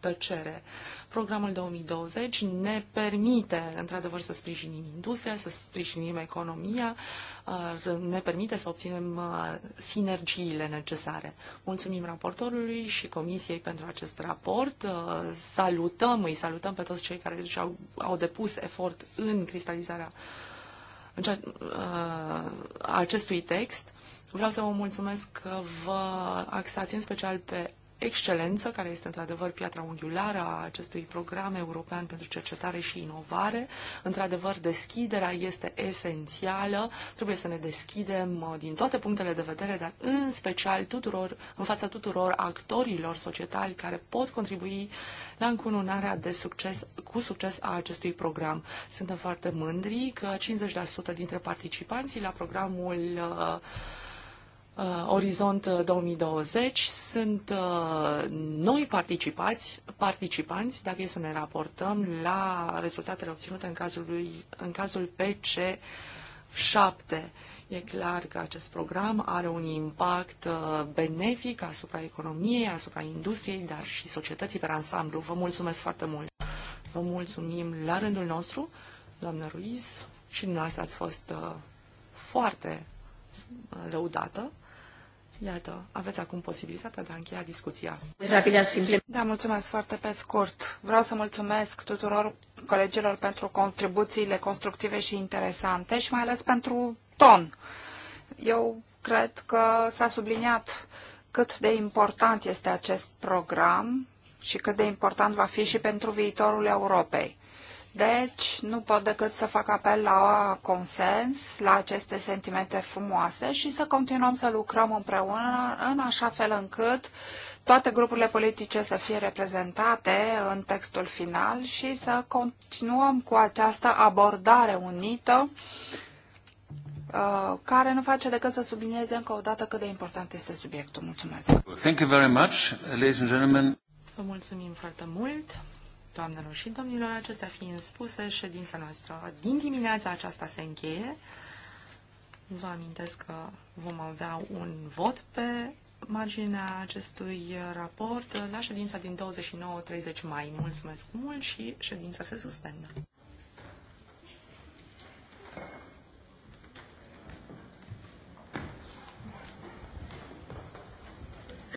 C: tăcere. Programul 2020 ne permite, într-adevăr, să sprijinim industria, să sprijinim economia, uh, ne permite să obținem sinergiile necesare. Mulțumim raportorului și Comisiei pentru acest raport. Salutăm, îi salutăm pe toți cei care au, depus efort în cristalizarea în cea, uh, acestui text. Vreau să vă mulțumesc că vă axați în special pe excelență, care este într-adevăr piatra unghiulară a acestui program european pentru cercetare și inovare. Într-adevăr, deschiderea este esențială. Trebuie să ne deschidem uh, din toate punctele de vedere, dar în special tuturor, în fața tuturor actorilor societali care pot contribui la încununarea de succes, cu succes a acestui program. Suntem foarte mândri că 50% dintre participanții la programul uh, Uh, Orizont 2020 uh, sunt uh, noi participați, participanți, dacă e să ne raportăm la rezultatele obținute în cazul, lui, în cazul PC7. E clar că acest program are un impact benefic asupra economiei, asupra industriei, dar și societății pe ansamblu. Vă mulțumesc foarte mult! Vă mulțumim la rândul nostru, doamnă Ruiz, și dumneavoastră ați fost foarte lăudată. Iată, aveți acum posibilitatea de a încheia discuția.
B: Da, mulțumesc foarte pe scurt. Vreau să mulțumesc tuturor colegilor pentru contribuțiile constructive și interesante și mai ales pentru ton. Eu cred că s-a subliniat cât de important este acest program și cât de important va fi și pentru viitorul Europei. Deci, nu pot decât să fac apel la consens, la aceste sentimente frumoase și să continuăm să lucrăm împreună în așa fel încât toate grupurile politice să fie reprezentate în textul final și să continuăm cu această abordare unită uh, care nu face decât să sublinieze încă o dată cât de important
C: este subiectul. Mulțumesc!
A: Thank you very much, ladies and gentlemen.
C: Vă mulțumim foarte mult! Doamnelor și domnilor, acestea fiind spuse, ședința noastră din dimineața aceasta se încheie. Vă amintesc că vom avea un vot pe marginea acestui raport la ședința din 29-30 mai. Mulțumesc mult și ședința se suspendă.